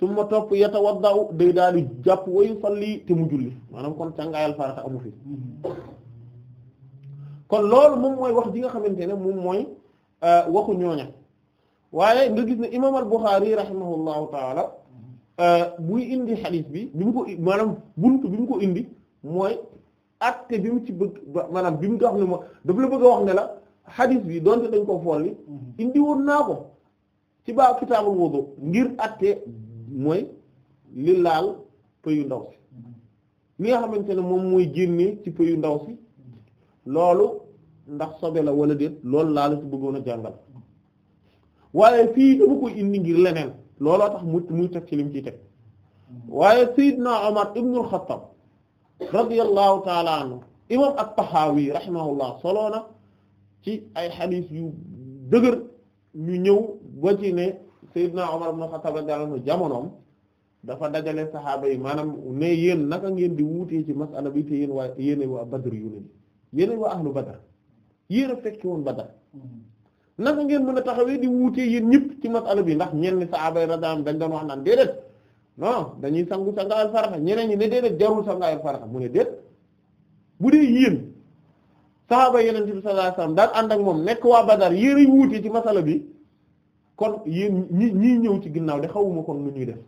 [SPEAKER 2] summa topp yatawadda'u day daal di jàpp wa lii te mu julli maanaam kon càngaayal farata amu fii kon loolu moom mooy wax ji nga xamante ne moom mooy euh, waxu ñooña waaye nga gis ne imaam al-Bukhari rahimahullahu taala euh, buy indi xadiis bi bi mu ko maanaam bunt ko indi mooy acte bi mu ci bëgg manam bi mu nga xam ne moo daf la bëgg a wax ne la xadiis bi donte dañ ko folli mm-hmm. indi woon naa ko ci baa kitaabul wudu ngir acte mooy li laal pëyu ndaw si mm-hmm. li nga xamante ne moom mooy génnee ci pëyu ndaw si mm-hmm. loolu ndax sobe la wala déet loolu laa la ci bëggoon a jàngal waaye fii dama koy indi ngir leneen looloo tax mu muy teg ci lim ciy teg mm-hmm. waaye Seydina Omar ibnul Xattaab radiyallahu taala anhu imam at-Tahawi rahimahullah soloo na ci ay xadiis yu dëgër ñu ñëw ba ne Seydina Umar ibn Khattab radiyallahu anhu jamonoom dafa dajale saxaaba yi maanaam ne yéen naka ngeen di wuutee ci masala bi te yéen waa yéenay waa Badr yu ne yéenay waa ahlu Badr yéen a fekki woon Badr naka ngeen mën a taxawee di wuutee yéen ñëpp ci masala bi ndax ñenn saxaaba yi radiyallahu dañ doon wax naan déedéet non dañuy sangu sangaayal farata ñeneen ñi ne déedéet jarul sangaayal farata mu bu dee yéen yeneen ci sallallahu alayhi wasallam daan ànd ak moom nekk waa Badr yéenay wuutee ci masala bi kon yéen ñi ñëw ci ginnaaw de xawuma kon lu ñuy def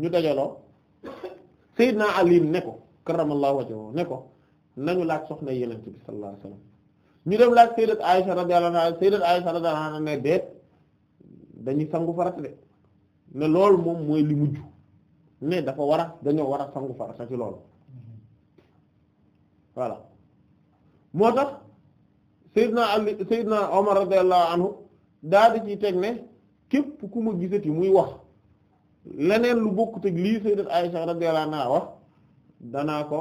[SPEAKER 2] ñu dajaloo Seydina Ali ne ko karramallahu wajhahu ne ko nañu laaj soxna Yonent bi sallallahu ñu dem laaj Sayyidat Aisha radiyallahu anha Sayyidat ne deet dañuy sangu farata de ne loolu moom mooy li mujj ne dafa war a dañoo war a sangu farata ci loolu mm-hmm. voilà moo tax Seydina Ali Seydina Omar radiyallahu anhu daal di ciy teg ne képp ku gisati muy wax leneen lu bokkut ak lii Sayyidat Aisha radiyallahu anha wax danaa ko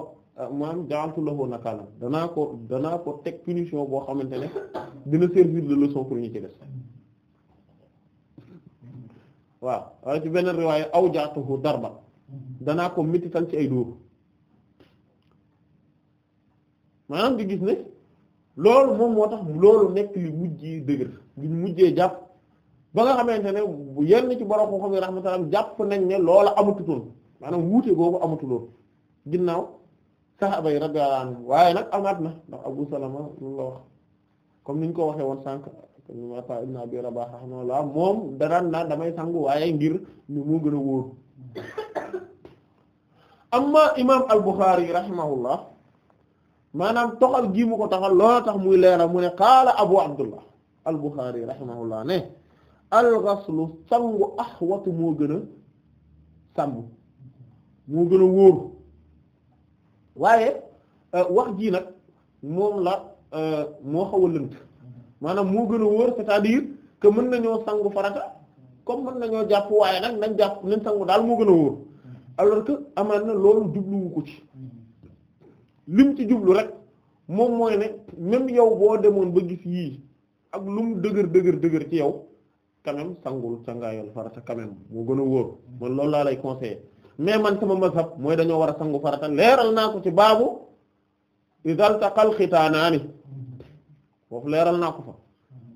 [SPEAKER 2] maanaam ja'altu lahu nakalan danaa ko danaa ko teg punition boo xamante ne dina servir de leçon pour ñu ci des waaw waaye ci beneen riwaaye aw ja'tuhu darba danaa ko métital ci ay dóor maanaam di gis ne. loolu moom moo tax loolu nekk li mujjee dëgër li mujjee jàpp ba nga xamante ne yenn ci borom xam-xam yi rahmatullah jàpp nañ ne loola amatutoon maanaam wuute googu amatuloon ginnaaw saxaaba yi radiyallahu waaye nag amaat na ndax Abu Salama lu la wax comme niñ ko waxee woon sànq comme Ata ibn Abi Rabah rahimahullah moom daraan na damay sangu waaye ngir ñu moo gën a wóor amma imaam al-Bukhari rahimahullah maanaam toxal gii mu ko taxal loola tax muy leeral mu ne qaala abu abdullah al buxaari rahimahullah ne alxaslu sangu axwatu moo gën a sàmm moo gën a wóor waaye euh, wax jii nag moom la euh, moo xaw a lënt maanaam moo gën a wóor c'est-à-dire que mën nañoo sangu farata comme mën nañoo jàpp waaye nag nañ jàpp nañ sangu daal moo gën a wóor alors que amaan na loolu jubluwu ko ci lim ci jublu rek moom mooy ne même yow boo demoon ba gis yii ak lu mu dëgër dëgër dëgër ci yow quand même sangul sangaayal farata quand même moo gën a wóor man loolu laa lay conseiller mais man sama mazhab mooy dañoo war a sangu farata leeral naa ko ci baabu idal taqal xitaanaani foofu leeral naa ko fa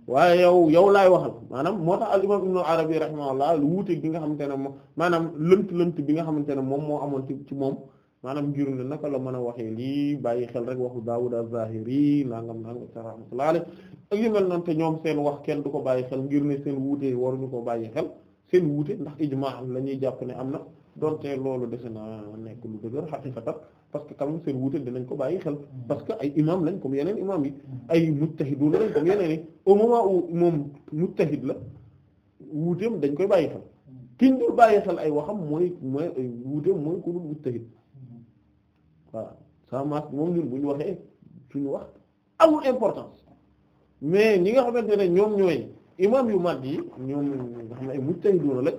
[SPEAKER 2] waaye yow yow laay waxal maanaam moo tax al imam ibnu arabi rahimahullah lu wuute bi nga xamante ne moom maanaam lënt lënt bi nga xamante ne moom moo amoon ci ci moom maanaam ngir ne naka la mën a waxee lii bàyyi xel rek waxu Daawud az-Zahiri nangam nangam rahmatullahi alayhi laa yu mel noonu te ñoom seen wax kenn du ko bàyyi xel ngir ne seen wuute waruñu ko bàyyi xel seen wuute ndax ijmaa la ñuy jàpp ne am na donte loolu dese na nekk lu dëgër xaqiqatan parce que quand même seen wuute dinañ ko bàyyi xel parce que ay imam lañ comme yeneen imam yi ay mujtahidun lañ comme yeneen yi au moment où moom mujtahid la wuuteem dañ koy bàyyi xel kiñ dul bàyyi xel ay waxam mooy mooy wuuteem mooy ku dul mujtahid voilà sa masse moom ñun bu ñu waxee suñu wax amul importance mais ñi nga xamante ne ñoom ñooy imam yu mag yi ñoom nga xam ne ay mujtahiduna la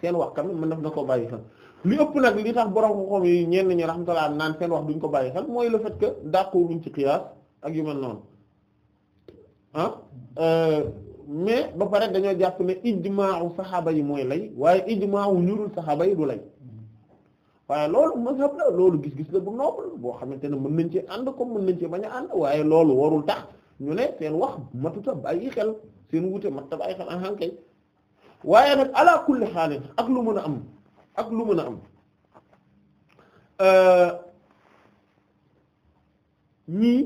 [SPEAKER 2] seen wax kam mën daf na ko bàyyi xel li ëpp nag li tax borom xam yi ñenn ñi rahmatullah naan seen wax duñ ko bàyyi xel mooy la fait que d'accord luñ ci xiyaas ak yu ma noonu ah euh, mais ba pare dañoo jàpp ne ijma'u saxaaba yi mooy lay waaye ijma'u ñurul saxaaba yi du lay waaye loolu mazhab la loolu gis-gis la bu noble boo xamante ne mën nañ ci ànd comme mën nañ ci bañ a ànd waaye loolu warul tax ñu ne seen wax matuta bàyyi xel seen wute matuta bàyyi xel en hankay waaye nag ala kulli xaalin ak lu mën a am ak lu mën a am ñii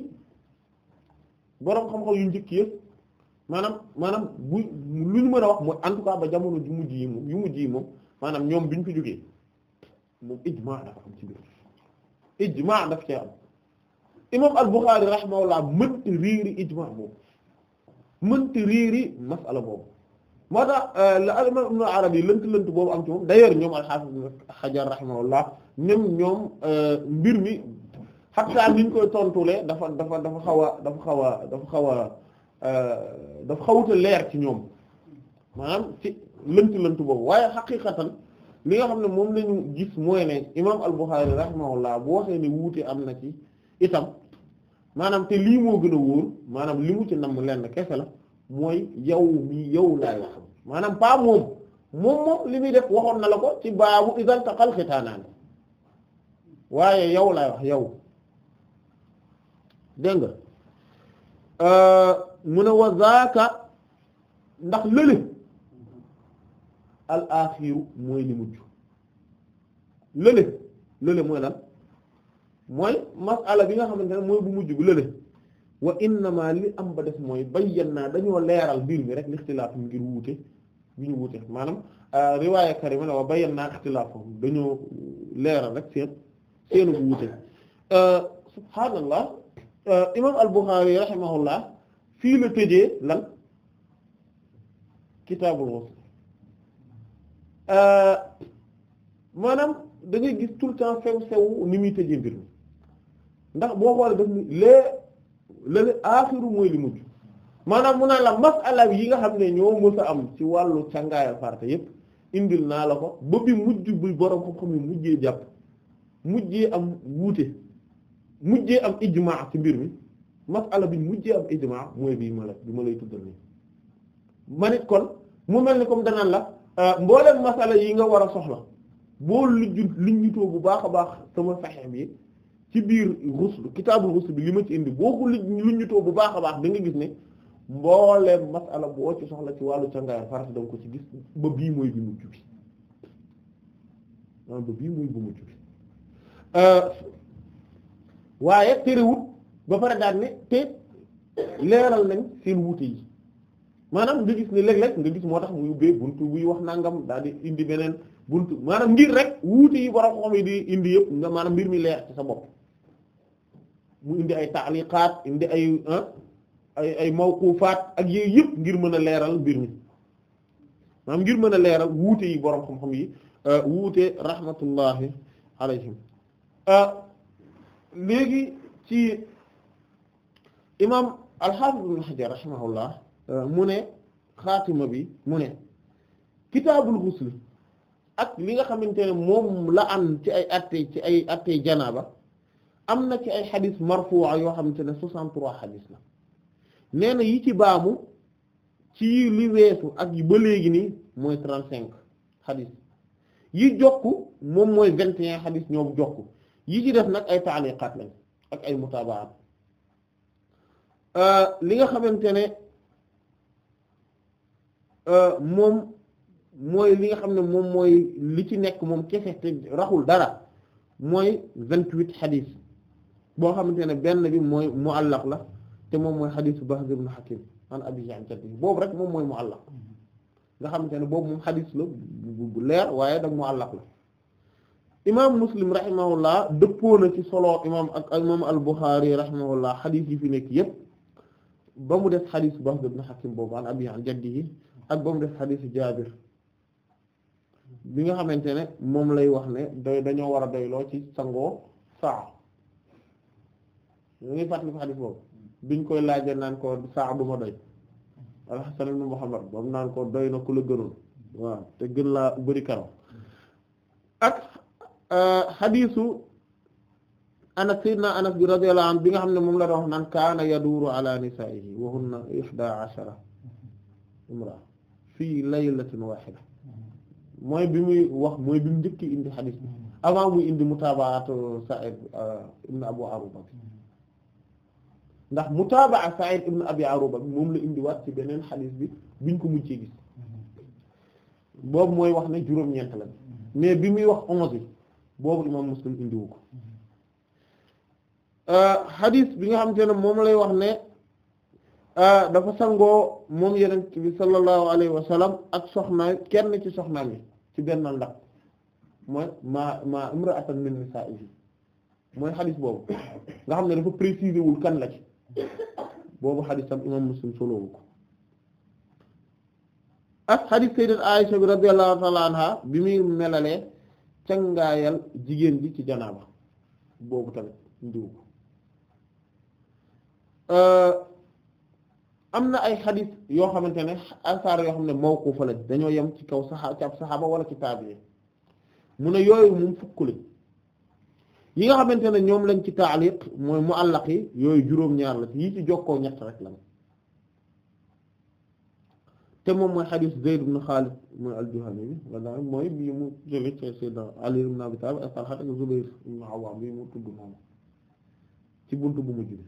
[SPEAKER 2] boroom xam-xam yu njëkk yëpp maanaam maanaam bu lu ñu mën a wax mu en tout cas ba jamono ju mujj yi moom yu mujj yi moom maanaam ñoom bi ñu fi moom ijmaa dafa am ci biir ijmaa daf cee am imam al-Bukhari rahimahullah mënti riiri ijmaa boobu mënti riiri masala boobu moo tax euh, la imam Ibn Arabi lënt lënt boobu am ci moom d'ailleurs ñoom al-Hafiz Ibn Hajar rahimahullah ñoom ñoom euh, mbir mi hatta niñ koy tontulee dafa dafa dafa xaw a dafa xaw a dafa xaw a euh, dafa xawuta leer ci ñoom maanaam ci lënt lënt boobu waaye xaqiqatan li nga xam ne moom la ñu gis mooy ne imaam al-Bukhari rahimahullah bu waxee ne wuute am na ci itam maanaam te lii moo gën a wóor maanaam li mu ci namm lenn kese la mooy yow mi yow laay wax li muy def waxoon na la ko ci baabu idan waaye yow laay wax yow dégg nga euh, mu ne wa ndax lële al axiru mooy li mujj lële lële mooy lan mooy masala bi nga xamante ne mooy bu mujj bu lële wa innama li am ba def mooy bayyan naa dañoo leeral biir mi rek lixtilaaf ngir wuute bi ñu wuute maanaam euh, riwaaya karima la wa bayyan naa ixtilaafum dañoo leeral rek seen seenu bu wuute euh, subhaanallah euh, imam al-Bukhari rahimahullah fii la tëjee lan kitaabul ghusl Euh, maanaam dangay ngay gis tout temps sew sew ni muy tëjee mbir mi ndax boo xoolee daf ni lee lale aaxiru mooy li mujj maanaam mu naa la masala yi nga xam ne ñoo mës a am ci wàllu càngaayal farata yépp indil naa la ko ba bi mujj buy borom ko xam ne mujjee jàpp mujjee am wuute mujjee am ijmaa ci mbir mi masala bi mujjee am ijmaa mooy bii ma la bi ma lay tuddal nii manit kon mu mel ni comme danaan la Euh, mboolem masala yi nga war a soxla boo lijju lijjutoo bu baax a baax sama saxex bi ci biir ruslu kitaabul ruslu bi li ma ci indi boo ko lijjutoo bu baax a baax da nga gis ne mbooleem masala boo ci soxla ci wàllu càngaayal farata da nga ko ci gis ba bii mooy bi mujj bi ah, ba bii mooy euh, waaye terewut ba pare daal ne te leeral nañ seen wuute yi maanaam nga gis ne léeg-léeg nga gis moo tax muy ubbee buntu buy wax nangam daal di indi beneen buntu maanaam ngir rek wuute yi borom xam yi di indi yëpp nga maanaam mbir mi leer ci sa bopp mu indi ay taaliqaat indi ay ah, mawqufaat ak yooyu yépp ngir mën a leeral mbir mi maanaam ngir mën a leeral wuute yi borom xam-xam yi ah, wuute rahmatullahi alayhim ah, léegi ci imam al-Hafiz Ibn Hajar rahimahullah Euh, mu ne xaatima bi mu ne kitaabul ghusl ak li nga xamante ne moom la am ci ay atte ci ay atte janaaba am na ci ay xadis marfu'a yoo xamante ne 63 xadis la nee na yi ci baamu ci li weesu ak yi ba léegi nii mooy cinq xadis yi jokku moom mooy 21 xadis ñoom jokku yi ci def nag ay taaliqaat lañ ak ay mutaabaat euh, li nga xamante ne Euh, moom mooy li nga xam ne moom mooy li ci nekk moom kese te raxul dara mooy vingt-huit xadis boo xamante ne benn bi mooy mu muallaq la te moom mooy xadisu Bahz ibn Hakim an Abi Ja'd boobu rek moom mooy muallaq nga xamante ne boobu moom xadis la bu leer waaye dag muallaq la imaam Muslim rahimahullah dëppoo na ci solo imaam ak imaam al-Bukhari rahimahullah xadis yi fi nekk yépp ba mu def xadis Bahz ibn Hakim boobu an Abi an jaddihi ak ba mu xadiisu jaabir bi nga xamante ne moom lay wax ne doy dañoo war a doyloo ci sangoo saa ñu ngi fàttali ko xadiis boobu biñ koy laajee naan ko saa du ma doy al-Hasan ibn Muhammad ko doy na ku la gënoon waaw te gën laa bëri karaw ak euh, xadiisu anas sayyidina anas bi radiyallahu anhu bi nga xam ne moom la doon wax naan kaana yaduuru ala nisaa'ihi wa hunna ihdaa ashara fii laylatin wahida mooy bi muy wax mooy bi mu njëkk indi xadis bi avant muy indi mutaabaatu Sa'id uh, ibn Abu Aruba bi ndax mutaabaa Sa'id ibn Abi Aruba bi moom la indi waat ci beneen xadis bi biñ ko mujjee gis boobu mooy wax ne juróom-ñeent la mais bi muy wax onze boobu imam Muslim indiwu ko uh, xadis bi nga xam te ne moom lay wax ne Ah, dafa sangoo moom yenent bi sallallahu alayhi ak soxna kenn ci soxnaam yi ci benn ndax mooy ma ma imra'atan min nisa'ihi xadis boobu nga xam ne dafa préciser wul bi radiyallahu ta'ala anha bi muy melalee cangaayal jigéen ji ci janaaba boobu tamit ndiw am na ay xadis yoo xamante ne asaar yoo xam ne mawquufa lañ dañoo yam ci kaw saxaa ci saxaaba wala ci taabi'i mu ne yooyu moom fukk lañ yi nga xamante ne ñoom lañ ci taaliq mooy mu yi yooyu juróom-ñaar la yi ci jokkoo ñett rek la te moom mooy xadis Zayd ibn Xaalid mooy al-Juhani bi mooy mu jëlee ci Sayyidina Ali mu tudd moom ci buntu bu mujj bi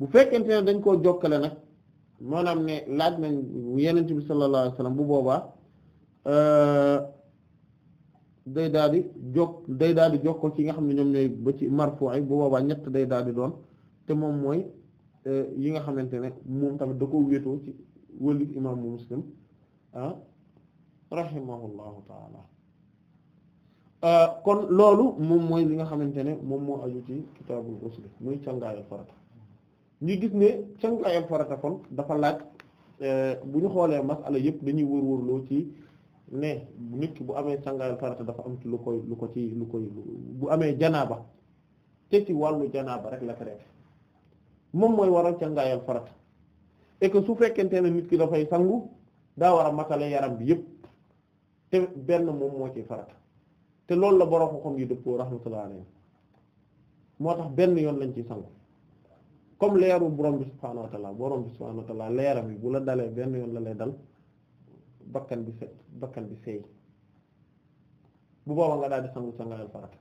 [SPEAKER 2] bu fekkente ne dañ koo jokkale nag maanaam ne laaj nañ yenent bi sallallahu alayhi bu boobaa euh, day daal di jokk day daal di jokkoo ci nga xam ne ñoom ñooy ba ci marfu'i bu boobaa ñett day daal di doon te moom mooy euh, yi nga xamante ne moom tamit da ko wéetoo ci wëlif imam muslim ah rahimahullahu euh, kon loolu moom mooy li nga xamante ne moom moo aju ci kitaabul usul muy càngaayu farata ñu gis ne cangaayal farata kon dafa laaj euh, bu ñu xoolee masala yëpp dañuy wër wërloo ci ne nit ki bu amee cangaayal farata dafa am ci lu koy lu ko ci lu koy bu amee janaaba te ci wàllu janaaba rek la traité moom mooy waral cangaayal farata et su fekkente ne nit ki dafay sangu daa war a matale yaram bi yëpp te benn moom moo ci farata te loolu la borom xam yi dëppoo rahmatullahi alayhi moo tax benn yoon lañ ci sangu comme leeru borom bi subhaanahu wa ta'ala borom bi subhaanahu wa ta'ala leeram yi bu la dalee benn yoon la lay dal bakkan bi set bakkan bi seey bu booba nga daal di sangu sangaayal farata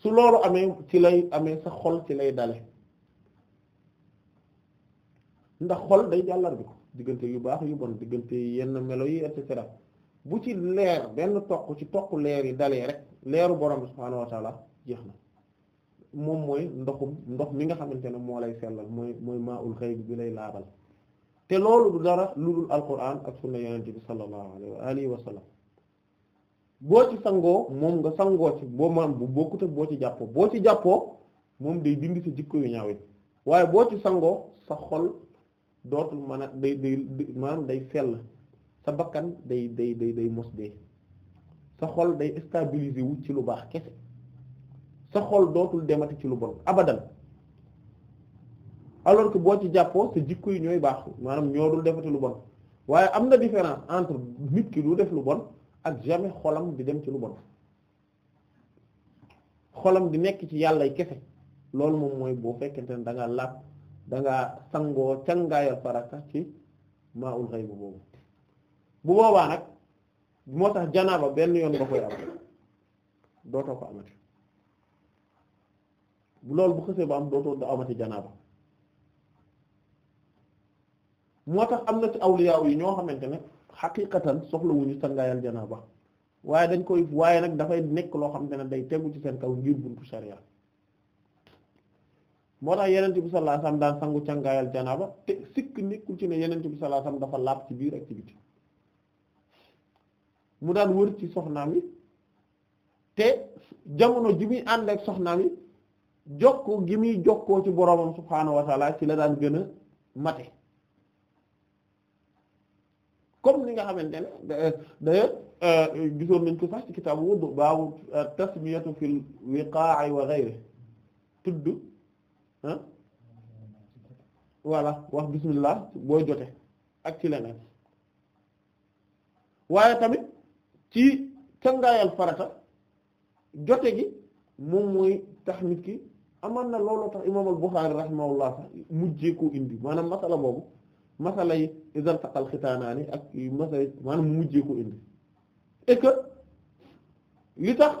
[SPEAKER 2] su loolu amee ci lay amee sa xol ci lay dale ndax xol day jàllar ko diggante yu baax yu bon diggante yenn melo yi et bu ci leer benn toq ci toq leer yi dalee rek leeru borom bi subhaanahu wa jeex na moom mooy ndoxum ndox mi nga xamante ne moo lay sellal mooy mooy maa ul xayb bi lay laabal te loolu du dara lu dul alquran ak sunna yonent bi wa alihi wa moom nga sangoo ci boo ak boo ci jàppoo boo ci jàppoo moom day dindi sa jikko yu waaye boo ci sangoo sa xol dootul mën a day day maanaam sa bakkan day day day day mos dee sa xol day stabiliser wu ci lu baax kese sa xol dootul demati ci lu bon abadan alors que boo ci jàppoo sa jikko yi ñooy baax maanaam ñoo dul defati lu bon waaye am na différence entre nit ki du def lu bon ak jamais xolam di dem ci lu bon xolam di nekk ci yàllay kese loolu moom mooy boo fekkente ne da ngaa lapp da ngaa sangoo cangaayal farata ci maaul xëy bu boobu bu boobaa nag moo tax janaaba benn yoon nga koy am dootoo ko amati lool bu xësee ba am dootoo da amati janaaba moo tax am na ci awliyaaw yi ñoo xamante ne xaqiqatan soxlawuñu sangaayal ba waaye dañ koy waaye nag dafay nekk loo xam ne day tegu ci seen kaw ngir buntu sharia moo tax yenent bi sallallahu alayhi wasallam daan sangu cangaayal janaaba te sikk nekkul ci ne yenent bi sallallahu alayhi wasallam dafa laab ci biir activité mu daan wër ci soxnaam yi te jamono ji muy ànd ak soxnaam yi jokkoo gi muy jokkoo ci boroomam subhaanahu wa ci la daan gën a mate comme ni nga xamante ne d'ailleurs euh, gisoon nañ ko sax ci kitaabu wudu baabu tasmiyatu fil wiqaa'i wa ghayri tudd ah wax bismillah booy jote ak ci leneen waaye tamit ci cangaayal farata jote gi moom mooy tax nit ki aman na loolu tax imaam al-Bukhari rahimahullah sax mujjee indi maanaam masala boobu masala yi izal xitaanaani ak masala yi maanaam mujjee koo indi et que li tax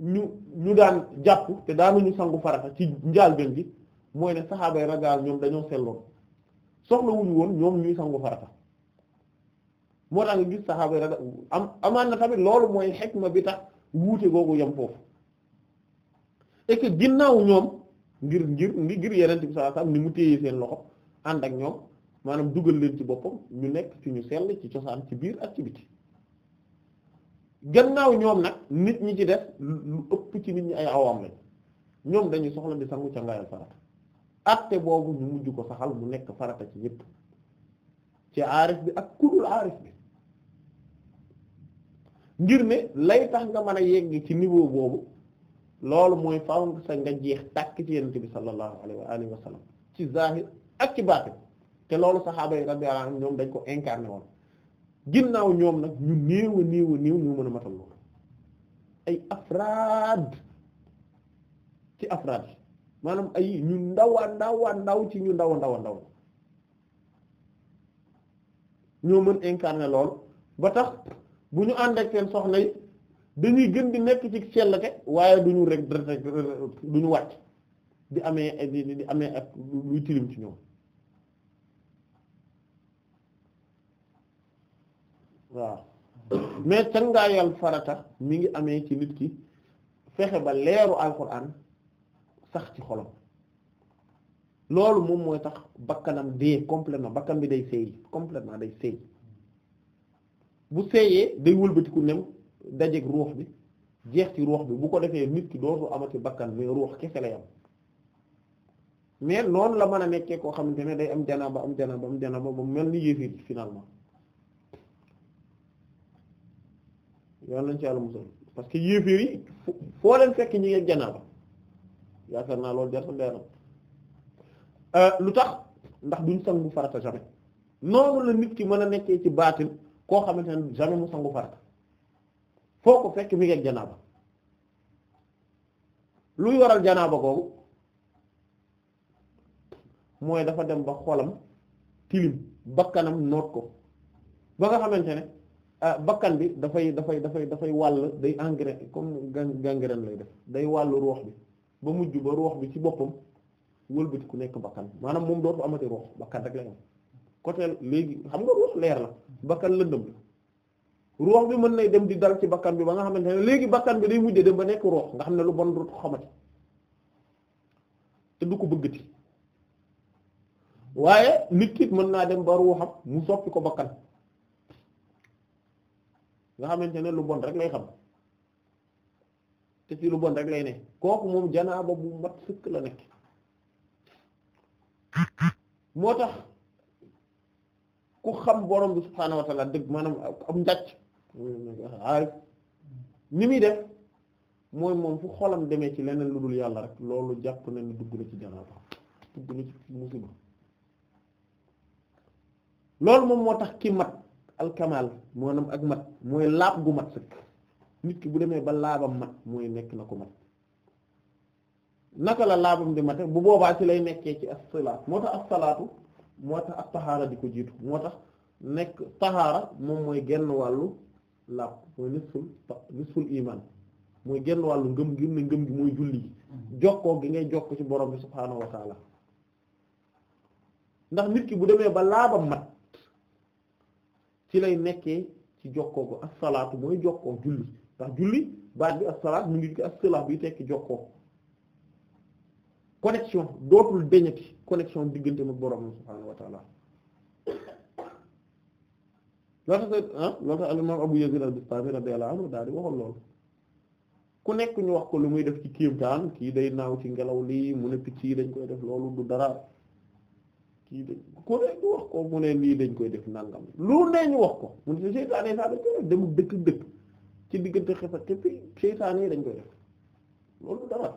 [SPEAKER 2] ñu ñu daan jàpp te daanu ñu sangu farata ci njaalbeen gi mooy ne saxaabay ragaal ñoom dañoo selloon soxlawuñu woon ñoom ñuy sangu farata moo tax nga gis saxaabay ragaal amaan na tamit loolu mooy ma bi tax wuute googu yam foofu et que ginnaaw ñoom ngir ngir ngir yeneen bi saa saam ni mu téye seen loxo ànd ak ñoom maanaam dugal leen ci boppam ñu nekk ci ñu sell ci cosaan ci biir ak ci biti gannaaw ñoom nag nit ñi ci def lu ëpp ci nit ñi ay awam lañ ñoom dañuy soxla di sangu cangaayal farata atte boobu ñu mujj ko saxal mu nekk farata ci ñépp ci aarif bi ak kudul aarif bi ngir ne lay tax nga man a yegg ci niveau boobu loolu mooy faaw nga sa nga jeex tàkk ci yenente bi sallallahu alayhi wa alihi ci zahir ak ci baatin te loolu saxaaba yi radiyallahu anhum ñoom dañ ko incarné woon ginnaaw ñoom nag ñu néew a néew a mën a matal loolu ay afraad maanaam ay ñu ndaw ci ñu ndaw ndaw a ndaw ñoo mën incarné loolu ba tax bu ñu ànd ak seen soxna yi dañuy gën bi nekk ci sellte waaye du ñu rek ñu wàcc di amee di amee ak luy tilim ci ñoom waaw mais cangaayal farata mi ngi amee ci nit ki fexe ba leeru alquran sax ci xolam loolu moom mooy tax bakkanam dee complètement bakkan bi day seey complètement day seey bu seeyee day wëlbatiku nem dajeeg ruux bi jeex ci ruux bi bu ko defee nit ki dootu amati bakkan mais ruux kese lay am mais noonu la mën a nekkee koo xamante ne day am janaaba am janaaba am janaaba ba mel ni yéefir finalement yoon lañ ci àll musal parce que yéefir yi foo leen fekk ñi ngi janaaba yaakaar naa loolu jar sa leeral euh, lu tax ndax duñ sangu farata jamais noonu la nit ki mën a nekkee ci baatin koo xamante ne jamais mu sangu farata boo ko fekk mi ngi janaaba luy waral janaaba googu mooy dafa dem ba xolam tilim bakkanam noot ko ba nga xamante ne ah, bakkan bi dafay dafay dafay dafay wàll day engrais comme gangrène lay def day wàll roox bi ba mujj ba roox bi ci boppam wëlbati ku nekk bakkan maanaam moom dootu amati roox bakkan rek la am côté léegi xam nga roox leer na bakkan lëndëm la ruux bi mën nay dem di dal ci bakkan bi ba nga xamante ne léegi bakkan bi day mujjee dem ba nekk ruux nga xam ne lu bon du xamati du ko bëggati waaye mën naa dem ba ruuxam mu ko bakkan nga xamante ne lu bon rek lay xam te ci lu bon rek lay ne kooku moom janaaba bu mat sëkk la nekk moo tax ku xam borom bi subhaanahu wa dëgg maanaam am njàcc aarif ni muy def mooy moom fu xolam demee ci leneen lu dul yàlla rek loolu jàpp na ni dugg na ci janaaba dugg na ci musiba loolu moom moo tax ki mat alkamal maanaam ak mat mooy laab gu mat sëkk nit ki bu demee ba laabam mat mooy nekk na ko mat naka la laabam di mate bu boobaa ci lay nekkee ci as-salaat moo tax as-salaatu moo tax ak taxaara di ko jiitu moo tax nekk taxaara moom mooy genn wàllu laab mooy nisful nisful iman mooy genn wàllu ngëm gi ne ngëm gi mooy julli gi jokkoo gi ngay jokk ci borom bi subhaanahu wa ndax nit ki bu demee ba laabam mat ci lay nekkee ci jokkoo ko salaatu mooy jokkoo julli ndax julli baat bi as-salaat mu ngi ko as-salaat bi tekki jokkoo connexion dootul deñati connexion diggante mu borom bi subhaanahu wa loolu tax ah, loolu tax al imam Abu Yazid al-Bistami radiyallahu anhu daal di waxoon loolu ku nekk ñu wax ko lu muy def ci kéemtaan kii day naaw ci ngelaw lii mu ne picc yi dañ koy def loolu du dara kii dañ ku ne wax ko mu ne nii dañ koy def nangam lu ne ñu wax ko mu ne seytaane saa dañ koy def dem dëkk dëkk ci diggante xef ak xef seytaane yi dañ koy def loolu du dara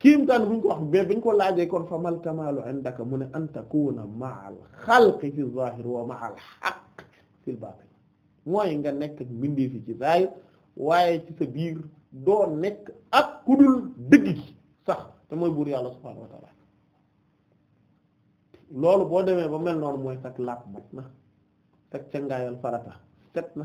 [SPEAKER 2] kiimtaan buñ ko wax mais buñ ko laajee kon fa mal kamaalu indaka mu ne an takuna ma'al xalqi fi zahir wa ma'al haqq fil batin mooy nga nekk ak mbindee fi ci zahir waaye ci sa biir doo nekk ak kudul dëgg gi sax te mooy buur yàlla subhanahu wa ta'ala loolu boo demee ba mel noonu mooy sag laab mat na sag cangaayal farata set na